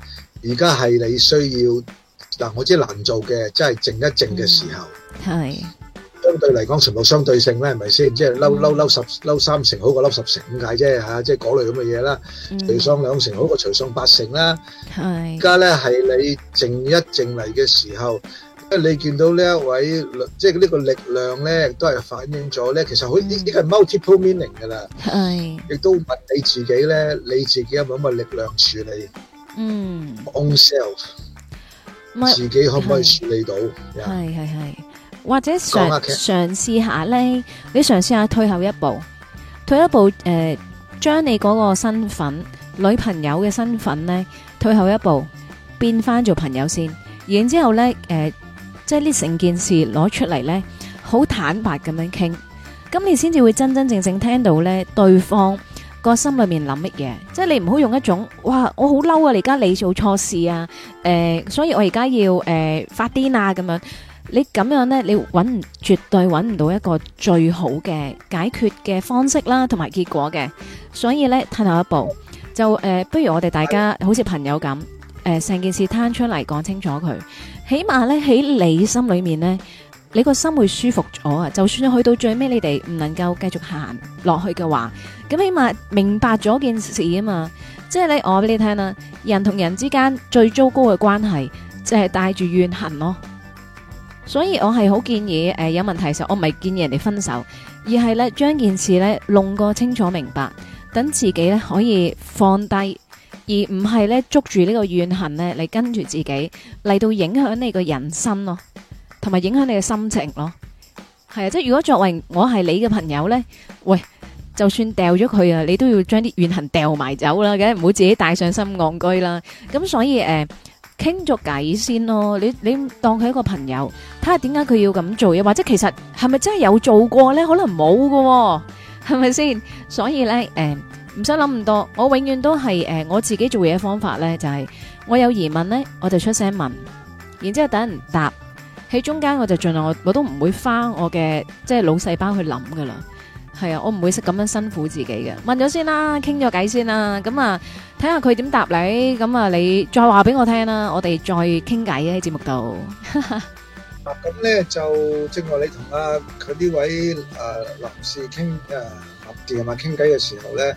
而家係你需要嗱，我知難做嘅，即係靜一靜嘅時候。係相對嚟講，全部相對性咧，係咪先？即係嬲嬲嬲十嬲三成，好過嬲十成咁解啫吓，即係嗰類咁嘅嘢啦。除送兩成好過除送八成啦。係而家咧係你靜一靜嚟嘅時候。即係你見到呢一位，即係呢個力量咧，都係反映咗咧。其實佢呢呢個係 multiple meaning 噶啦，係亦都問你自己咧，你自己有冇乜力量處理？嗯，own self，自己可唔可以處理到？係係係，或者嘗嘗試下咧，你嘗試下退後一步，退一步誒，將你嗰個身份女朋友嘅身份咧，退後一步變翻做朋友先，然之後咧誒。即係呢成件事攞出嚟呢，好坦白咁樣傾，咁你先至會真真正正聽到呢對方個心裏面諗乜嘢。即係你唔好用一種哇，我好嬲啊！你而家你做錯事啊，誒、呃，所以我而家要誒、呃、發癲啊咁樣。你咁樣呢，你搵絕對搵唔到一個最好嘅解決嘅方式啦，同埋結果嘅。所以呢，褪後一步就誒、呃，不如我哋大家好似朋友咁，誒、呃，成件事攤出嚟講清楚佢。起碼咧喺你心裏面呢，你個心會舒服咗啊！就算你去到最尾你哋唔能夠繼續行落去嘅話，咁起碼明白咗件事啊嘛！即係你我俾你聽啦，人同人之間最糟糕嘅關係即係、就係、帶住怨恨咯。所以我係好建議誒、呃，有問題嘅時候，我唔係建議人哋分手，而係咧將件事咧弄個清楚明白，等自己咧可以放低。而唔係咧捉住呢個怨恨咧嚟，跟住自己嚟到影響你個人生咯，同埋影響你嘅心情咯。係啊，即係如果作為我係你嘅朋友咧，喂，就算掉咗佢啊，你都要將啲怨恨掉埋走啦，梗係唔好自己帶上心戇居啦。咁所以誒，傾咗偈先咯。你你當佢一個朋友，睇下點解佢要咁做，又或者其實係咪真係有做過咧？可能冇㗎，係咪先？所以咧，誒。唔想諗咁多，我永遠都係誒、呃、我自己做嘢嘅方法咧，就係、是、我有疑問咧，我就出聲問，然之後等人答，喺中間我就盡量我我都唔會花我嘅即係腦細胞去諗噶啦，係啊，我唔會識咁樣辛苦自己嘅。問咗先啦，傾咗偈先啦，咁啊睇下佢點答你，咁啊你再話俾我聽啦，我哋再傾偈喺節目度。哈哈啊，咁咧就正話你同啊，佢呢位誒同事傾誒合作啊嘛，傾偈嘅時候咧。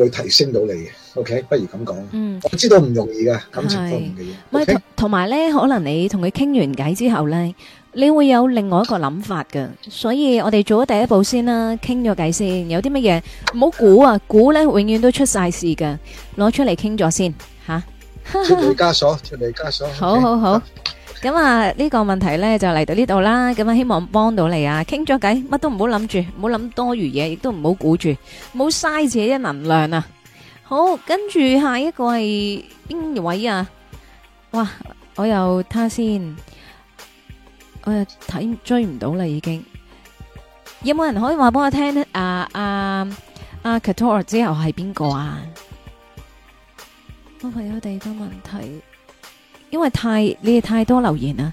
會提升到你嘅，OK，不如咁講。嗯，我知道唔容易噶感情方面嘅嘢。同同埋咧，可能你同佢傾完偈之後咧，你會有另外一個諗法嘅。所以我哋做咗第一步先啦，傾咗偈先，有啲乜嘢，唔好估啊，估咧永遠都出晒事嘅。攞出嚟傾咗先，吓。脫離枷鎖，脫離枷鎖。好好好。咁啊，呢個問題咧就嚟到呢度啦。咁啊，希望幫到你啊。傾咗偈，乜都唔好諗住，唔好諗多餘嘢，亦都唔好估住，冇嘥自己嘅能量啊！好，跟住下一個係邊位啊？哇，我又睇下先，我又睇追唔到啦，已經。有冇人可以話俾我聽咧？阿阿阿 Catherine 之後係邊個啊？我朋友第二個問題。因為太你哋太多留言啦，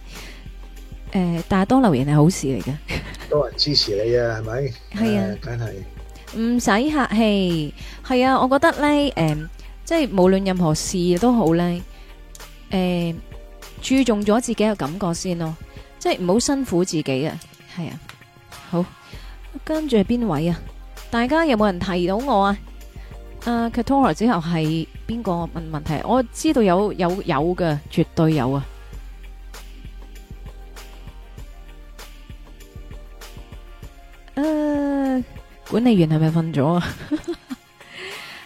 誒、呃，大多留言係好事嚟㗎， 多人支持你啊，係咪？係啊，梗係唔使客氣，係啊，我覺得咧，誒、呃，即係無論任何事都好咧，誒、呃，注重咗自己嘅感覺先咯，即係唔好辛苦自己啊，係啊，好，跟住係邊位啊？大家有冇人提到我啊？誒、啊，佢通話之後係。邊個問問題？我知道有有有嘅，絕對有啊！管理員係咪瞓咗啊？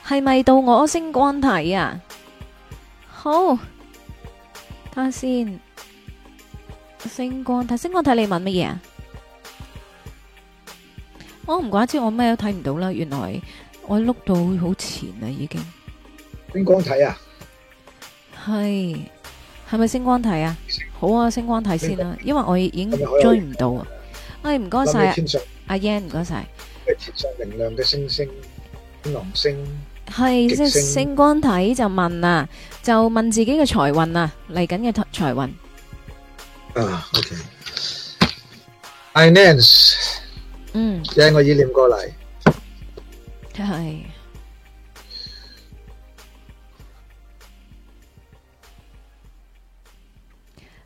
係咪到我星光睇啊？好，睇下先。星光睇，星光睇，你問乜嘢啊？我唔怪之，我咩都睇唔到啦。原來我碌到好前啊，已經。星光體啊，係係咪星光體啊？好啊，星光體先啦，因為我已經追唔到啊。哎，唔該晒，阿 yan 唔該晒。貼上明亮嘅星星，五芒星。係即係星光體就問啊，就問自己嘅財運啊，嚟緊嘅財財運。啊，OK，Finance，嗯，聽我意念過嚟，係。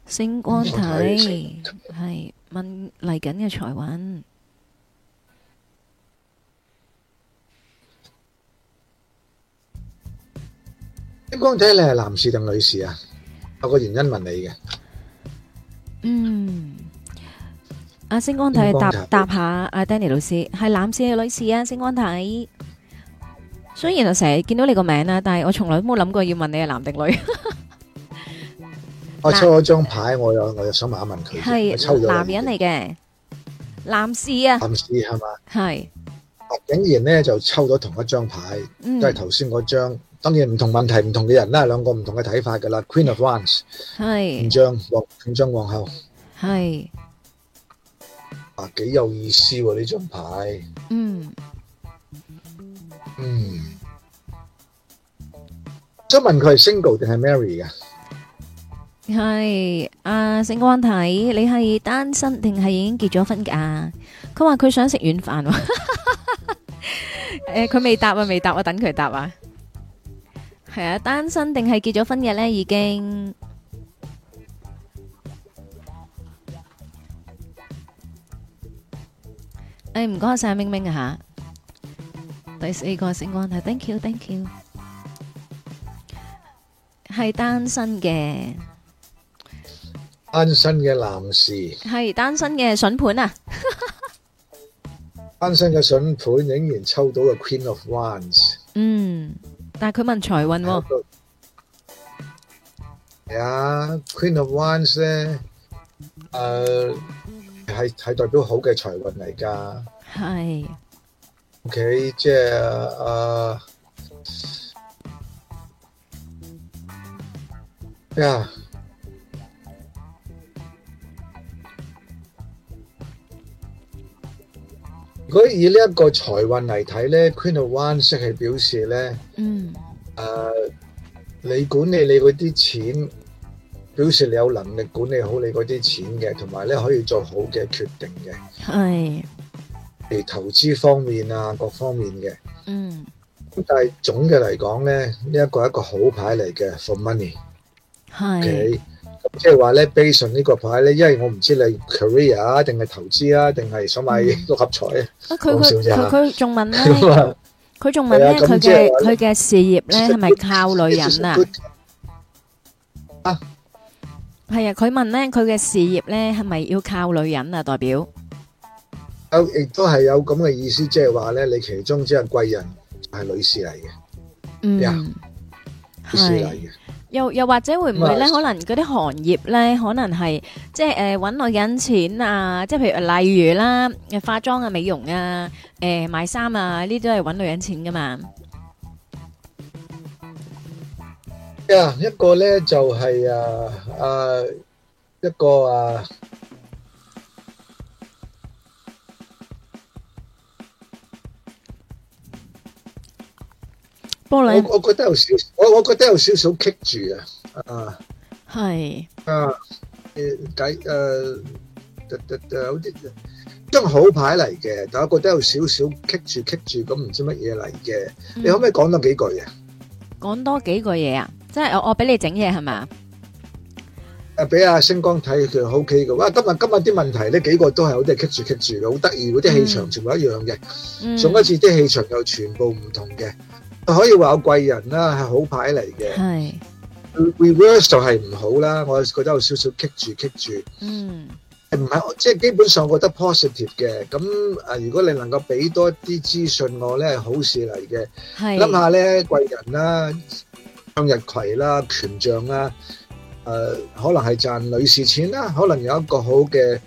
星光體係問嚟緊嘅財運。星光體你係男士定女士啊？有個原因問你嘅。嗯，阿星光體答答下阿 Danny 老師係男士定女士啊？星光體，雖然我成日見到你個名啊，但係我從來都冇諗過要問你係男定女。我抽咗張牌，我又我又想問一問佢。係男人嚟嘅男士啊，男士係嘛？係，竟然咧就抽到同一張牌，都係頭先嗰張。當然唔同問題，唔同嘅人啦，兩個唔同嘅睇法㗎喇。Queen of Wands，係，五張王，五張皇后，係。啊，幾有意思喎呢張牌。嗯嗯，想問佢係 single 定係 marry 嘅？係啊，醒光太，你係單身定係已經結咗婚噶？佢話佢想食軟飯，誒，佢未答啊，未答啊，我等佢答啊。係啊，單身定係結咗婚嘅咧？已經。誒，唔該晒，明明啊吓，第四一個醒光太，thank you，thank you，係單身嘅。單身嘅男士係單身嘅筍盤啊！單身嘅筍盤仍然抽到個 Queen of Wands。嗯，但係佢問財運喎。係呀，Queen of Wands 咧，誒，係係代表好嘅財運嚟㗎。係。OK 即係誒呀。如果以呢一個財運嚟睇咧，Queen of Wands 即係表示咧，嗯，誒、呃，你管理你嗰啲錢，表示你有能力管理好你嗰啲錢嘅，同埋咧可以做好嘅決定嘅，係是，譬如投資方面啊，各方面嘅，嗯，但係總嘅嚟講咧，呢、這、一個係一個好牌嚟嘅，for money，係是。Okay? 即係話咧，Based on 呢個牌咧，因為我唔知你 career 啊，定係投資啊，定係想買六合彩啊。啊，佢佢佢仲問咧，佢仲問咧，佢嘅佢嘅事業咧係咪靠女人啊？啊，係啊，佢問咧，佢嘅事業咧係咪要靠女人啊？代表有，亦都係有咁嘅意思，即係話咧，你其中只係貴人係女士嚟嘅，嗯，女士嚟嘅。又又或者會唔會咧？可能嗰啲行業咧，可能係即係誒，搵女人錢啊！即係譬如例如啦，化妝啊、美容啊、誒賣衫啊，呢啲都係搵女人錢㗎嘛。啊，一個咧就係啊，一個啊。我我覺得有少，我我覺得有少少棘住啊！啊，係啊，解誒，誒誒有啲張好牌嚟嘅，但我覺得有少少棘住棘住，咁唔知乜嘢嚟嘅。你可唔可以講多幾句啊？講多幾句嘢啊？即係我我俾你整嘢係咪？誒俾阿星光睇佢 OK 嘅。哇！今日今日啲問題呢幾個都係好似棘住棘住，好得意。嗰啲氣場全部一樣嘅，上一次啲氣場又全部唔同嘅。可以話有貴人啦，係好牌嚟嘅。係是，reverse 就係唔好啦。我覺得有少少棘住棘住。住，嗯，唔係即係基本上我覺得 positive 嘅。咁啊，如果你能夠俾多啲資訊我咧，係好事嚟嘅。係是，諗下咧貴人啦、啊、向日葵啦、啊、權杖啦、啊，誒、呃、可能係賺女士錢啦、啊，可能有一個好嘅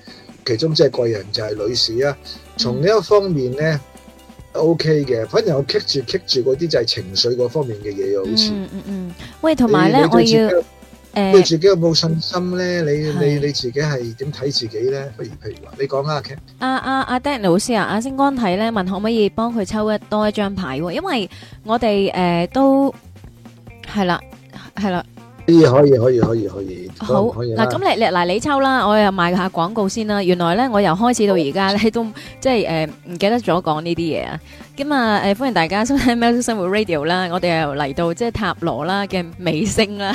其中即係貴人就係女士啊。從呢一方面咧。嗯 OK 嘅，反正我棘住棘住嗰啲就係情緒嗰方面嘅嘢，好似嗯嗯嗯，喂，同埋咧，我要，誒、呃、對自己有冇信心咧、嗯？你你的你自己係點睇自己咧？不如譬如話，你講下阿阿阿 Danny 老師啊，阿星光睇咧，問可唔可以幫佢抽一多一張牌？因為我哋誒、呃、都係啦，係啦。可以可以可以可以可以，好嗱，咁嚟嚟嗱，你抽啦，我又賣下廣告先啦。原來咧，我由開始到而家咧，都即係誒唔記得咗講呢啲嘢啊。咁啊，誒、呃，歡迎大家收聽《喵式生活 Radio》啦！我哋又嚟到即係塔羅啦嘅尾聲啦。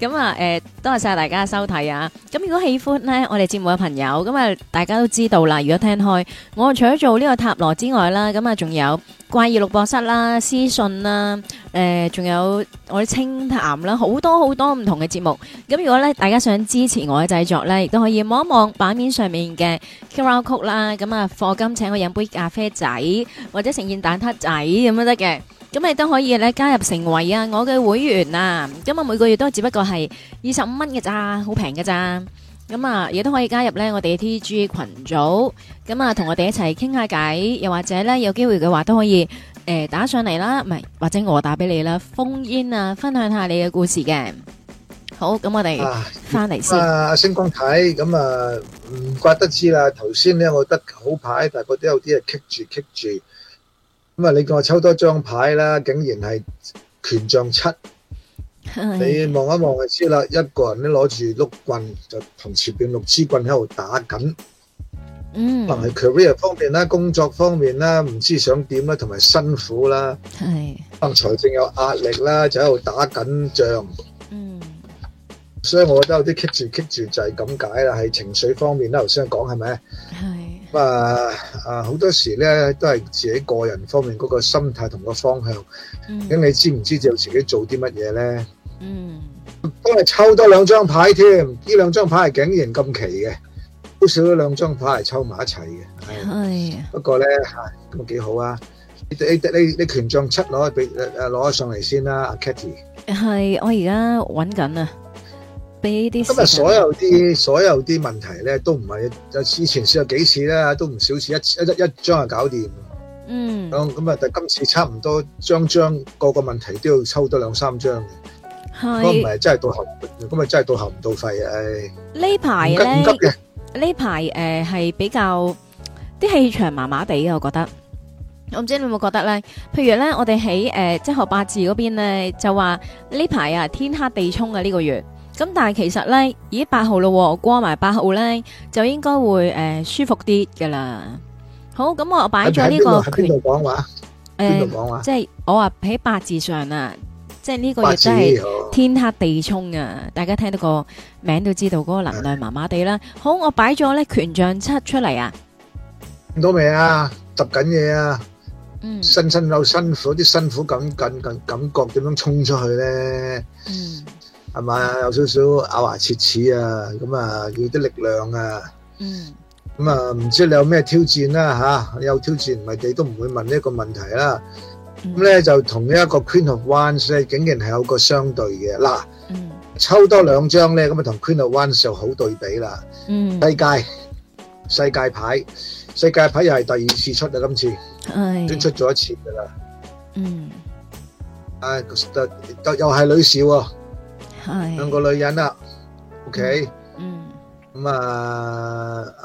咁啊，誒、 呃，多謝晒大家收睇啊！咁如果喜歡咧，我哋節目嘅朋友，咁啊，大家都知道啦。如果聽開我除咗做呢個塔羅之外啦，咁啊，仲有怪異錄播室啦、屍訊啦、誒、呃，仲有我啲清談啦，好多好多唔同嘅節目。咁如果咧，大家想支持我嘅製作咧，亦都可以望一望版面上面嘅 QR Code 啦。咁啊，課金請我飲杯咖啡仔。或者呈現蛋撻仔咁都得嘅，咁你都可以咧，加入成為啊我嘅會員啊，咁啊每個月都只不過係二十五蚊嘅咋，好平嘅咋，咁啊亦都可以加入咧我哋嘅 TG 群組，咁啊同我哋一齊傾下偈，又或者咧有機會嘅話都可以誒打上嚟啦，唔係或者我打俾你啦，烽煙啊分享下你嘅故事嘅。好，咁我哋翻嚟先。啊，阿星光睇，咁啊唔怪得之啦。頭先咧，我覺得好牌，但係嗰啲有啲啊棘住棘住。咁啊，你叫我抽多張牌啦，竟然係權杖七。你望一望就知啦，一個人都攞住六棍，就同前邊六支棍喺度打緊。嗯。可能係 career 方面啦，工作方面啦，唔知想點啦，同埋辛苦啦。係。可能財政有壓力啦，就喺度打緊仗。所以我覺得有啲 keep 住 keep 住就係咁解啦，喺情緒方面啦，頭先講係咪？係。咁啊啊，好多時咧都係自己個人方面嗰個心態同個方向，咁你知唔知道自己做啲乜嘢咧？嗯。都係抽多兩張牌添，呢兩張牌係竟然咁奇嘅，好少咗兩張牌係抽埋一齊嘅。係。不過咧吓咁啊，幾好啊！你你你你權杖七攞去俾誒誒，攞上嚟先啦，阿 Kitty。係，我而家揾緊啊。今日所有啲所有啲問題咧，都唔係，就之前試過幾次咧，都唔少次一一一張就搞掂。嗯，咁咁啊，但今次差唔多張張個個問題都要抽多兩三張嘅，咁唔係真係到喉，咁啊真係到喉唔到肺啊！唉，呢排咧呢排誒係比較啲氣場麻麻地啊，我覺得，我唔知你有冇覺得咧？譬如咧，我哋喺誒即係學八字嗰邊咧，就話呢排啊天黑地沖啊呢個月。咁、嗯、但係其實咧，咦八號咯、哦，我過埋八號咧就應該會誒、呃、舒服啲噶啦。好，咁、嗯、我擺咗呢個權講話，誒，啊呃啊、即係我話喺八字上啊，即係呢個月都係天剋地沖啊！大家聽到個名都知道嗰、那個能量麻麻地啦。是好，我擺咗咧權杖七出嚟啊，睇到未啊？執緊嘢啊，嗯，辛辛又辛苦啲辛苦感感感感覺點樣衝出去咧？嗯。係咪？有少少咬牙切齒啊，咁啊要啲力量啊。嗯。咁啊，唔知你有咩挑戰啦？嚇，有挑戰，咪你都唔會問呢一個問題啦。咁咧就同一個 Queen of Wands 咧，竟然係有個相對嘅嗱。嗯。抽多兩張咧，咁啊同 Queen of Wands 就好對比啦。嗯。世界世界牌世界牌又係第二次出啊！今次。係。先出咗一次㗎啦。嗯。係得又又係女少喎。兩個女人啦，OK，嗯，咁啊，誒，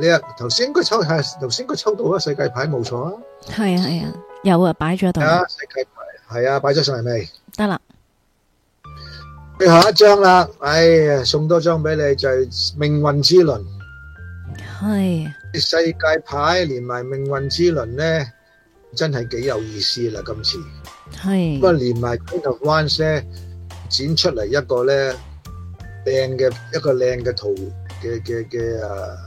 呢一頭先應該抽，頭先該抽到啊，世界牌冇錯啊，係啊係啊，有啊，擺咗喺度，世界牌係啊，擺咗上嚟未？得啦，最後一張啦，哎呀，送多張俾你就係命運之輪，係世界牌連埋命運之輪咧，真係幾有意思啦今次，係不過連埋 Pinnacle Ones 咧。剪出嚟一個咧，靚嘅一個靚嘅圖嘅嘅嘅啊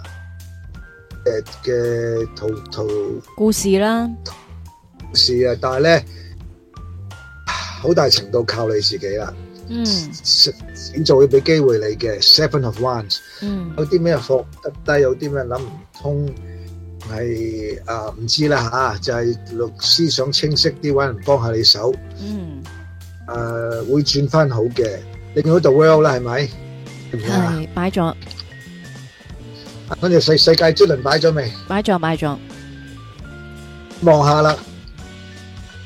誒嘅圖圖故事啦，是啊，但係咧好大程度靠你自己啦。嗯，剪就會俾機會你嘅。Seven of Wands。嗯，有啲咩放得低，有啲咩諗唔通係、哎、啊唔知啦嚇，就係、是、思想清晰啲揾，人幫下你手。嗯。誒，會轉翻好嘅，你見到就 well 啦，係咪？係，擺咗。嗰隻世世界之輪擺咗未？擺咗，擺咗。望下啦，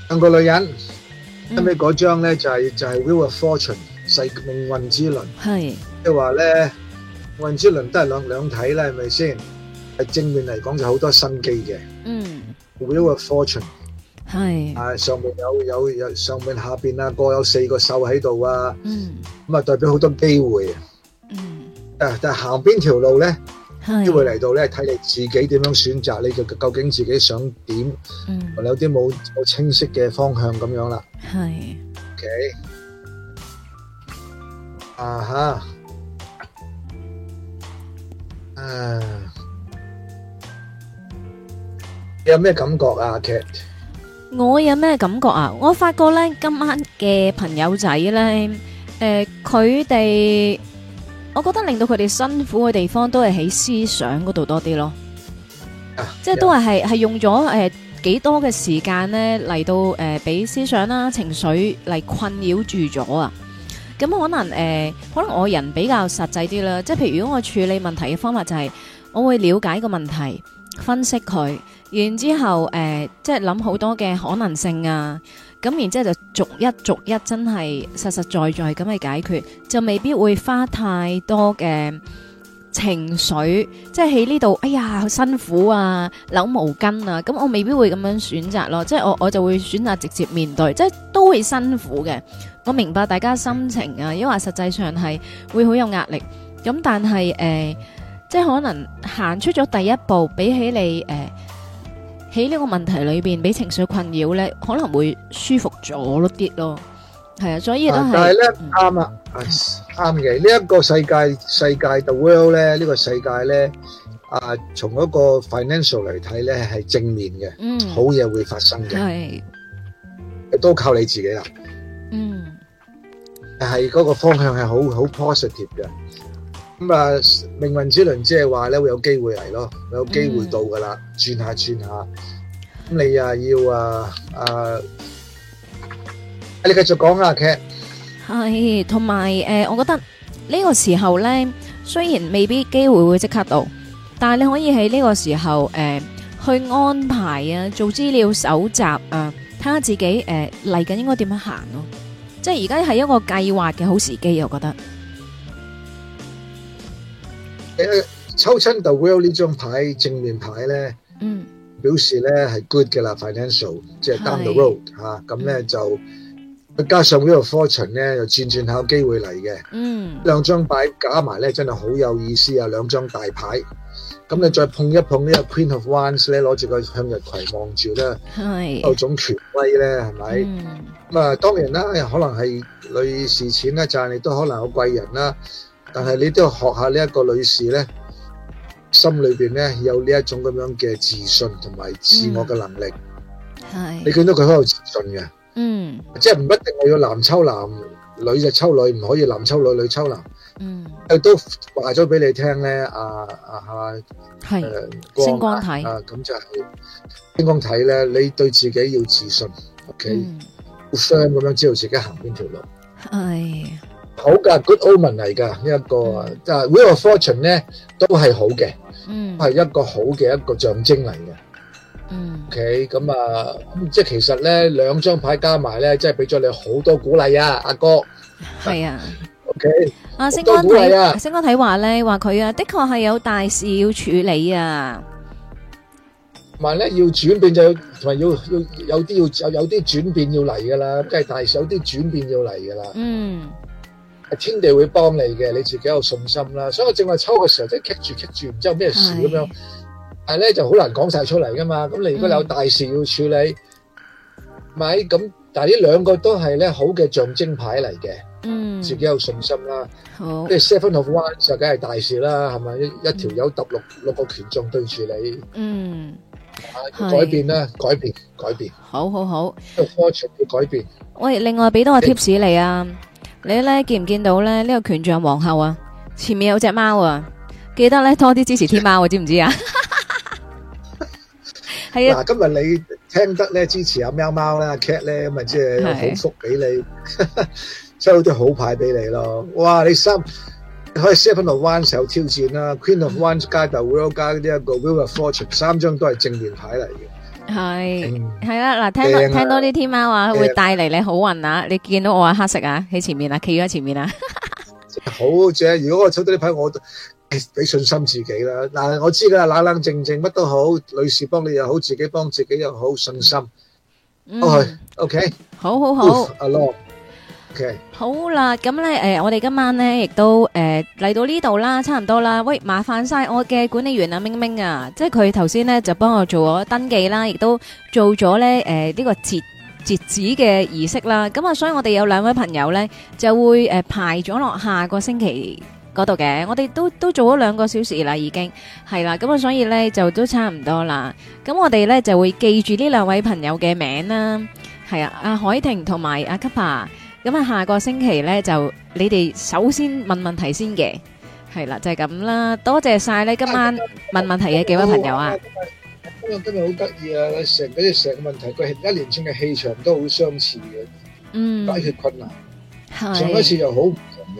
兩個女人，後尾嗰張咧就係就係 Wheel of Fortune，世命運之輪。係。即係話咧，命運之輪都係兩兩睇啦，係咪先？係正面嚟講就好多生機嘅。嗯。Wheel of Fortune。係，啊上邊有有有上邊下邊啊，各有四個手喺度啊，咁啊代表好多機會，啊但係行邊條路咧，機會嚟到咧睇你自己點樣選擇，你就究竟自己想點，或者有啲冇冇清晰嘅方向咁樣啦。係，OK，啊哈，啊，你有咩感覺啊？Cat？我有咩感覺啊？我發覺咧今晚嘅朋友仔咧，誒、呃，佢哋，我覺得令到佢哋辛苦嘅地方都係喺思想嗰度多啲咯，即係都係係係用咗誒、呃、幾多嘅時間咧嚟到誒俾、呃、思想啦情緒嚟困擾住咗啊！咁可能誒、呃，可能我人比較實際啲啦，即係譬如如果我處理問題嘅方法就係、是、我會了解個問題，分析佢。然之後，誒、呃、即係諗好多嘅可能性啊。咁然之後就逐一逐一，真係實實在在咁去解決，就未必會花太多嘅情緒。即係喺呢度，哎呀，好辛苦啊，扭毛巾啊。咁我未必會咁樣選擇咯。即係我我就會選擇直接面對，即係都會辛苦嘅。我明白大家心情啊，因為實際上係會好有壓力。咁但係、呃、即係可能行出咗第一步，比起你誒。呃喺呢個問題裏邊，俾情緒困擾咧，可能會舒服咗一啲咯。係啊，所以都係。但係咧唔啱啊，啱嘅。呢一個世界，世界 the world 咧，呢個世界咧，啊，從嗰個 financial 嚟睇咧，係正面嘅，嗯，好嘢會發生嘅，係，都靠你自己啦。嗯，係嗰個方向係好好 positive 嘅。咁啊，命運之輪即係話咧，會有機會嚟咯，有機會到噶啦，嗯、轉下轉下。咁你啊要啊啊，你繼續講啊，佢係同埋誒，我覺得呢個時候咧，雖然未必機會會即刻到，但係你可以喺呢個時候誒、呃、去安排啊，做資料搜集啊，睇下自己誒嚟緊應該點樣行咯、啊。即係而家係一個計劃嘅好時機，我覺得。抽親 the wheel 呢張牌正面牌咧，嗯，表示咧係 good 嘅啦，financial，即係 down the road 吓，咁咧就，加上呢個 wheel of fortune 咧又轉轉有機會嚟嘅，嗯，兩張牌夾埋咧真係好有意思啊，兩張大牌，咁你再碰一碰呢個 Queen of Wands 咧，攞住個向日葵望住咧，係有種權威咧，係咪？咁啊，當然啦，可能係女士錢啦，但係，亦都可能有貴人啦。但係你都要學下呢一個女士咧，心裏邊咧有呢一種咁樣嘅自信同埋自我嘅能力。係。你見到佢好有自信嘅。嗯。即係唔一定我要男抽男，女就抽女，唔可以男抽女，女抽男。嗯。佢都話咗俾你聽咧，阿阿係嘛？係。星光體。啊，咁就係星光體咧，你對自己要自信。OK。好 firm 咁樣知道自己行邊條路。係。好嘅，good omen 嚟噶，呢一個即係 wheel of fortune 咧都係好嘅，嗯，係一個好嘅一個象徵嚟嘅，嗯，OK，咁啊，即係其實咧兩張牌加埋咧，真係俾咗你好多鼓勵啊，阿哥，係啊，OK，阿星哥睇，星哥睇話咧話佢啊的確係有大事要處理啊，同埋咧要轉變就同埋要要有啲要有有啲轉變要嚟噶啦，即係大事有啲轉變要嚟噶啦，嗯。天地會幫你嘅，你自己有信心啦。所以我正話抽嘅時候，即係棘住棘住，唔知有咩事咁樣。但係咧就好難講晒出嚟噶嘛。咁你如果有大事要處理，咪咁？但係呢兩個都係咧好嘅象徵牌嚟嘅。嗯，自己有信心啦。好。即係 Seven of Wands，就梗係大事啦，係咪？一一條友揼六六個權杖對住你。嗯。啊！改變啦，改變，改變。好好好。要改變。喂，另外俾多個 tips 你啊。你咧見唔見到咧呢個權杖皇后啊？前面有隻貓啊，記得咧多啲支持天喵，知唔知啊？係 Yeah. 道 啊。嗱、啊，今日你聽得咧支持阿喵貓啦 cat 咧咁啊，即係好福俾你，即抽是 到啲好牌俾你咯。哇！你三可以 Seven of Wands 手挑戰啦，Queen of Wands 加 The World 加呢啲一個 Wheel of Fortune 三張都係正面牌嚟嘅。係係啦，嗱是、嗯，聽落、啊、聽到啲天媽喵話會帶嚟你好運啊！啊你見到我係、啊、黑色啊，喺前面啊，企咗喺前面啊，好 正！如果我抽到呢排，我都俾、哎、信心自己啦。嗱，我知噶，冷冷靜靜乜都好，女士幫你又好，自己幫自己又好，信心，去、嗯、，OK，, okay 好好好，阿龍。好啦，咁咧，誒，我哋今晚咧亦都誒嚟到呢度啦，差唔多啦。喂，麻煩晒我嘅管理員阿，明明啊，即係佢頭先咧就幫我做咗登記啦，亦都做咗咧誒呢個截截止嘅儀式啦。咁啊，所以我哋有兩位朋友咧就會誒排咗落下個星期嗰度嘅。我哋都都做咗兩個小時啦，已經係啦。咁啊，所以咧就都差唔多啦。咁我哋咧就會記住呢兩位朋友嘅名啦。係啊，阿海婷同埋阿 Kappa。咁啊，下個星期咧就你哋首先問問題先嘅，係啦就係咁啦，多謝晒你今晚問問題嘅幾位朋友啊！今日好得意啊，成嗰啲成個問題佢一連串嘅氣場都好相似嘅，嗯，解決困難，上一次又好唔同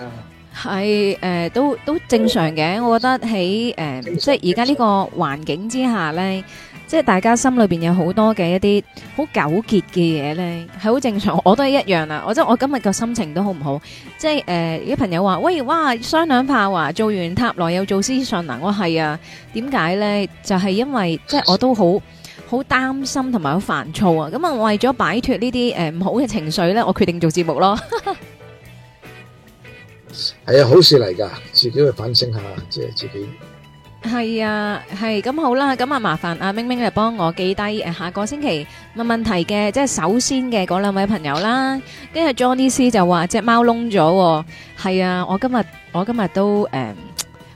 嘅，係誒都都正常嘅，我覺得喺誒即係而家呢個環境之下咧。即係大家心裏邊有好多嘅，一啲好糾結嘅嘢呢，係好正常，我都係一樣啦。我即係我今日個心情都好唔好，即係誒，有朋友話，喂，哇，商量下話，做完塔羅又做屍訊啊！我係啊，點解呢？就係因為即係我都好好擔心同埋好煩躁啊！咁啊，為咗擺脫呢啲誒唔好嘅情緒呢，我決定做節目咯。係啊，好事嚟噶，自己去反省下，即係自己。係啊，係咁好啦，咁啊麻煩阿明明嚟幫我記低誒，下個星期問問題嘅，即係首先嘅嗰兩位朋友啦。跟住 Johnny C 就話隻貓窿咗，係、喔、啊，我今日我今日都誒、呃，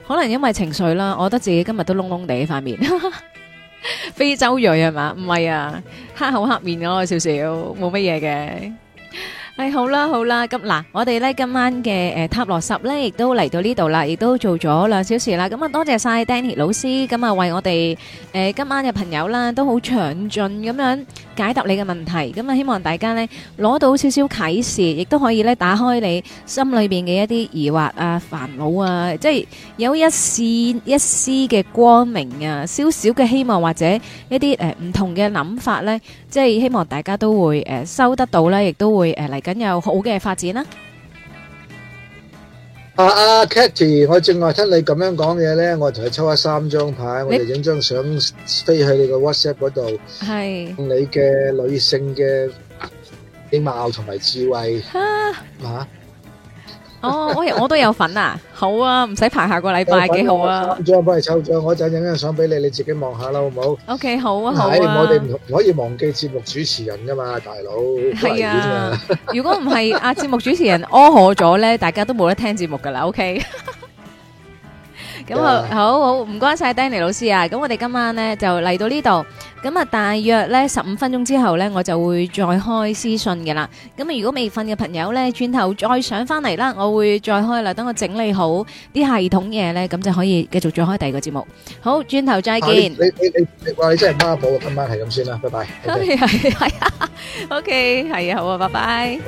可能因為情緒啦，我覺得自己今日都窿窿地塊面。 非洲裔係嘛？唔係啊，黑口黑面囉少少，冇乜嘢嘅。誒、哎，好啦，好啦，咁嗱，我哋咧今晚嘅誒、呃、塔羅十咧，亦都嚟到呢度啦，亦都做咗兩小時啦，咁啊多謝晒 Danny 老師，咁啊為我哋誒、呃、今晚嘅朋友啦，都好詳盡咁樣。解答你嘅問題，咁啊希望大家咧攞到少少啟示，亦都可以咧打開你心裏邊嘅一啲疑惑啊、煩惱啊，即係有一線一絲嘅光明啊，少少嘅希望或者一啲誒唔同嘅諗法咧，即係希望大家都會誒收得到咧，亦都會誒嚟緊有好嘅發展啦。啊啊，Katy，我正話聽你咁樣講嘢咧，我同你抽下三張牌，你我哋影張相飛去你個 WhatsApp 嗰度，係是你嘅女性嘅美貌同埋智慧，吓哈。啊哦，我我都有份啊，好啊，唔使排下個禮拜、啊、幾好啊。將不抽獎，我就影張相俾你，你自己望下啦，好唔好？O、okay, K，好啊，我不好我哋唔可以忘記節目主持人噶嘛，大佬。係啊，然啊 如果唔係阿節目主持人屙好咗咧， 大家都冇得聽節目噶啦。OK。咁好，好好唔該晒 Danny 老師啊！咁我哋今晚呢就嚟到呢度，咁啊大約呢十五分鐘之後呢，我就會再開私信嘅啦。咁啊如果未瞓嘅朋友呢，轉頭再上翻嚟啦，我會再開啦。等我整理好啲系統嘢呢，咁就可以繼續再開第二個節目。好，轉頭再見。你你你話你真係媽寶，今晚係咁先啦，拜拜。係係，OK，係啊，好啊，拜拜。